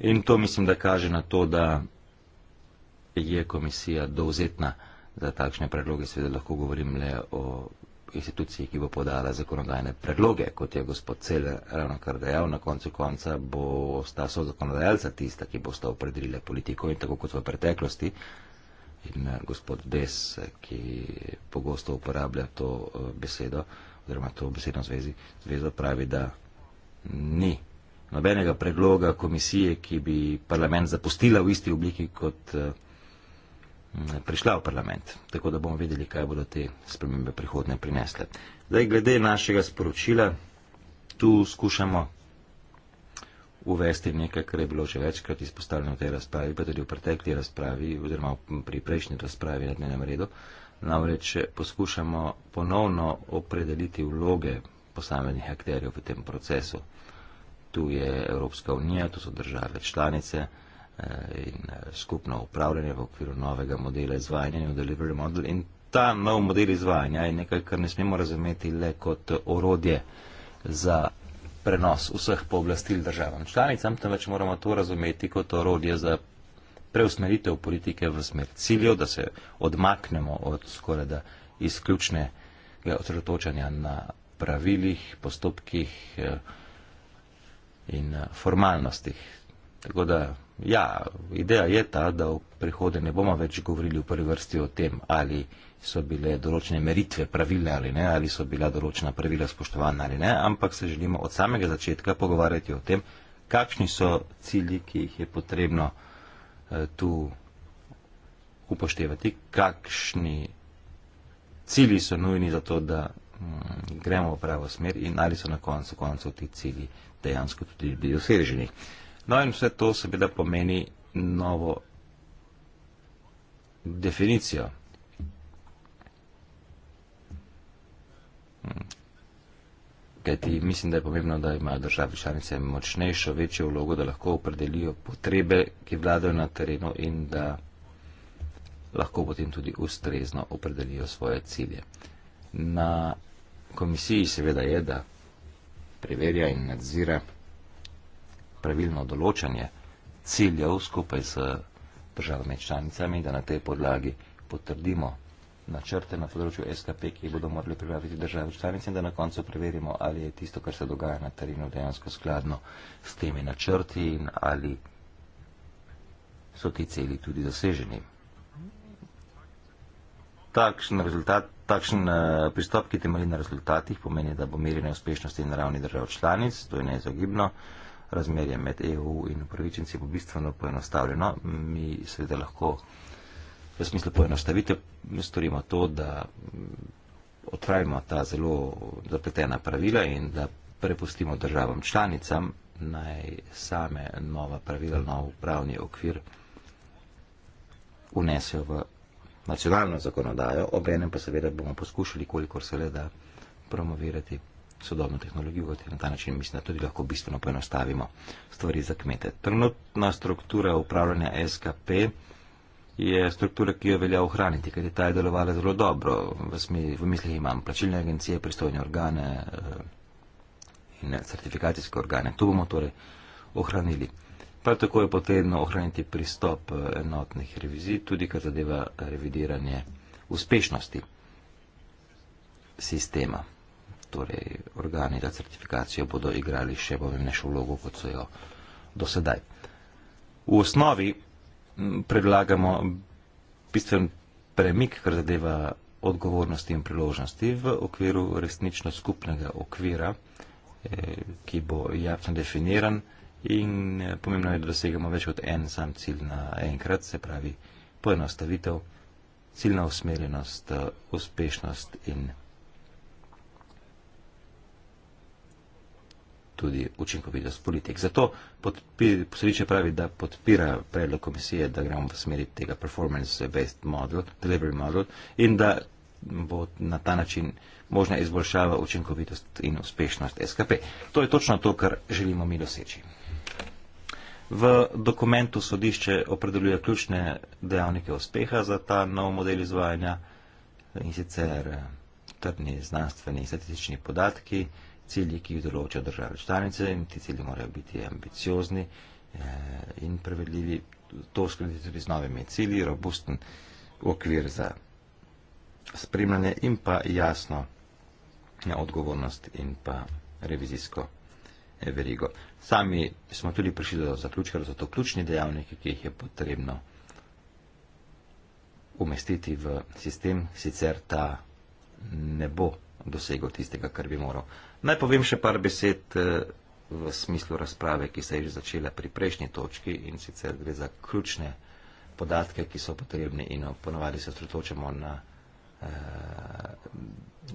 In to mislim, da kaže na to, da je komisija dovzetna za takšne predloge, seveda lahko govorim le o instituciji, ki bo podala zakonodajne predloge, kot je gospod Cel ravno kar dejal, na koncu konca bo sta so zakonodajalca tista, ki bo sta opredelila politiko in tako kot v preteklosti. In eh, gospod Bes, eh, ki pogosto uporablja to eh, besedo, oziroma to besedno zvezi, zvezo, pravi, da ni nobenega predloga komisije, ki bi parlament zapustila v isti obliki kot. Uh, prišla v parlament, tako da bomo videli, kaj bodo te spremembe prihodne prinesle. Zdaj, glede našega sporočila, tu skušamo uvesti nekaj, kar je bilo že večkrat izpostavljeno v tej razpravi, pa tudi v pretekli razpravi oziroma pri prejšnji razpravi na dnevnem redu. Namreč eh, poskušamo ponovno opredeliti vloge posameznih akterjev v tem procesu. Tu je Evropska unija, tu so države članice, Eh, in eh, skupno upravljanje v okviru novega modela izvajanja in delivery model. In ta nov model izvajanja je nekaj, kar ne smemo razumeti le kot orodje za prenos vseh pooblastil državam članicam, temveč moramo to razumeti kot orodje za preusmeritev politike v smer ciljev, da se odmaknemo od skoraj da izključne osredotočanja na pravilih, postopkih eh, in formalnostih Tako da, ja, ideja je ta, da v prihode ne bomo več govorili v prvi vrsti o tem, ali so bile določene meritve pravilne ali ne, ali so bila določena pravila spoštovana ali ne, ampak se želimo od samega začetka pogovarjati o tem, kakšni so cilji, ki jih je potrebno eh, tu upoštevati, kakšni cilji so nujni za to, da hm, gremo v pravo smer in ali so na koncu koncev ti cilji dejansko tudi bili doseženi. No in vse to seveda pomeni novo definicijo. Hmm. Kaj ti mislim, da je pomembno, da imajo države članice močnejšo, večjo vlogo, da lahko opredelijo potrebe, ki vladajo na terenu in da lahko potem tudi ustrezno opredelijo svoje cilje. Na komisiji seveda je, da preverja in nadzira pravilno določanje ciljev skupaj z državami članicami, da na tej podlagi potrdimo načrte na področju SKP, ki bodo morali pripraviti države članice in da na koncu preverimo, ali je tisto, kar se dogaja na terenu dejansko skladno s temi načrti in ali so ti celi tudi doseženi. Takšen, rezultat, takšen eh, pristop, ki temelji na rezultatih, pomeni, da bo merjenje uspešnosti na ravni držav članic, to je neizogibno razmerje med EU in upravičenci bo bistveno poenostavljeno. Mi seveda lahko v smislu poenostavitev storimo to, da odpravimo ta zelo zapletena pravila in da prepustimo državam članicam naj same nova pravila, nov pravni okvir unesejo v nacionalno zakonodajo, ob enem pa seveda bomo poskušali, koliko se le da, promovirati sodobno tehnologijo, kot je na ta način, mislim, da tudi lahko bistveno poenostavimo stvari za kmete. Trenutna struktura upravljanja SKP je struktura, ki jo velja ohraniti, ker je ta je delovala zelo dobro. V, smeri, v mislih imam plačilne agencije, pristojne organe eh, in certifikacijske organe. To bomo torej ohranili. Prav tako je potrebno ohraniti pristop eh, enotnih revizij, tudi kar zadeva revidiranje uspešnosti sistema torej organi za certifikacijo bodo igrali še pomembnejšo vlogo, kot so jo do sedaj. V osnovi predlagamo bistven premik, kar zadeva odgovornosti in priložnosti v okviru resnično skupnega okvira, eh, ki bo jasno definiran in eh, pomembno je, da dosegamo več kot en sam cilj na enkrat, se pravi poenostavitev, ciljna usmerjenost, eh, uspešnost in. tudi učinkovitost politik. Zato posrečne pravi, da podpira predlog komisije, da gremo v smeri tega performance-based model, delivery model in da bo na ta način možna izboljšava učinkovitost in uspešnost SKP. To je točno to, kar želimo mi doseči. V dokumentu sodišče opredeljuje ključne dejavnike uspeha za ta nov model izvajanja in sicer trdni znanstveni in statistični podatki, cilji, ki jih določajo države članice in ti cilji morajo biti ambiciozni eh, in prevedljivi. To uskladiti tudi z novimi cilji, robusten okvir za spremljanje in pa jasno ja, odgovornost in pa revizijsko eh, verigo. Sami smo tudi prišli do zaključka, da so to ključni dejavniki, ki jih je potrebno umestiti v sistem, sicer ta ne bo dosegel tistega, kar bi moral. Naj povem še par besed eh, v smislu razprave, ki se je že začela pri prejšnji točki in sicer gre za ključne podatke, ki so potrebni in ponovadi se sredotočamo na. Uh,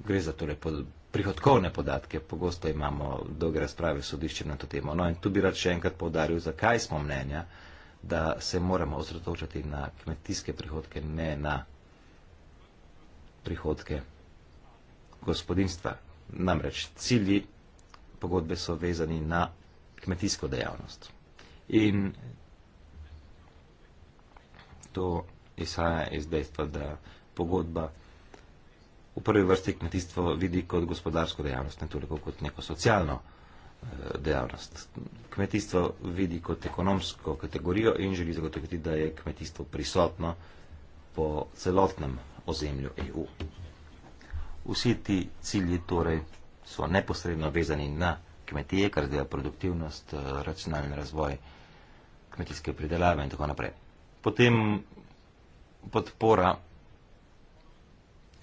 gre za torej pod, prihodkovne podatke, pogosto imamo dolge razprave s sodiščem na to temo. No in tu bi rad še enkrat povdaril, zakaj smo mnenja, da se moramo osredotočati na kmetijske prihodke, ne na prihodke gospodinstva. Namreč cilji pogodbe so vezani na kmetijsko dejavnost. In to izhaja iz dejstva, da pogodba v prvi vrsti kmetijstvo vidi kot gospodarsko dejavnost, ne toliko kot neko socialno eh, dejavnost. Kmetijstvo vidi kot ekonomsko kategorijo in želi zagotoviti, da je kmetijstvo prisotno po celotnem ozemlju EU. Vsi ti cilji torej so neposredno vezani na kmetije, kar zdaj je produktivnost, eh, racionalni razvoj kmetijske pridelave in tako naprej. Potem podpora,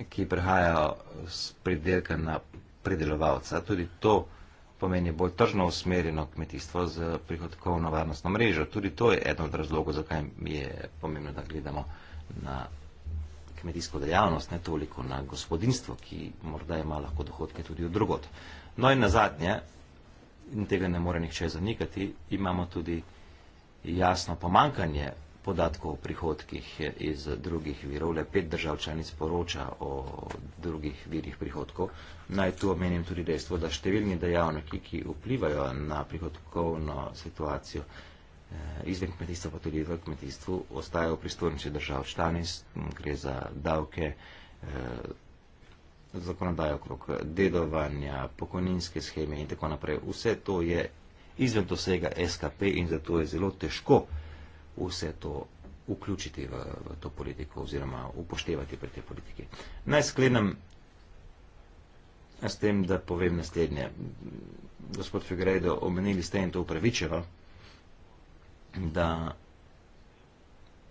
ki prihaja z pridelka na pridelovalca, tudi to pomeni bolj tržno usmerjeno kmetijstvo z prihodkovno varnostno mrežo. Tudi to je eden od razlogov, zakaj je pomembno, da gledamo na kmetijsko dejavnost, ne toliko na gospodinstvo, ki morda ima lahko dohodke tudi od drugot. No in na zadnje, in tega ne more nihče zanikati, imamo tudi jasno pomankanje podatkov o prihodkih iz drugih virov. Le pet držav članic poroča o drugih virih prihodkov. Naj tu omenim tudi dejstvo, da številni dejavniki, ki vplivajo na prihodkovno situacijo, Eh, izven kmetijstva pa tudi v kmetijstvu ostajajo pristojnosti držav članic, gre za davke, eh, zakonodajo okrog dedovanja, pokojninske scheme in tako naprej. Vse to je izven dosega SKP in zato je zelo težko vse to vključiti v, v to politiko oziroma upoštevati pri tej politiki. Naj sklenem s tem, da povem naslednje. Gospod Figredo, omenili ste in to upravičeva, da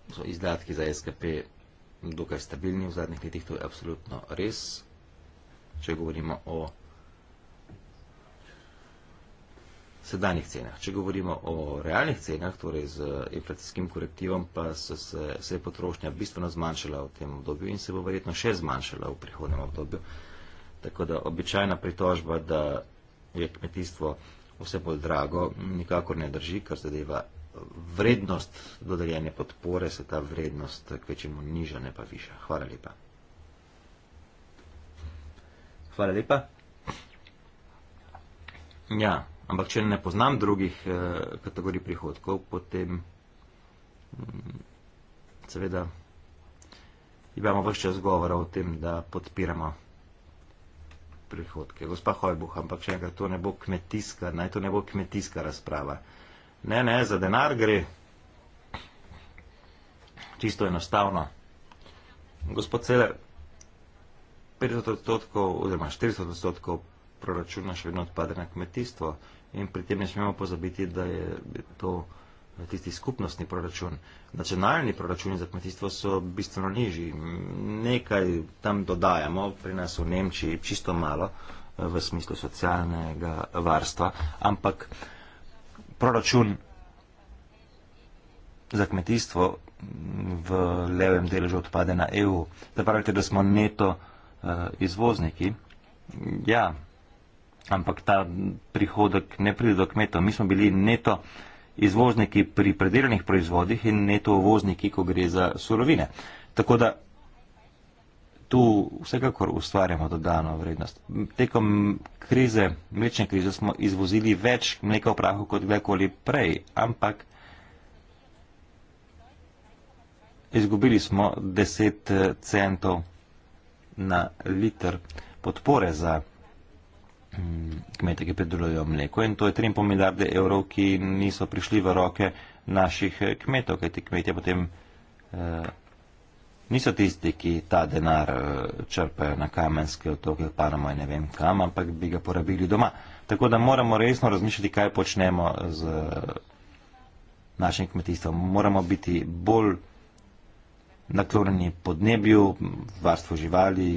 so izdatki za SKP dokaj stabilni v zadnjih letih, to je absolutno res, če govorimo o sedanjih cenah. Če govorimo o realnih cenah, torej z inflacijskim korektivom, pa se, se, se je potrošnja bistveno zmanjšala v tem obdobju in se bo verjetno še zmanjšala v prihodnem obdobju. Tako da običajna pritožba, da je kmetijstvo vse bolj drago, nikakor ne drži, kar zadeva vrednost dodeljene podpore se ta vrednost kvečemu niža, ne pa viša. Hvala lepa. Hvala lepa. Ja, ampak če ne poznam drugih eh, kategorij prihodkov, potem hm, seveda imamo vse zgovora o tem, da podpiramo prihodke. Gospa Hojbuh, ampak še enkrat, to ne bo kmetijska, naj to ne bo kmetijska razprava. Eh, Ne, ne, za denar gre. Čisto enostavno. Gospod Celer, 500 odstotkov oziroma 400 odstotkov proračuna še vedno odpade na kmetijstvo in pri tem ne smemo pozabiti, da je to eh, tisti skupnostni proračun. Nacionalni proračuni za kmetijstvo so bistveno nižji. Nekaj tam dodajamo, pri nas v Nemčiji čisto malo eh, v smislu socialnega varstva, ampak eh, proračun za kmetijstvo v levem deležu odpade na EU. Da pravite, da smo neto eh, izvozniki. Ja, ampak ta prihodek ne pride do kmetov. Mi smo bili neto izvozniki pri predelanih proizvodih in neto uvozniki, ko gre za surovine. Tako da tu vsekakor ustvarjamo dodano vrednost. Tekom krize, mlečne krize, smo izvozili več mleka v prahu kot kdajkoli prej, ampak izgubili smo 10 eh, centov na liter podpore za mm, kmete, ki predelujejo mleko. In to je 3,5 milijarde evrov, ki niso prišli v roke naših eh, kmetov, kajti kmetje potem. Eh, niso tisti, ki ta denar eh, črpajo na kamenske otoke, Panamo in ne vem kam, ampak bi ga porabili doma. Tako da moramo resno razmišljati, kaj počnemo z eh, našim kmetijstvom. Moramo biti bolj naklonjeni podnebju, varstvo živali,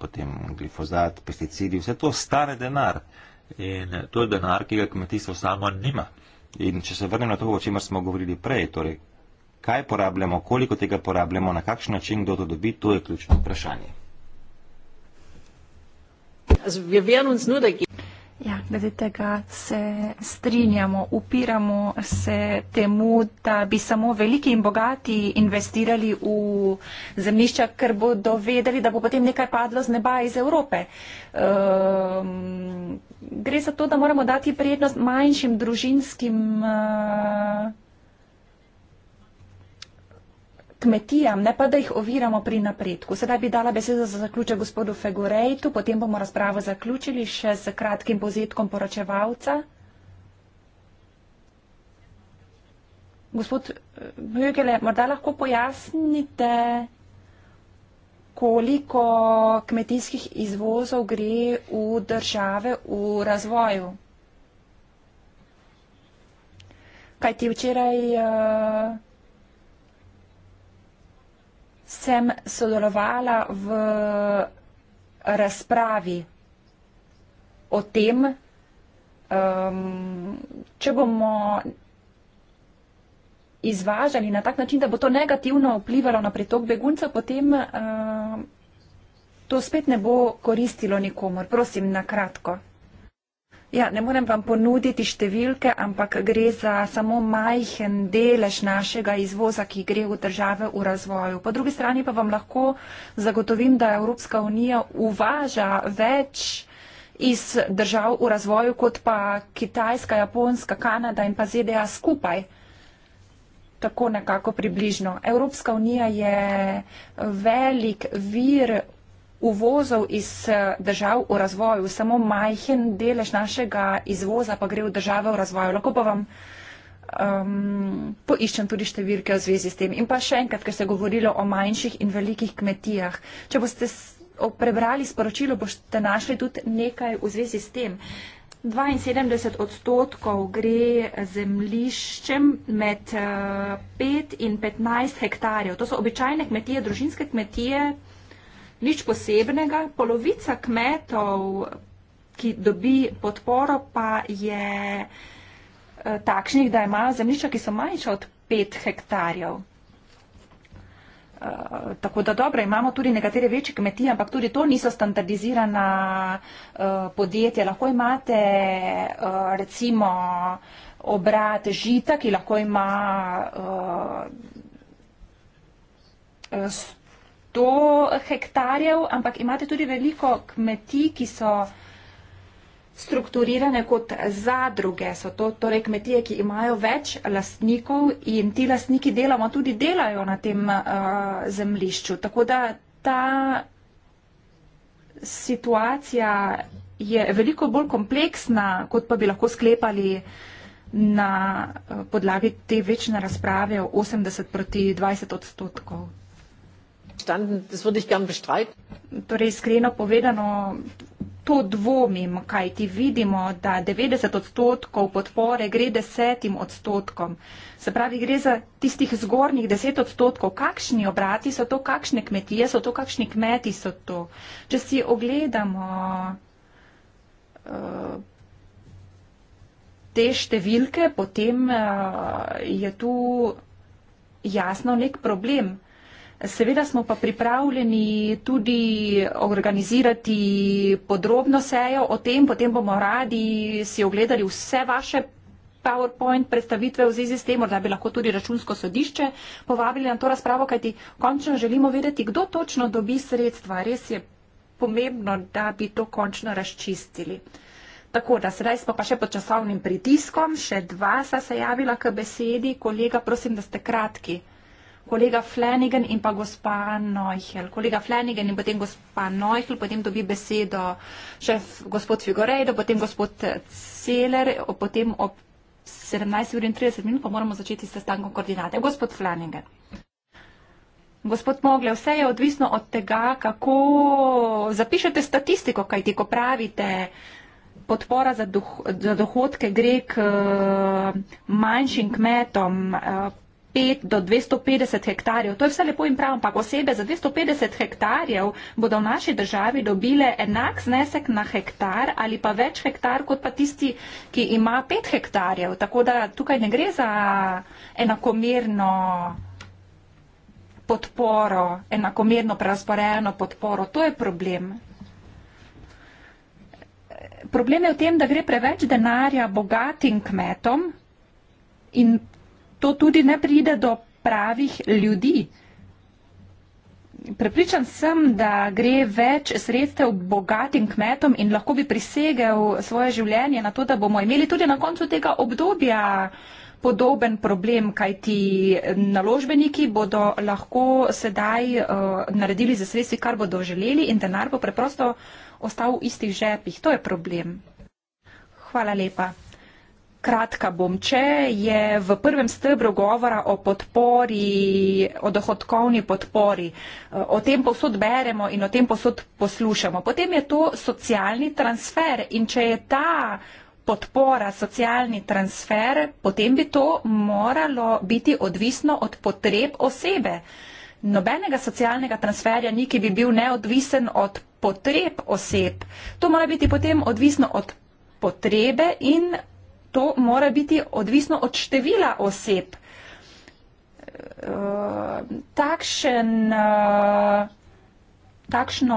potem glifozat, pesticidi, vse to stane denar. In eh, to je denar, ki ga kmetijstvo samo nima. In če se vrnem na to, o čemer smo govorili prej, torej kaj porabljamo, koliko tega porabljamo, na kakšen način kdo to dobi, to je ključno vprašanje. Ja, glede tega se strinjamo, upiramo se temu, da bi samo veliki in bogati investirali v zemljišča, ker bodo vedeli, da bo potem nekaj padlo z neba iz Evrope. Um, gre za to, da moramo dati prednost manjšim družinskim. Uh, kmetijam, ne pa da jih oviramo pri napredku. Sedaj bi dala besedo za zaključek gospodu Fegorejtu, potem bomo razpravo zaključili še z kratkim pozetkom poročevalca. Gospod Mjögele, eh, morda lahko pojasnite, koliko kmetijskih izvozov gre v države v razvoju. Kaj ti včeraj uh, sem sodelovala v razpravi o tem, um, če bomo izvažali na tak način, da bo to negativno vplivalo na pritok beguncev, potem um, to spet ne bo koristilo nikomor. Prosim, na kratko. Ja, ne morem vam ponuditi številke, ampak gre za samo majhen delež našega izvoza, ki gre v države v razvoju. Po drugi strani pa vam lahko zagotovim, da Evropska unija uvaža več iz držav v razvoju, kot pa Kitajska, Japonska, Kanada in pa ZDA skupaj. Tako nekako približno. Evropska unija je velik vir uvozov iz eh, držav v razvoju, samo majhen delež našega izvoza pa gre v države v razvoju. Lahko pa vam um, poiščem tudi številke v zvezi s tem. In pa še enkrat, ker se je govorilo o manjših in velikih kmetijah. Če boste prebrali sporočilo, boste našli tudi nekaj v zvezi s tem. 72 odstotkov gre zemliščem med 5 eh, in 15 hektarjev. To so običajne kmetije, družinske kmetije, nič posebnega. Polovica kmetov, ki dobi podporo, pa je eh, takšnih, da imajo zemljišča, ki so manjša od 5 hektarjev. Eh, tako da dobro, imamo tudi nekatere večje kmetije, ampak tudi to niso standardizirana eh, podjetja. Lahko imate recimo obrat žita, ki lahko ima 100 hektarjev, ampak imate tudi veliko kmetij, ki so strukturirane kot zadruge. So to torej kmetije, ki imajo več lastnikov in ti lastniki delamo, tudi delajo na tem uh, eh, zemlišču. Tako da ta situacija je veliko bolj kompleksna, kot pa bi lahko sklepali na eh, podlagi te večne razprave o 80 proti 20 odstotkov verstanden, das würde ich gern bestreiten. Torej, iskreno povedano, to dvomim, kaj ti vidimo, da 90 odstotkov podpore gre desetim odstotkom. Se pravi, gre za tistih zgornjih deset odstotkov. Kakšni obrati so to, kakšne kmetije so to, kakšni kmeti so to. Če si ogledamo uh, te številke, potem uh, je tu jasno nek problem. Seveda smo pa pripravljeni tudi organizirati podrobno sejo o tem, potem bomo radi si ogledali vse vaše. PowerPoint predstavitve v zvezi s tem, da bi lahko tudi računsko sodišče povabili na to razpravo, kajti končno želimo vedeti, kdo točno dobi sredstva. Res je pomembno, da bi to končno razčistili. Tako da, sedaj smo pa še pod časovnim pritiskom, še dva sta se javila k besedi. Kolega, prosim, da ste kratki kolega Flanagan in pa gospa Neuchel. Kolega Flanagan in potem gospa Neuchel, potem dobi besedo še gospod Figorejdo, potem gospod Celer, potem ob 17.30 minut pa moramo začeti s sestankom koordinate. Gospod Flanagan. Gospod Mogle, vse je odvisno od tega, kako zapišete statistiko, kaj ti, ko pravite, podpora za, doh za dohodke gre k uh, manjšim kmetom. Uh, 5 do 250 hektarjev. To je vse lepo in prav, ampak osebe za 250 hektarjev bodo v naši državi dobile enak znesek na hektar ali pa več hektar kot pa tisti, ki ima 5 hektarjev. Tako da tukaj ne gre za enakomerno podporo, enakomerno prerasporejeno podporo. To je problem. Problem je v tem, da gre preveč denarja bogatim kmetom in to tudi ne pride do pravih ljudi. Prepričan sem, da gre več sredstev bogatim kmetom in lahko bi prisegel svoje življenje na to, da bomo imeli tudi na koncu tega obdobja podoben problem, kaj ti naložbeniki bodo lahko sedaj uh, naredili za sredstvi, kar bodo želeli in denar bo preprosto ostal v istih žepih. To je problem. Hvala lepa. Kratka bom, če je v prvem stebru govora o podpori, o dohodkovni podpori, eh, o tem posod beremo in o tem posod poslušamo, potem je to socialni transfer in če je ta podpora socialni transfer, potem bi to moralo biti odvisno od potreb osebe. Nobenega socialnega transferja ni, ki bi bil neodvisen od potreb oseb. To mora biti potem odvisno od potrebe in to mora biti odvisno od števila oseb. Uh, takšen, uh, takšno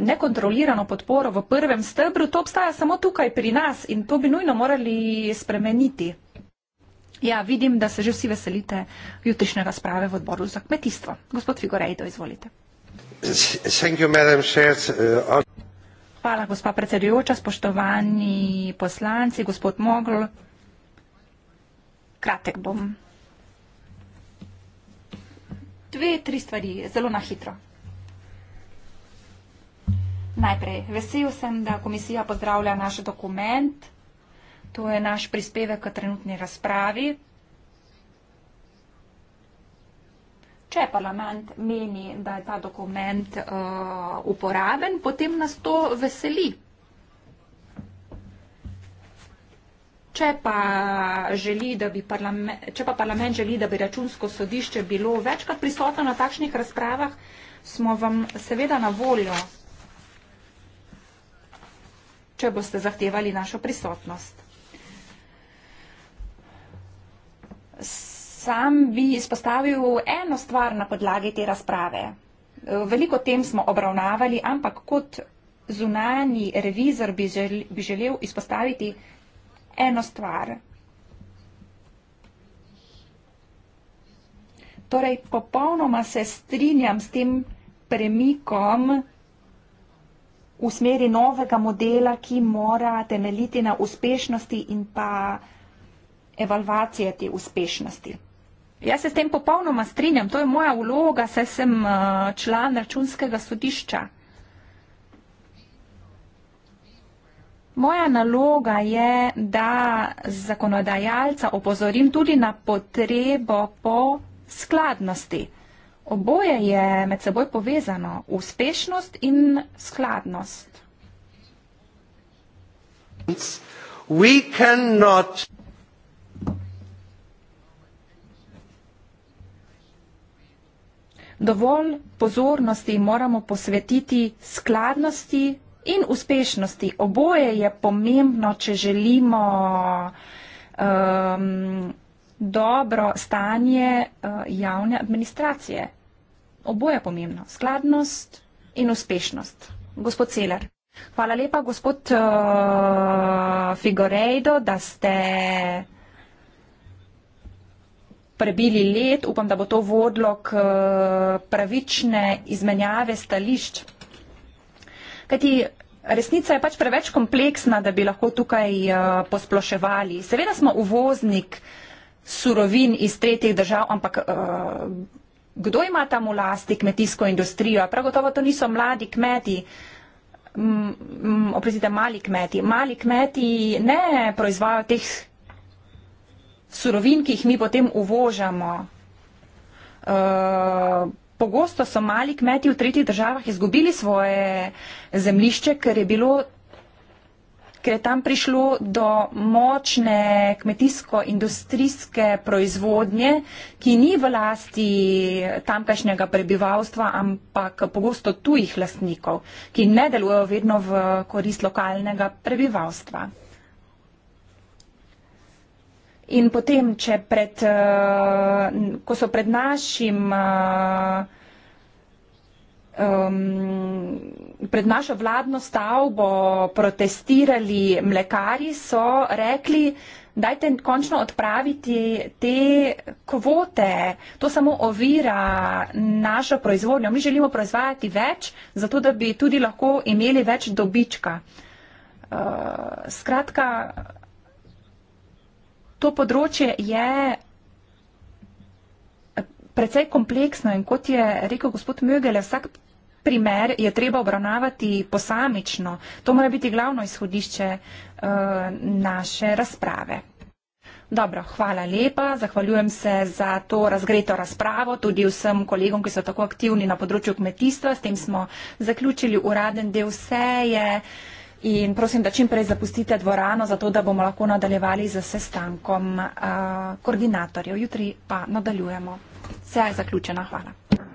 nekontrolirano podporo v prvem stebru, to obstaja samo tukaj pri nas in to bi nujno morali spremeniti. Ja, vidim, da se že vsi veselite jutrišnje razprave v odboru za kmetijstvo. Gospod Figorejdo, izvolite. Thank you, madam chair. Uh, eh, Hvala, gospa predsedujoča. Spoštovani poslanci, gospod Mogl, kratek bom. Dve, tri stvari, zelo na hitro. Najprej, vesel sem, da komisija pozdravlja naš dokument. To je naš prispevek k trenutni razpravi. če parlament meni, da je ta dokument uh, uporaben, potem nas to veseli. Če pa, želi, če pa parlament želi, da bi računsko sodišče bilo večkrat prisotno na takšnih razpravah, smo vam seveda na voljo, če boste zahtevali našo prisotnost. Sam bi izpostavil eno stvar na podlagi te razprave. Veliko tem smo obravnavali, ampak kot zunani revizor bi, žel, bi želel izpostaviti eno stvar. Torej, popolnoma se strinjam s tem premikom v smeri novega modela, ki mora temeljiti na uspešnosti in pa evalvacije te uspešnosti. Jaz se s tem popolnoma strinjam, to je moja vloga, saj sem uh, član računskega sodišča. Moja naloga je, da zakonodajalca opozorim tudi na potrebo po skladnosti. Oboje je med seboj povezano, uspešnost in skladnost. We cannot... dovolj pozornosti moramo posvetiti skladnosti in uspešnosti. Oboje je pomembno, če želimo um, dobro stanje uh, javne administracije. Oboje je pomembno. Skladnost in uspešnost. Gospod Celer. Hvala lepa, gospod uh, Figorejdo, da ste prebili let, upam, da bo to vodilo k eh, pravične izmenjave stališč. Kajti resnica je pač preveč kompleksna, da bi lahko tukaj eh, posploševali. Seveda smo uvoznik surovin iz tretjih držav, ampak eh, kdo ima tam v lasti kmetijsko industrijo? Prav gotovo to niso mladi kmeti. Oprostite, mali kmeti. Mali kmeti ne proizvajajo teh surovin, ki jih mi potem uvožamo. Uh, pogosto so mali kmeti v tretjih državah izgubili svoje zemlišče, ker je bilo ker je tam prišlo do močne kmetijsko-industrijske proizvodnje, ki ni v lasti tamkajšnjega prebivalstva, ampak pogosto tujih lastnikov, ki ne delujejo vedno v korist lokalnega prebivalstva. In potem, če pred, eh, ko so pred našim, eh, pred našo vladno stavbo protestirali mlekari, so rekli, dajte končno odpraviti te kvote. To samo ovira našo proizvodnjo. Mi želimo proizvajati več, zato da bi tudi lahko imeli več dobička. Uh, skratka, to področje je precej kompleksno in kot je rekel gospod Mögele, vsak primer je treba obravnavati posamično. To mora biti glavno izhodišče uh, naše razprave. Dobro, hvala lepa. Zahvaljujem se za to razgreto razpravo, tudi vsem kolegom, ki so tako aktivni na področju kmetijstva. S tem smo zaključili uraden del seje in prosim, da čim prej zapustite dvorano, zato da bomo lahko nadaljevali z sestankom uh, koordinatorjev. Jutri pa nadaljujemo. Vse je zaključeno. Hvala.